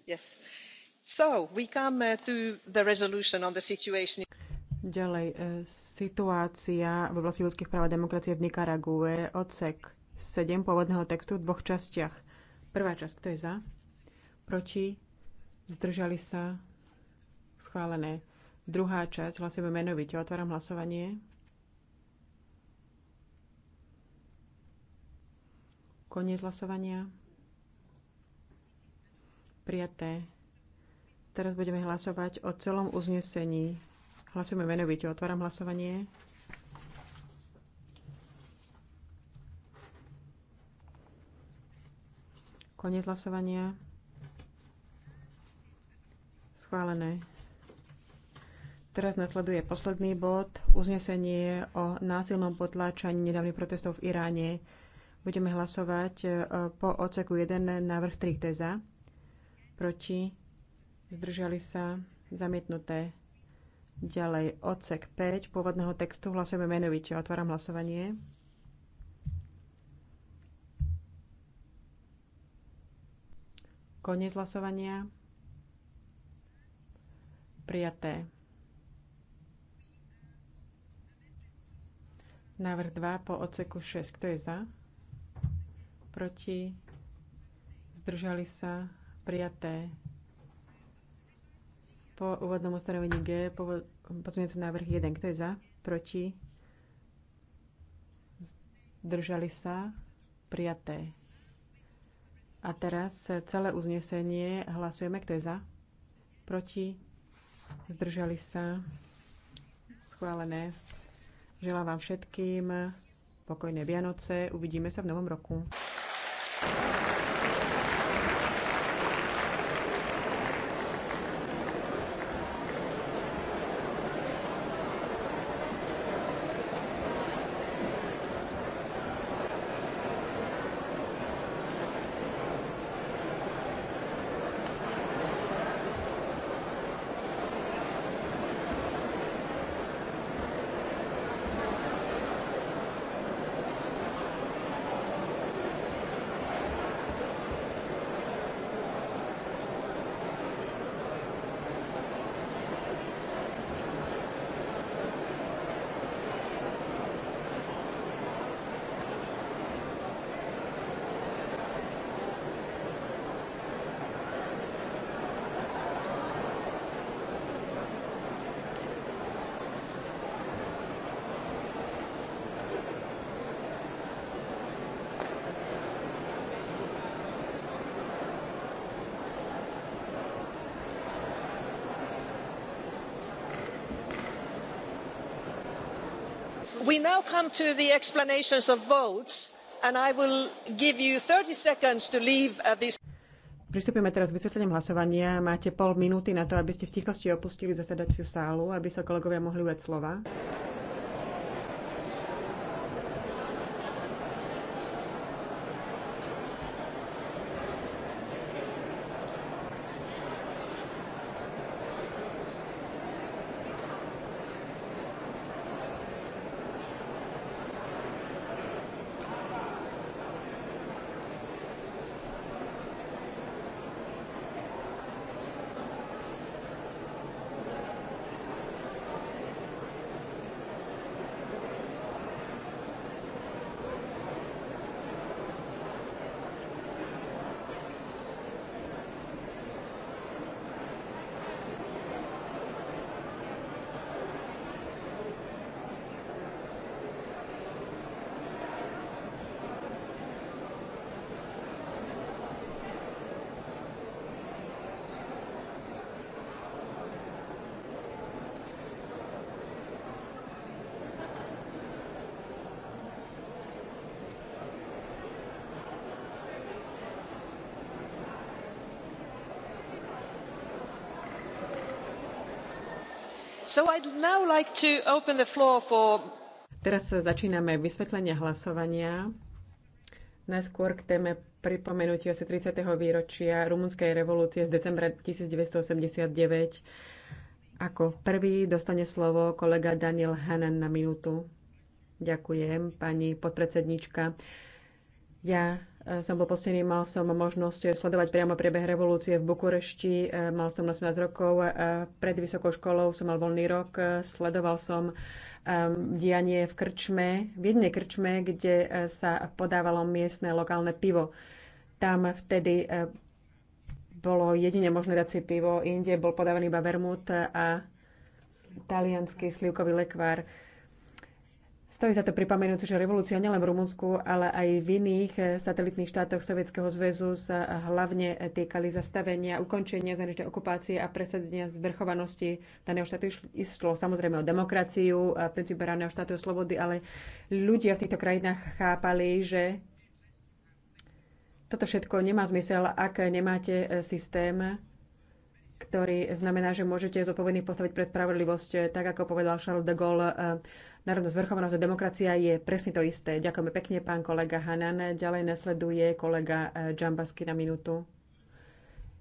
[SPEAKER 8] yes. So, we come uh, to the resolution on the situation.
[SPEAKER 7] Ďalej, uh, situácia v oblasti ľudských práv a demokracie v Nikaragúe, odsek 7 pôvodného textu v dvoch častiach. Prvá časť, kto je za? Proti? Zdržali sa? Schválené. Druhá časť. Hlasujeme menovite. Otváram hlasovanie. Koniec hlasovania. Prijaté. Teraz budeme hlasovať o celom uznesení. Hlasujeme menovite. Otváram hlasovanie. Koniec hlasovania. Schválené. Teraz nasleduje posledný bod, uznesenie o násilnom potláčaní nedávnych protestov v Iráne. Budeme hlasovať e, po oceku 1 návrh 3 teza. Proti. Zdržali sa. Zamietnuté. Ďalej odsek 5 pôvodného textu. Hlasujeme menovite. Otváram hlasovanie. Koniec hlasovania. Prijaté. Návrh 2 po odseku 6. Kto je za? Proti? Zdržali sa? Prijaté. Po úvodnom ustanovení G pozmeňujúci návrh 1. Kto je za? Proti? Zdržali sa? Prijaté. A teraz celé uznesenie hlasujeme. Kto je za? Proti? Zdržali sa? Schválené. Želám vám všetkým pokojné Vianoce. Uvidíme sa v novom roku.
[SPEAKER 8] we now come to the explanations of votes and i will give you thirty seconds to leave uh, this
[SPEAKER 7] Pristupujeme teraz k vysvetleniam hlasovania. Máte pol minúty na to, aby ste v tichosti opustili zasedaciu sálu, aby sa kolegovia mohli uvať slova. Teraz začíname vysvetlenie hlasovania. Najskôr k téme pripomenutia asi 30. výročia Rumunskej revolúcie z decembra 1989. Ako prvý dostane slovo kolega Daniel Hanan na minútu. Ďakujem, pani podpredsednička. Ja Eh, som bol postený, mal som možnosť sledovať priamo priebeh revolúcie v Bukurešti, eh, mal som 18 rokov, eh, pred vysokou školou som mal voľný rok, sledoval som ehm, dianie v krčme, v jednej krčme, kde sa podávalo miestne lokálne pivo. Tam vtedy bolo jedine možné dať si pivo, inde bol podávaný iba vermut a talianský slivkový lekvár Stojí za to pripomenúť, že revolúcia nielen v Rumunsku, ale aj v iných eh, satelitných štátoch Sovietskeho zväzu sa hlavne týkali zastavenia, ukončenia zahraničnej okupácie a presadenia zvrchovanosti daného štátu. Išlo samozrejme o demokraciu, princípe ráneho štátu a slobody, ale ľudia v týchto krajinách chápali, že toto všetko nemá zmysel, ak nemáte eh, systém, ktorý znamená, že môžete zodpovedných postaviť pred spravodlivosť, eh, tak ako povedal Charles de Gaulle národná zvrchovanosť a demokracia je presne to isté. Ďakujeme pekne, pán kolega Hanan. Ďalej nasleduje kolega e, Džambasky na minútu.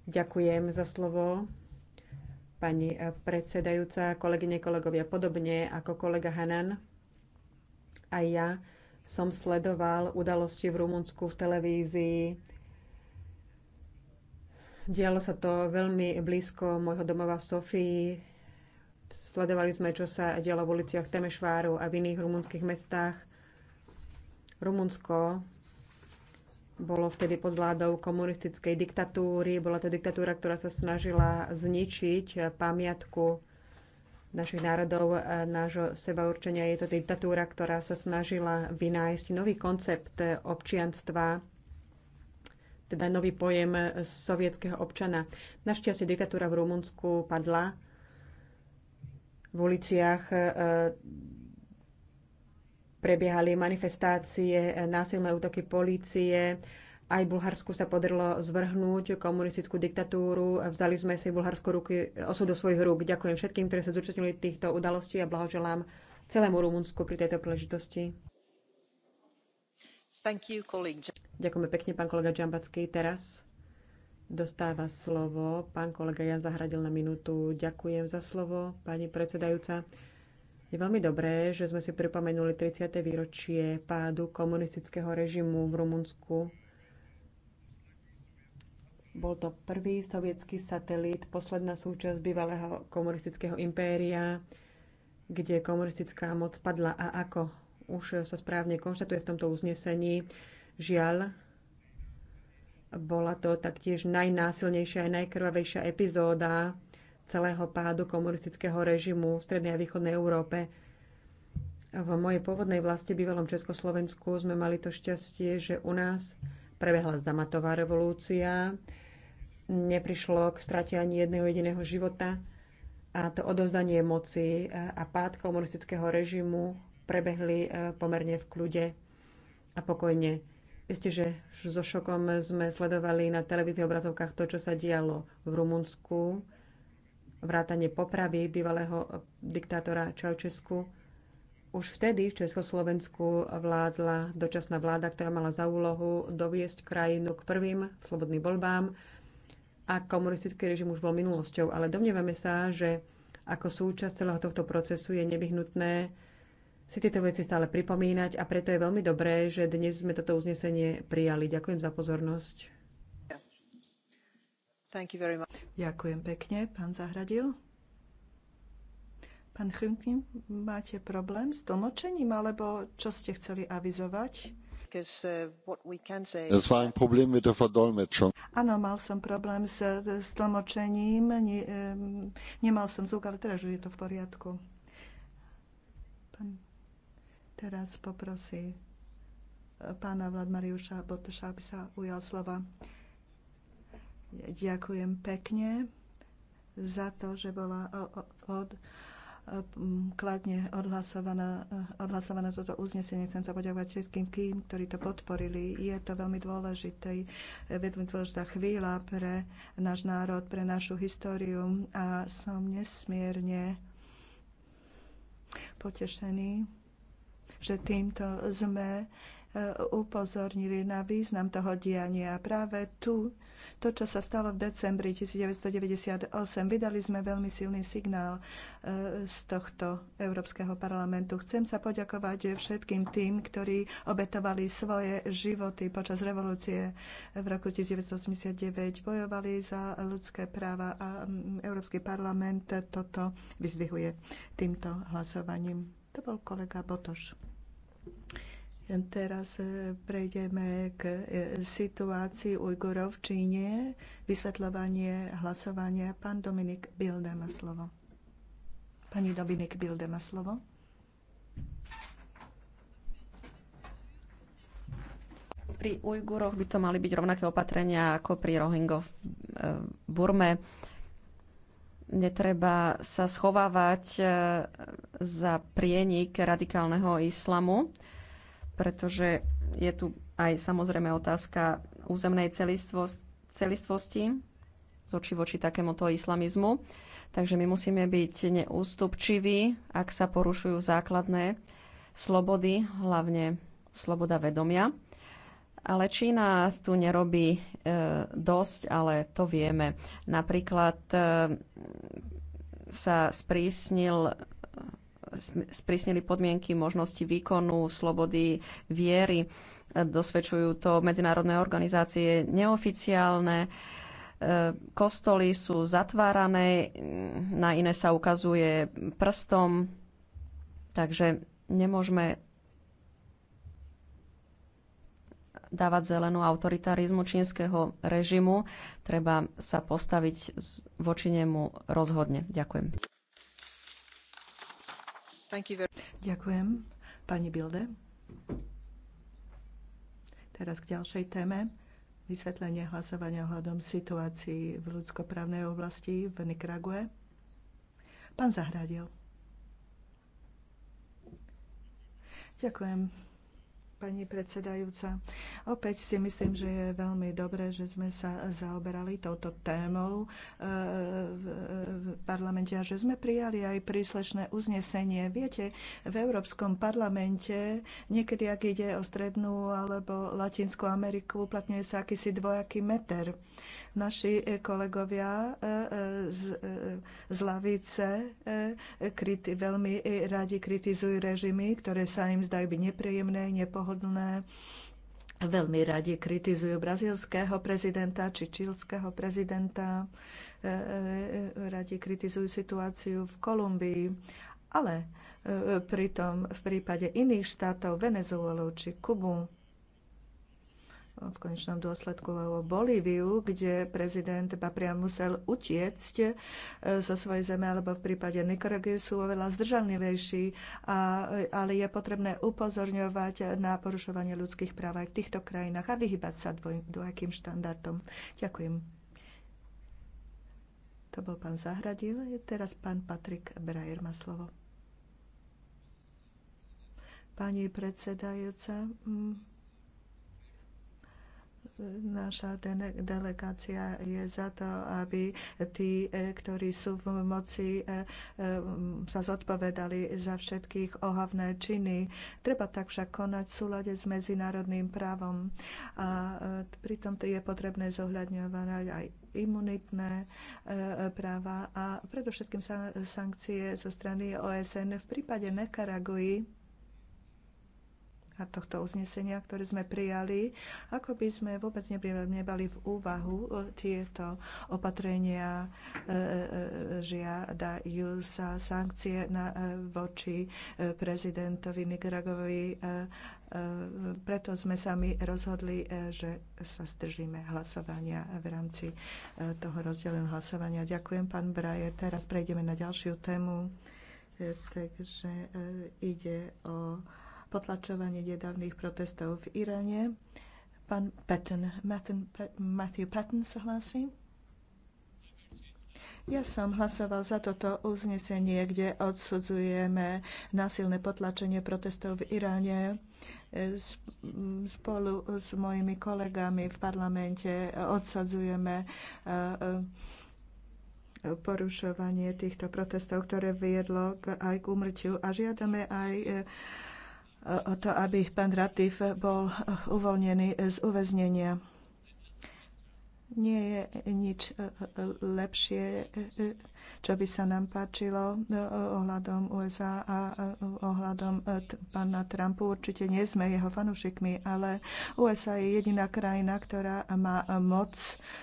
[SPEAKER 7] Ďakujem za slovo. Pani e, predsedajúca, kolegyne, kolegovia, podobne ako kolega Hanan, aj ja som sledoval udalosti v Rumunsku v televízii. Dialo sa to veľmi blízko môjho domova v Sofii Sledovali sme, čo sa dialo v uliciach Temešváru a v iných rumunských mestách. Rumunsko bolo vtedy pod vládou komunistickej diktatúry. Bola to diktatúra, ktorá sa snažila zničiť pamiatku našich národov, e, nášho sebaurčenia. Je to diktatúra, ktorá sa snažila vynájsť nový koncept občianstva, teda nový pojem sovietského občana. Našťastie diktatúra v Rumunsku padla v uliciach e, prebiehali manifestácie, e, násilné útoky polície. Aj Bulharsku sa podarilo zvrhnúť komunistickú diktatúru. Vzali sme si Bulharsko ruky, osud do svojich rúk. Ďakujem všetkým, ktorí sa zúčastnili týchto udalostí a blahoželám celému Rumunsku pri tejto príležitosti. Thank you, colleague. Ďakujeme pekne, pán kolega Džambacký. Teraz Dostáva slovo pán kolega Jan Zahradil na minútu. Ďakujem za slovo, pani predsedajúca. Je veľmi dobré, že sme si pripomenuli 30. výročie pádu komunistického režimu v Rumunsku. Bol to prvý sovietský satelit, posledná súčasť bývalého komunistického impéria, kde komunistická moc padla a ako už sa správne konštatuje v tomto uznesení, žiaľ, bola to taktiež najnásilnejšia a najkrvavejšia epizóda celého pádu komunistického režimu v strednej a východnej Európe. V mojej pôvodnej vlasti, bývalom Československu, sme mali to šťastie, že u nás prebehla zamatová revolúcia, neprišlo k strate ani jedného jediného života a to odozdanie moci e, a pád komunistického režimu prebehli e, pomerne v kľude a pokojne Isté, že so šokom sme sledovali na televíznych obrazovkách to, čo sa dialo v Rumunsku, vrátanie popravy bývalého diktátora Čaučesku. Už vtedy v Československu vládla dočasná vláda, ktorá mala za úlohu doviesť krajinu k prvým slobodným voľbám a komunistický režim už bol minulosťou. Ale domnievame sa, že ako súčasť celého tohto procesu je nevyhnutné si tieto veci stále pripomínať a preto je veľmi dobré, že dnes sme toto uznesenie prijali. Ďakujem za pozornosť.
[SPEAKER 8] Ďakujem pekne, pán Zahradil. Pán Chymkin, máte problém s tlmočením, alebo čo ste chceli avizovať? Uh, war ein Problem
[SPEAKER 3] mit der Verdolmetschung.
[SPEAKER 8] Áno, mal som problém s, s tlmočením, ne, um, nemal som zvuk, ale teraz už je to v poriadku. Pán Teraz poprosím eh, pána Vladmariuša Botoša, aby sa ujal slova. Ďakujem pekne za to, že bola od, kladne eh, odhlasované, toto uznesenie. Chcem sa poďakovať všetkým tým, ktorí to podporili. Je to veľmi dôležitý, eh, veľmi dôležitá chvíľa pre náš národ, pre našu históriu a som nesmierne potešený že týmto sme e, upozornili na význam toho diania. Práve tu, to, čo sa stalo v decembri 1998, vydali sme veľmi silný signál e, z tohto Európskeho parlamentu. Chcem sa poďakovať všetkým tým, ktorí obetovali svoje životy počas revolúcie v roku 1989, bojovali za ľudské práva a Európsky parlament toto vyzdvihuje týmto hlasovaním. To bol kolega Botoš. Teraz e, prejdeme k e, situácii Ujgurov v Číne. Vysvetľovanie hlasovania. Pán Dominik Bilde má slovo. Pani Dominik Bilde má slovo.
[SPEAKER 9] Pri Ujguroch by to mali byť rovnaké opatrenia ako pri Rohingov e, v Burme Netreba sa schovávať e, za prienik radikálneho islamu, pretože je tu aj samozrejme otázka územnej celistvosti, celistvosti z oči voči takémuto islamizmu. Takže my musíme byť neústupčiví, ak sa porušujú základné slobody, hlavne sloboda vedomia. Ale Čína tu nerobí e, dosť, ale to vieme. Napríklad e, sa sprísnil sprísnili podmienky možnosti výkonu, slobody, viery. E, dosvedčujú to medzinárodné organizácie neoficiálne. E, kostoly sú zatvárané, na iné sa ukazuje prstom. Takže nemôžeme dávať zelenú autoritarizmu čínskeho režimu. Treba sa postaviť voči nemu rozhodne. Ďakujem. Ďakujem. Pani Bilde.
[SPEAKER 8] Teraz k ďalšej téme. Vysvetlenie hlasovania ohľadom situácií v ľudskoprávnej oblasti v Nikrague. Pán Zahradil. Ďakujem pani predsedajúca. Opäť si myslím, že je veľmi dobré, že sme sa zaoberali touto témou e, v parlamente a že sme prijali aj príslešné uznesenie. Viete, v Európskom parlamente niekedy, ak ide o Strednú alebo Latinskú Ameriku, uplatňuje sa akýsi dvojaký meter. Naši kolegovia e, e, z, z lavice kriti, veľmi radi kritizujú režimy, ktoré sa im zdajú byť nepríjemné, nepohodlné pohodlné. Veľmi radi kritizujú brazilského prezidenta či čílského prezidenta, e, e, e, radi kritizujú situáciu v Kolumbii, ale pritom v prípade iných štátov, Venezuelu či Kubu, v konečnom dôsledku o Bolíviu, kde prezident Papria musel utiecť e, zo svojej zeme, alebo v prípade Nikaragy sú oveľa zdržanlivejší, a, ale je potrebné upozorňovať na porušovanie ľudských práv aj v týchto krajinách a vyhybať sa dvoj, dvojakým štandardom. Ďakujem. To bol pán Zahradil, teraz pán Patrik Brajer má slovo. Pani predsedajúca, mm, Naša delegácia je za to, aby tí, e, ktorí sú v moci, e, e, sa zodpovedali za všetkých ohavné činy. Treba tak však konať v súlade s medzinárodným právom. A pritom je potrebné zohľadňovať aj imunitné práva a predovšetkým sankcie zo strany OSN v prípade Nekaraguji tohto uznesenia, ktoré sme prijali, ako by sme vôbec nebali v úvahu e, tieto opatrenia, e, e, žiadajú sa sankcie na, voči prezidentovi Nikragovi. Preto sme sa my rozhodli, že sa zdržíme hlasovania v rámci toho rozdeleného hlasovania. Ďakujem, pán Brajer. Teraz prejdeme na ďalšiu tému. Takže ide o potlačovanie nedávnych protestov v Iráne. Pán Patton, Martin, Matthew Patton sa hlási. Ja som hlasoval za toto uznesenie, kde odsudzujeme násilné potlačenie protestov v Iráne e, spolu s mojimi kolegami v parlamente odsadzujeme e, e, porušovanie týchto protestov, ktoré viedlo aj k umrťu a žiadame aj o to, aby pán Ratif bol uvoľnený z uväznenia. Nie je nič lepšie, čo by sa nám páčilo e, e, ohľadom USA a e, ohľadom pána Trumpu. Určite nie sme jeho fanúšikmi, ale USA je jediná krajina, ktorá má moc,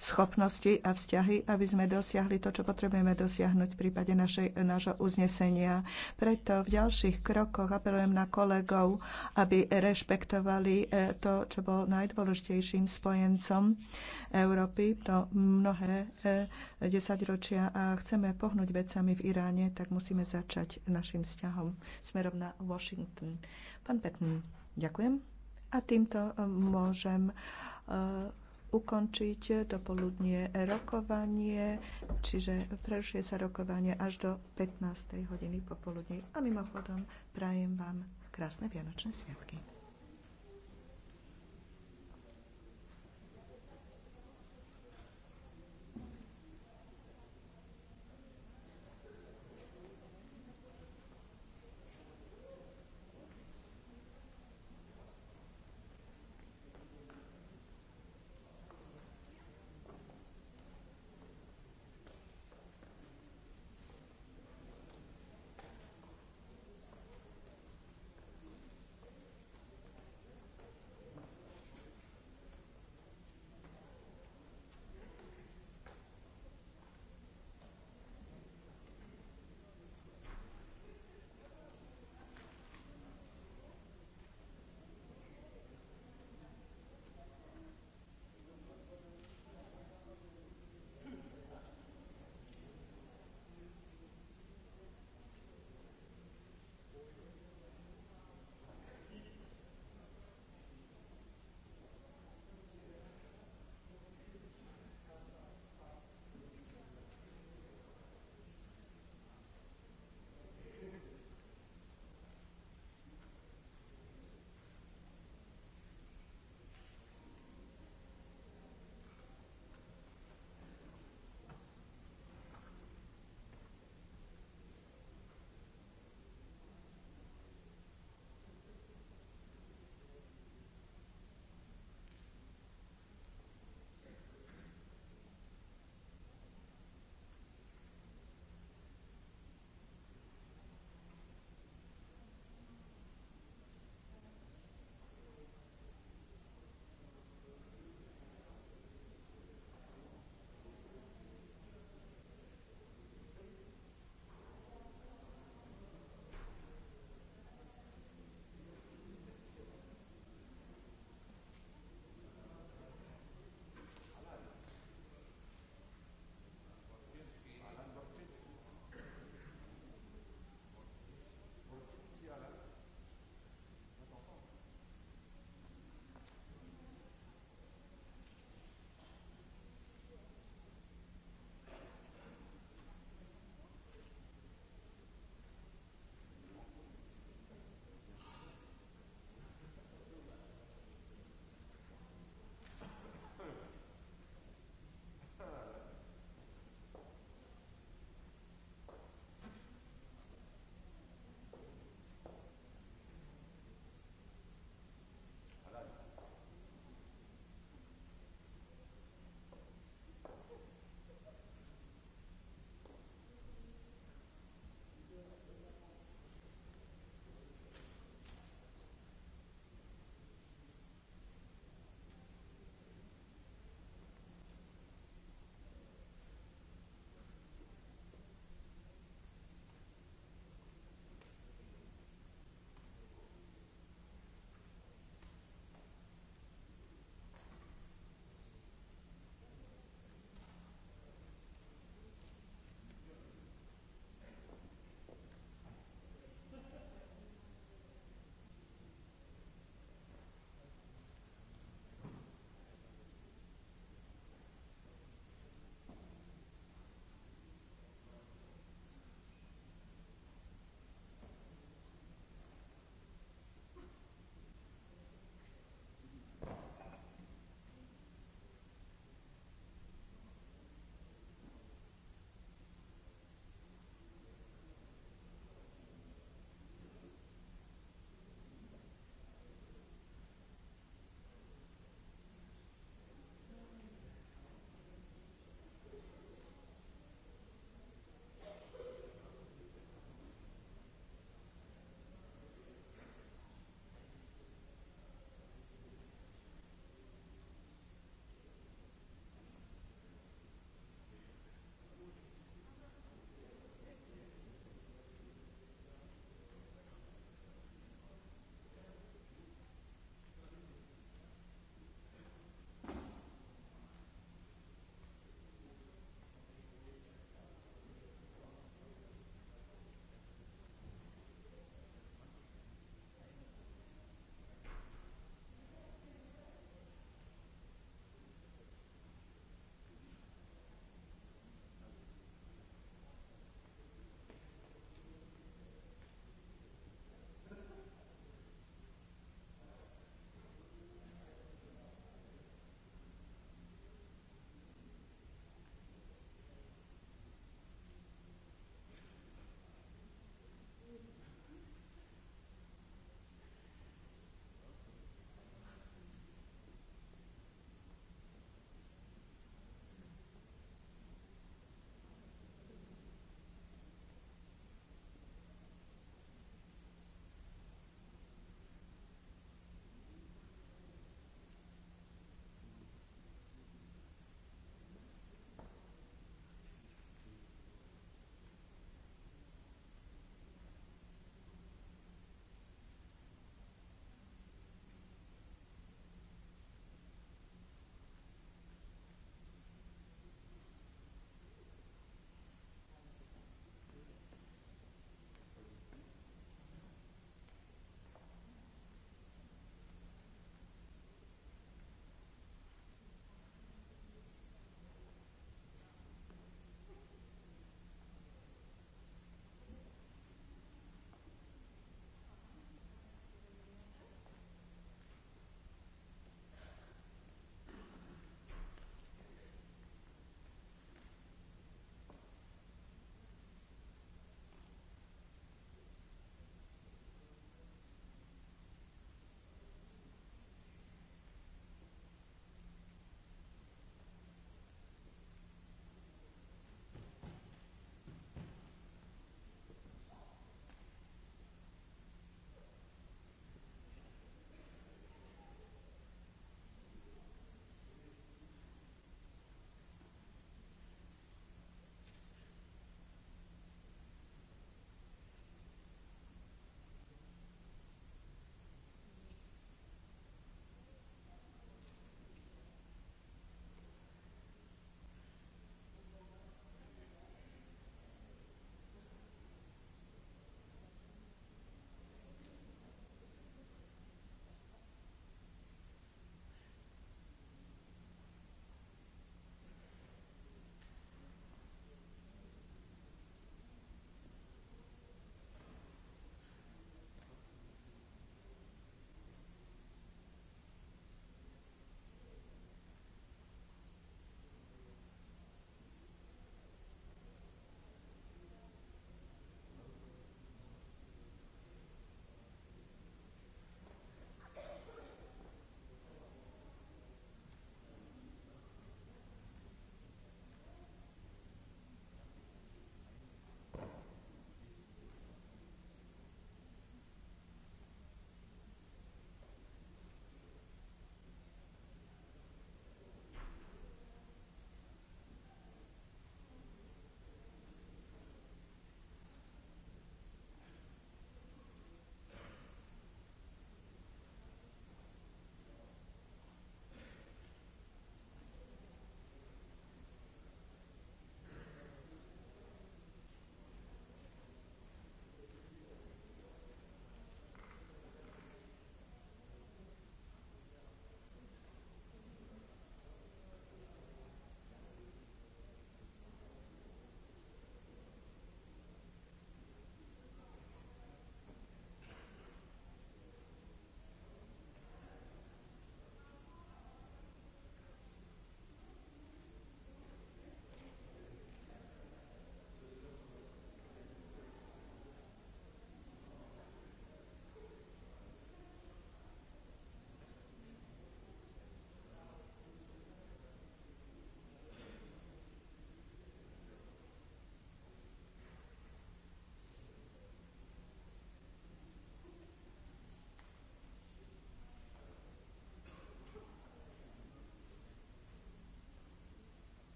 [SPEAKER 8] schopnosti a vzťahy, aby sme dosiahli to, čo potrebujeme dosiahnuť v prípade našej, nášho uznesenia. Preto v ďalších krokoch apelujem na kolegov, aby rešpektovali to, čo bol najdôležitejším spojencom Európy, to mnohé desaťročia a chcem chceme pohnúť vecami v Iráne, tak musíme začať našim vzťahom smerom na Washington. Pán Petný, ďakujem. A týmto e, môžem e, ukončiť dopoludnie rokovanie, čiže prerušuje sa rokovanie až do 15. hodiny popoludní. A mimochodom, prajem vám krásne Vianočné sviatky.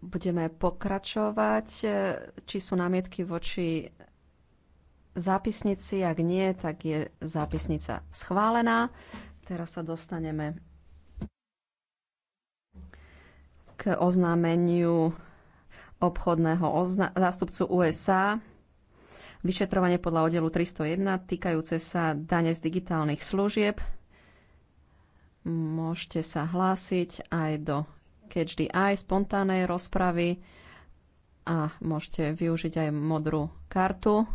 [SPEAKER 9] Budeme pokračovať. E, či sú námietky voči zápisnici? Ak nie, tak je zápisnica schválená. Teraz sa dostaneme k oznámeniu obchodného ozna- zástupcu USA vyšetrovanie podľa oddelu 301 týkajúce sa dane z digitálnych služieb Môžete sa hlásiť aj do keďždy aj spontánej spontánnej rozpravy a môžete využiť aj modrú kartu.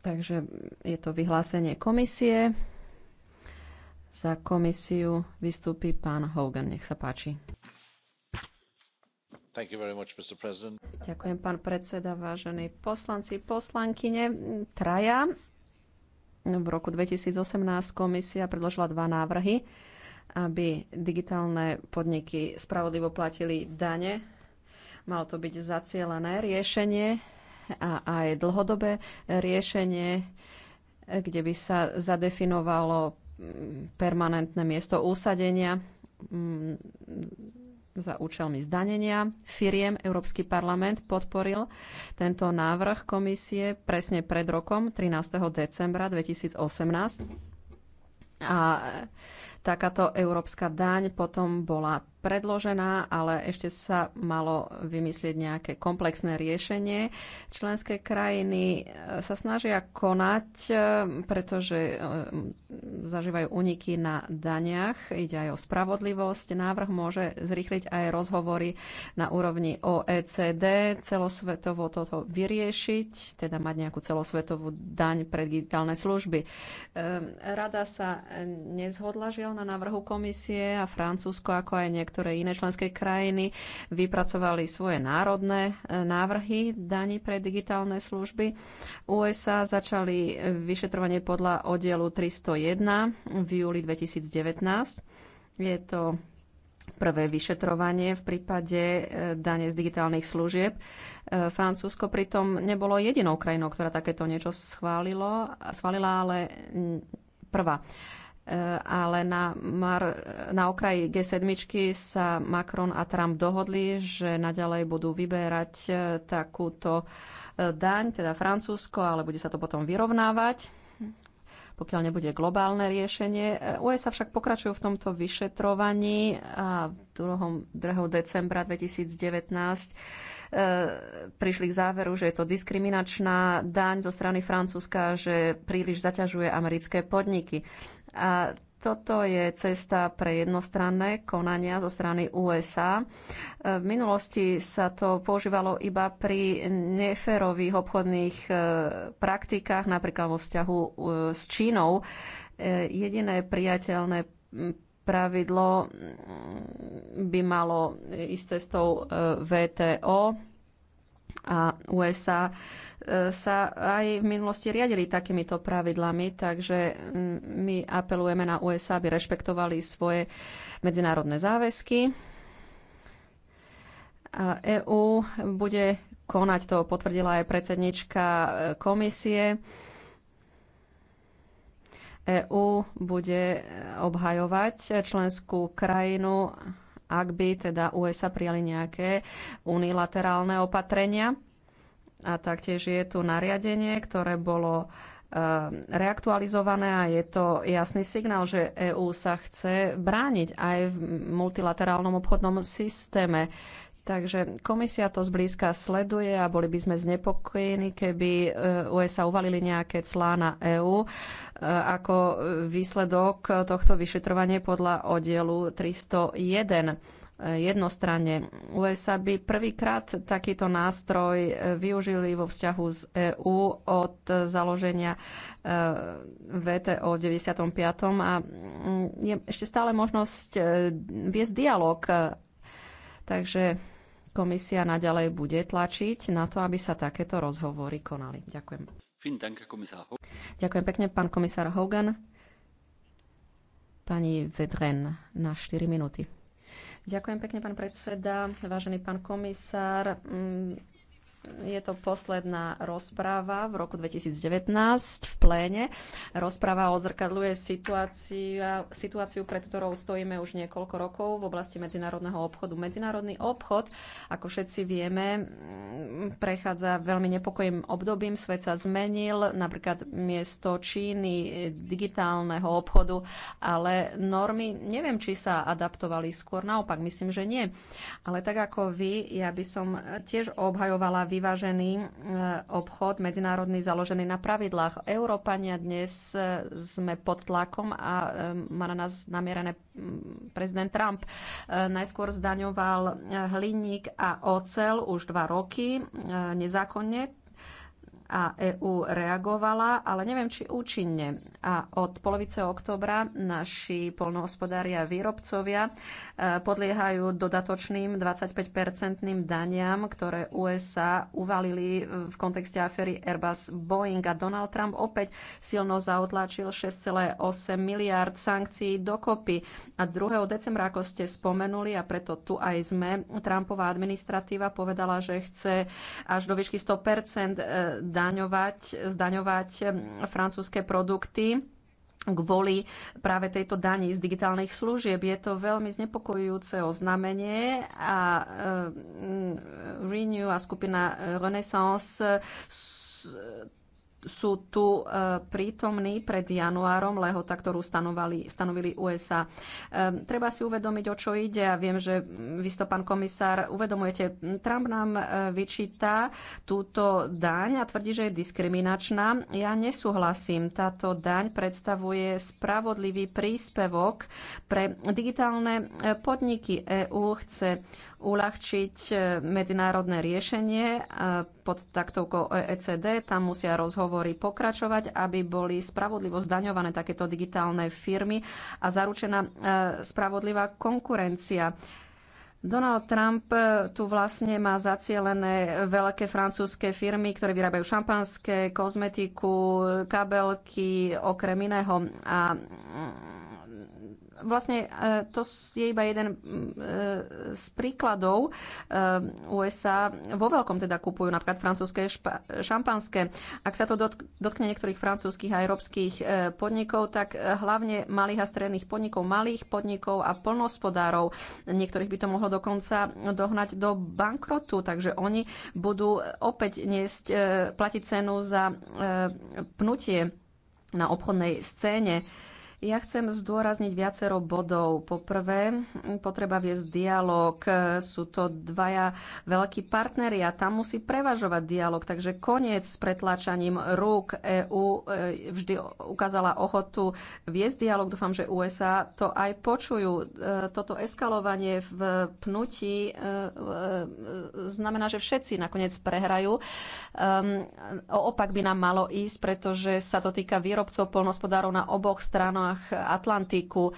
[SPEAKER 9] Takže je to vyhlásenie komisie. Za komisiu vystúpi pán Hogan. Nech sa páči. Much, Ďakujem, pán predseda, vážení poslanci, poslankyne, traja v roku 2018 komisia predložila dva návrhy, aby digitálne podniky spravodlivo platili dane. Malo to byť zacielené riešenie a aj dlhodobé riešenie, kde by sa zadefinovalo permanentné miesto úsadenia mm, za účelmi zdanenia firiem Európsky parlament podporil tento návrh komisie presne pred rokom 13. decembra 2018. A Takáto európska daň potom bola predložená, ale ešte sa malo vymyslieť nejaké komplexné riešenie. Členské krajiny e, sa snažia konať, e, pretože e, zažívajú úniky na daniach. Ide aj o spravodlivosť. Návrh môže zrýchliť aj rozhovory na úrovni OECD, celosvetovo toto vyriešiť, teda mať nejakú celosvetovú daň pre digitálne služby. Rada sa nezhodla, žiaľ na návrhu komisie a Francúzsko, ako aj niektoré iné členské krajiny, vypracovali svoje národné e, návrhy daní pre digitálne služby. USA začali vyšetrovanie podľa oddielu 301 v júli 2019. Je to prvé vyšetrovanie v prípade e, dane z digitálnych služieb. E, Francúzsko pritom nebolo jedinou krajinou, ktorá takéto niečo schválilo, schválila, ale prvá. Eh, ale na, mar, na okraji G7 sa Macron a Trump dohodli, že naďalej budú vyberať eh, takúto eh, daň, teda Francúzsko, ale bude sa to potom vyrovnávať pokiaľ nebude globálne riešenie. USA však pokračujú v tomto vyšetrovaní a 2. 2. decembra 2019 E, prišli k záveru, že je to diskriminačná daň zo strany Francúzska, že príliš zaťažuje americké podniky. A toto je cesta pre jednostranné konania zo strany USA. E, v minulosti sa to používalo iba pri neférových obchodných e, praktikách, napríklad vo vzťahu s Čínou. Jediné priateľné pravidlo mm, by malo ísť cestou e, VTO a USA e, sa aj v minulosti riadili takýmito pravidlami, takže mm, my apelujeme na USA, aby rešpektovali svoje medzinárodné záväzky. EÚ bude konať, to potvrdila aj predsednička e, komisie EÚ bude e, obhajovať členskú krajinu, ak by teda USA prijali nejaké unilaterálne opatrenia. A taktiež je tu nariadenie, ktoré bolo e, reaktualizované a je to jasný signál, že EÚ sa chce brániť aj v multilaterálnom obchodnom systéme. Takže komisia to zblízka sleduje a boli by sme znepokojení, keby e, USA uvalili nejaké clá na EÚ e, ako výsledok tohto vyšetrovania podľa oddielu 301 e, jednostranne. USA by prvýkrát takýto nástroj využili vo vzťahu z EÚ od založenia VTO v 95. a mm, je ešte stále možnosť viesť dialog Takže komisia naďalej bude tlačiť na to, aby sa takéto rozhovory konali. Ďakujem. Ďakujem pekne, pán komisár Hogan. Pani Vedren na 4 minúty. Ďakujem pekne, pán predseda, vážený pán komisár. Mm, je to posledná rozpráva v roku 2019 v pléne. Rozpráva odzrkadľuje situáciu, pred ktorou stojíme už niekoľko rokov v oblasti medzinárodného obchodu. Medzinárodný obchod, ako všetci vieme, prechádza veľmi nepokojným obdobím. Svet sa zmenil, napríklad miesto Číny, digitálneho obchodu, ale normy neviem, či sa adaptovali skôr. Naopak, myslím, že nie. Ale tak ako vy, ja by som tiež obhajovala vyvážený e, obchod, medzinárodný, založený na pravidlách. Európania dnes e, sme pod tlakom a e, má na nás namierené prezident Trump. Najskôr zdaňoval hliník a ocel už dva roky nezákonne a EÚ reagovala, ale neviem, či účinne. A od polovice oktobra naši polnohospodári a výrobcovia e, podliehajú dodatočným 25-percentným daniam, ktoré USA uvalili v kontexte aféry Airbus Boeing a Donald Trump opäť silno zaotlačil 6,8 miliard sankcií dokopy. A 2. decembra, ako ste spomenuli, a preto tu aj sme, Trumpová administratíva povedala, že chce až do výšky 100% dania zdaňovať, zdaňovať francúzske produkty kvôli práve tejto dani z digitálnych služieb. Je to veľmi znepokojujúce oznámenie a Renew a skupina Renaissance sú tu e, prítomní pred januárom lehota, ktorú stanovali, stanovili USA. E, treba si uvedomiť, o čo ide. Ja viem, že vy to, pán komisár, uvedomujete. Trump nám e, vyčíta túto daň a tvrdí, že je diskriminačná. Ja nesúhlasím. Táto daň predstavuje spravodlivý príspevok pre digitálne podniky. EÚ chce uľahčiť e, medzinárodné riešenie e, pod taktovkou OECD. E Tam musia rozhovory pokračovať, aby boli spravodlivo zdaňované takéto digitálne firmy a zaručená spravodlivá konkurencia. Donald Trump tu vlastne má zacielené veľké francúzske firmy, ktoré vyrábajú šampanské, kozmetiku, kabelky, okrem iného. A Vlastne e, to je iba jeden e, z príkladov. E, USA vo veľkom teda kupujú napríklad francúzske šampanské. Ak sa to dotkne niektorých francúzskych a európskych podnikov, tak hlavne malých a stredných podnikov, malých podnikov a plnospodárov. Niektorých by to mohlo dokonca dohnať do bankrotu, takže oni budú opäť niesť, platiť cenu za pnutie na obchodnej scéne. Ja chcem zdôrazniť viacero bodov. Poprvé, potreba viesť dialog. Sú to dvaja veľkí partneri a tam musí prevažovať dialog. Takže koniec s pretláčaním rúk. EÚ e, vždy ukázala ochotu viesť dialog. Dúfam, že USA to aj počujú. E, toto eskalovanie v pnutí e, znamená, že všetci nakoniec prehrajú. Ehm, o opak by nám malo ísť, pretože sa to týka výrobcov, polnospodárov na oboch stranách vlnách Atlantiku.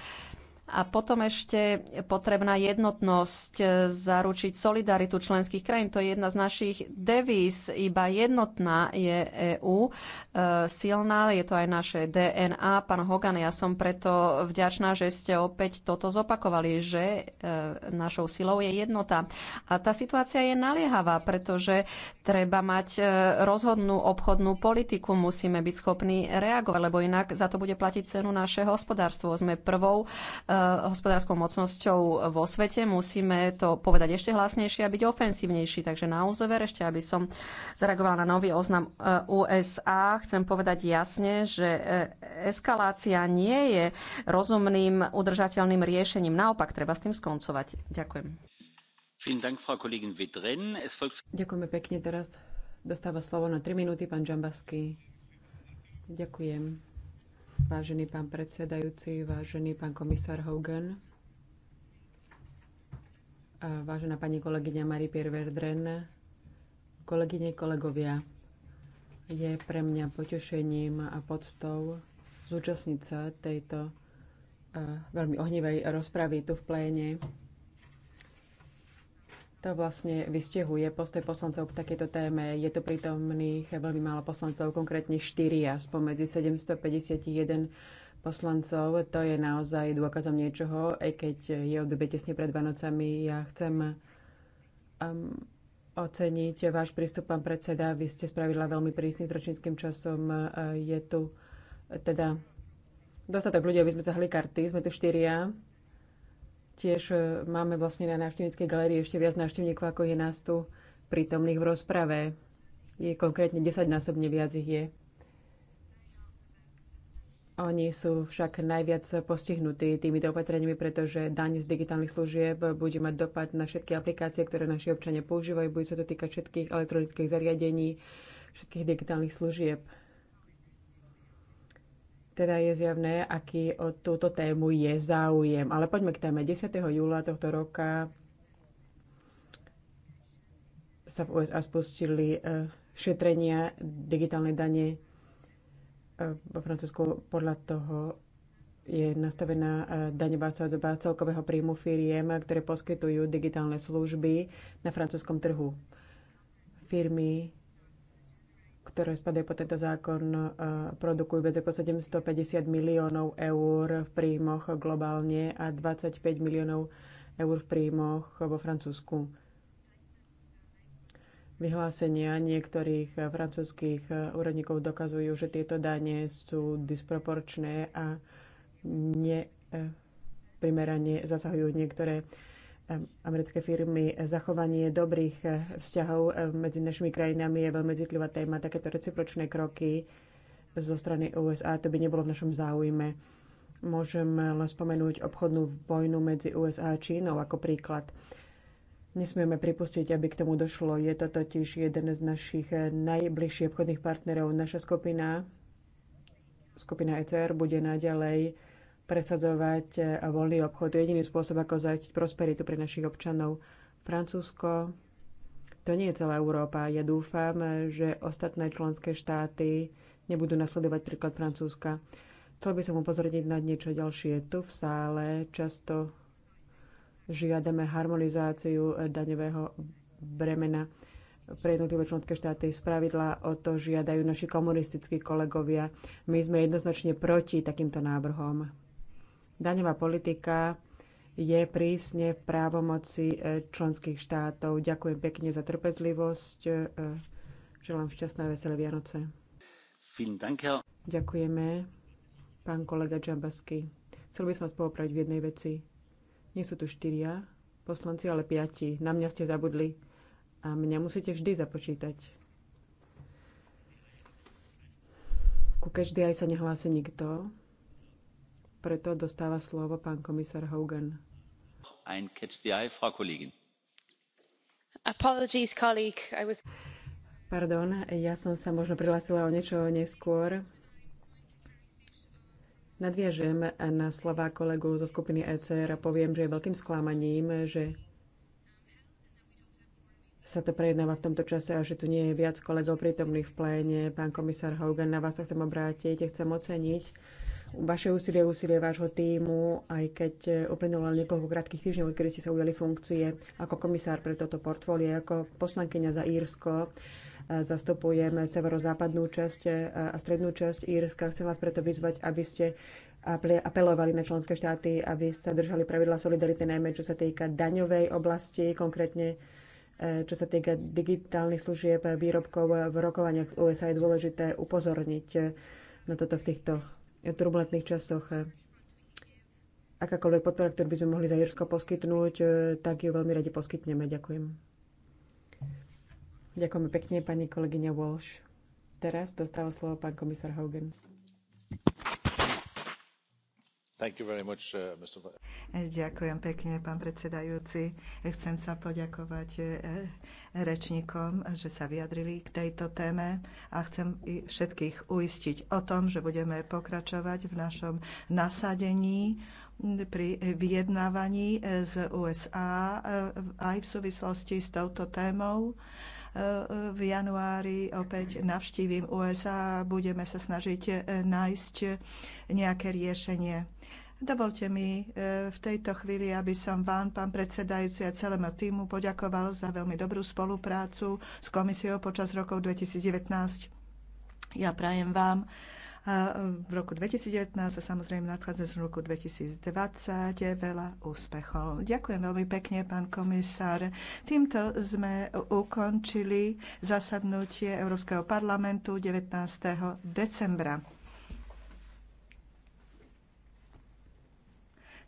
[SPEAKER 9] A potom ešte potrebná jednotnosť, e, zaručiť solidaritu členských krajín. To je jedna z našich devíz. Iba jednotná je EÚ e, silná, je to aj naše DNA. Pán Hogan, ja som preto vďačná, že ste opäť toto zopakovali, že e, našou silou je jednota. A tá situácia je naliehavá, pretože treba mať rozhodnú obchodnú politiku, musíme byť schopní reagovať, lebo inak za to bude platiť cenu naše hospodárstvo. Sme prvou Eh, hospodárskou mocnosťou vo svete. Musíme to povedať ešte hlasnejšie a byť ofensívnejší. Takže na úzover, ešte aby som zareagovala na nový oznam eh, USA, chcem povedať jasne, že eh, eskalácia nie je rozumným, udržateľným riešením. Naopak, treba s tým skoncovať. Ďakujem. Ďakujeme pekne. Teraz
[SPEAKER 7] dostáva slovo na 3 minúty pán Džambasky. Ďakujem. Vážený pán predsedajúci, vážený pán komisár Hogan, vážená pani kolegyňa Marie-Pierre Verdren, kolegyne, kolegovia, je pre mňa potešením a poctou zúčastniť sa tejto veľmi ohnivej rozpravy tu v pléne. To vlastne vystiehuje postoj poslancov k takejto téme. Je tu prítomných veľmi málo poslancov, konkrétne 4 a spomedzi 751 poslancov. To je naozaj dôkazom niečoho, aj keď je obdobie tesne pred Vianocami. Ja chcem um, oceniť váš prístup, pán predseda. Vy ste spravila veľmi prísny s ročníckým časom. Je tu teda dostatok ľudí, aby sme zahli karty. Sme tu štyria. Tiež e, máme vlastne na návštevníckej galerii ešte viac návštevníkov, ako je nás tu prítomných v rozprave. Je konkrétne 10-násobne viac ich je. Oni sú však najviac postihnutí týmito opatreniami, pretože daň z digitálnych služieb bude mať dopad na všetky aplikácie, ktoré naši občania používajú. Bude sa to týkať všetkých elektronických zariadení, všetkých digitálnych služieb. Teda je zjavné, aký o túto tému je záujem. Ale poďme k téme. 10. júla tohto roka sa v USA spustili e, šetrenia digitálnej dane e, vo Francúzsku. Podľa toho je nastavená e, daňová sádzba celkového príjmu firiem, ktoré poskytujú digitálne služby na francúzskom trhu. Firmy ktoré spadajú po tento zákon, e, produkujú viac ako 750 miliónov eur v príjmoch globálne a 25 miliónov eur v príjmoch vo Francúzsku. Vyhlásenia niektorých francúzských úradníkov dokazujú, že tieto dane sú disproporčné a neprimerane e, zasahujú niektoré americké firmy. Zachovanie dobrých eh, vzťahov eh, medzi našimi krajinami je veľmi citlivá téma. Takéto recipročné kroky zo strany USA, to by nebolo v našom záujme. Môžem len spomenúť obchodnú vojnu medzi USA a Čínou ako príklad. Nesmieme pripustiť, aby k tomu došlo. Je to totiž jeden z našich eh, najbližších obchodných partnerov. Naša skupina, skupina ECR, bude naďalej presadzovať e, voľný obchod. je jediný spôsob, ako zajistiť prosperitu pre našich občanov. Francúzsko, to nie je celá Európa. Ja dúfam, že ostatné členské štáty nebudú nasledovať príklad Francúzska. Chcel by som upozorniť na niečo ďalšie. Tu v sále často žiadame harmonizáciu e, daňového bremena pre jednotlivé členské štáty. Spravidla o to žiadajú naši komunistickí kolegovia. My sme jednoznačne proti takýmto návrhom. Daňová politika je prísne v právomoci e, členských štátov. Ďakujem pekne za trpezlivosť. E, želám šťastné a veselé Vianoce. Ďakujeme, pán kolega Džambasky. Chcel by som vás poopraviť v jednej veci. Nie sú tu štyria poslanci, ale piati. Na mňa ste zabudli a mňa musíte vždy započítať. Ku každej aj sa nehlási nikto. Preto dostáva slovo pán komisár Hogan.
[SPEAKER 6] Ein catch the eye, Frau Kollegin.
[SPEAKER 7] Apologies, colleague. I was... Pardon, ja som sa možno prihlásila o niečo neskôr. Nadviažem na slova kolegu zo skupiny ECR a poviem, že je veľkým sklamaním, že sa to prejednáva v tomto čase a že tu nie je viac kolegov prítomných v pléne. Pán komisár Hogan, na vás sa chcem obrátiť. Chcem oceniť vaše úsilie, úsilie vášho týmu, aj keď eh, uplynulo niekoľko krátkých týždňov, kedy ste sa ujali funkcie ako komisár pre toto portfólio, ako poslankyňa za Írsko. Eh, Zastupujem severozápadnú časť eh, a strednú časť Írska. Chcem vás preto vyzvať, aby ste apelovali na členské štáty, aby sa držali pravidla solidarity, najmä čo sa týka daňovej oblasti, konkrétne čo sa týka digitálnych služieb, výrobkov v rokovaniach USA je dôležité upozorniť na toto v týchto turbulentných časoch. Akákoľvek podpora, ktorú by sme mohli za Jirsko poskytnúť, eh, tak ju veľmi radi poskytneme. Ďakujem. Ďakujeme pekne, pani kolegyňa Walsh. Teraz dostáva slovo pán komisár Hogan.
[SPEAKER 3] Uh,
[SPEAKER 8] Ďakujem pekne, pán predsedajúci. Chcem sa poďakovať e, e, rečníkom, že sa vyjadrili k tejto téme a chcem všetkých uistiť o tom, že budeme pokračovať v našom nasadení pri vyjednávaní e, z USA aj v súvislosti s touto témou. V januári opäť navštívim USA a budeme sa snažiť eh, nájsť nejaké riešenie. Dovolte mi eh, v tejto chvíli, aby som vám, pán predsedajúci a celému týmu poďakoval za veľmi dobrú spoluprácu s komisiou počas rokov 2019. Ja prajem vám E, v roku 2019 a samozrejme nadchádzajúcom roku 2020 veľa úspechov. Ďakujem veľmi pekne, pán komisár. Týmto sme ukončili zasadnutie Európskeho parlamentu 19. decembra.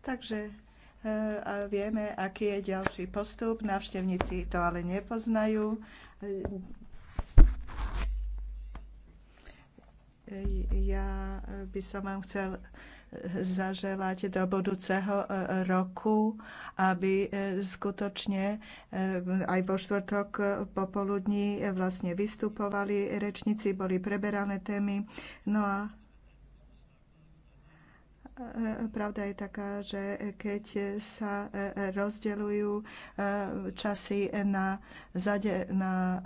[SPEAKER 8] Takže e, a vieme, aký je ďalší postup. Návštevníci to ale nepoznajú. Ja eh, by som vám chcel eh, zaželať do budúceho eh, roku, aby skutočne aj vo štvrtok popoludní vlastne vystupovali rečníci, boli preberané témy. No a Pravda je taká, že keď sa e, e, rozdeľujú e, časy na, zade, na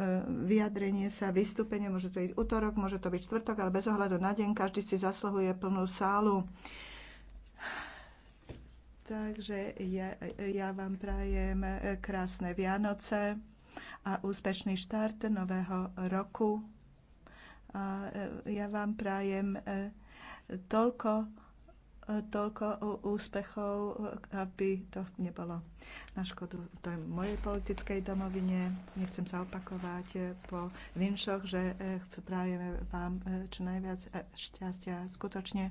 [SPEAKER 8] vyjadrenie sa, vystúpenie, môže to byť útorok, môže to byť štvrtok, ale bez ohľadu na deň každý si zasluhuje plnú sálu. Takže ja, ja vám prajem krásne Vianoce a úspešný štart nového roku. A ja vám prajem toľko toľko úspechov, aby to nebolo na škodu tej mojej politickej domovine. Nechcem sa opakovať po vinšoch, že eh, prajeme vám eh, čo najviac eh, šťastia. Skutočne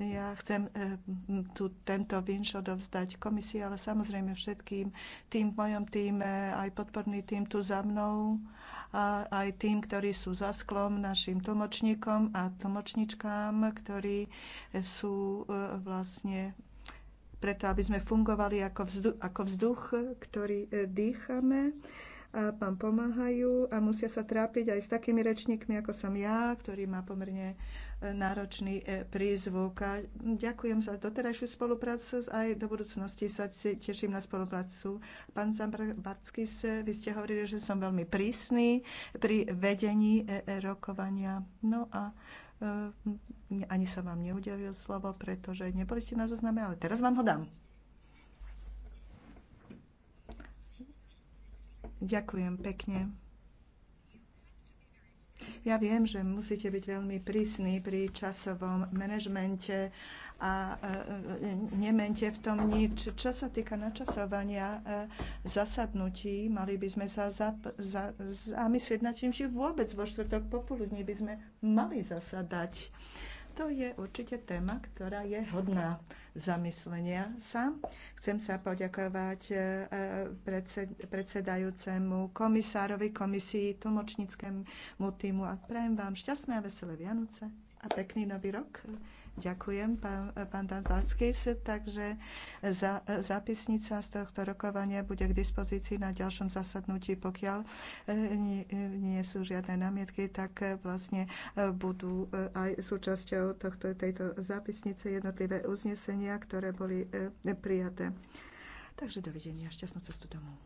[SPEAKER 8] ja chcem eh, tu, tento vinš odovzdať komisii, ale samozrejme všetkým tým v mojom týme, aj podporný tým tu za mnou, a aj tým, ktorí sú za sklom, našim tlmočníkom a tlmočničkám, ktorí sú eh, vlastne preto, aby sme fungovali ako vzduch, ako vzduch ktorý eh, dýchame a vám pomáhajú a musia sa trápiť aj s takými rečníkmi, ako som ja, ktorý má pomerne náročný e, prízvuk. A ďakujem za doterajšiu spoluprácu, aj do budúcnosti sa teším na spoluprácu. Pán Zambarckis, vy ste hovorili, že som veľmi prísny pri vedení e, e, rokovania. No a ani som vám neudelil slovo, pretože neboli ste na zozname, ale teraz vám ho dám. Ďakujem pekne. Ja viem, že musíte byť veľmi prísni pri časovom manažmente a e, e, nemente v tom nič. Čo sa týka načasovania e, zasadnutí, mali by sme sa zap, za, zamyslieť nad tým, či vôbec vo štvrtok popoludní by sme mali zasadať. To je určite téma, ktorá je hodná zamyslenia sa. Chcem sa poďakovať e, predsedajúcemu komisárovi komisii, tlmočníckému týmu a prajem vám šťastné a veselé Vianoce a pekný nový rok. Ďakujem, pán, pán Danzackis. Takže za, zápisnica z tohto rokovania bude k dispozícii na ďalšom zasadnutí. Pokiaľ e, nie, nie sú žiadne námietky, tak e, vlastne e, budú aj súčasťou tohto, tejto zápisnice jednotlivé uznesenia, ktoré boli prijaté. Takže dovidenia. Šťastnú cestu domov.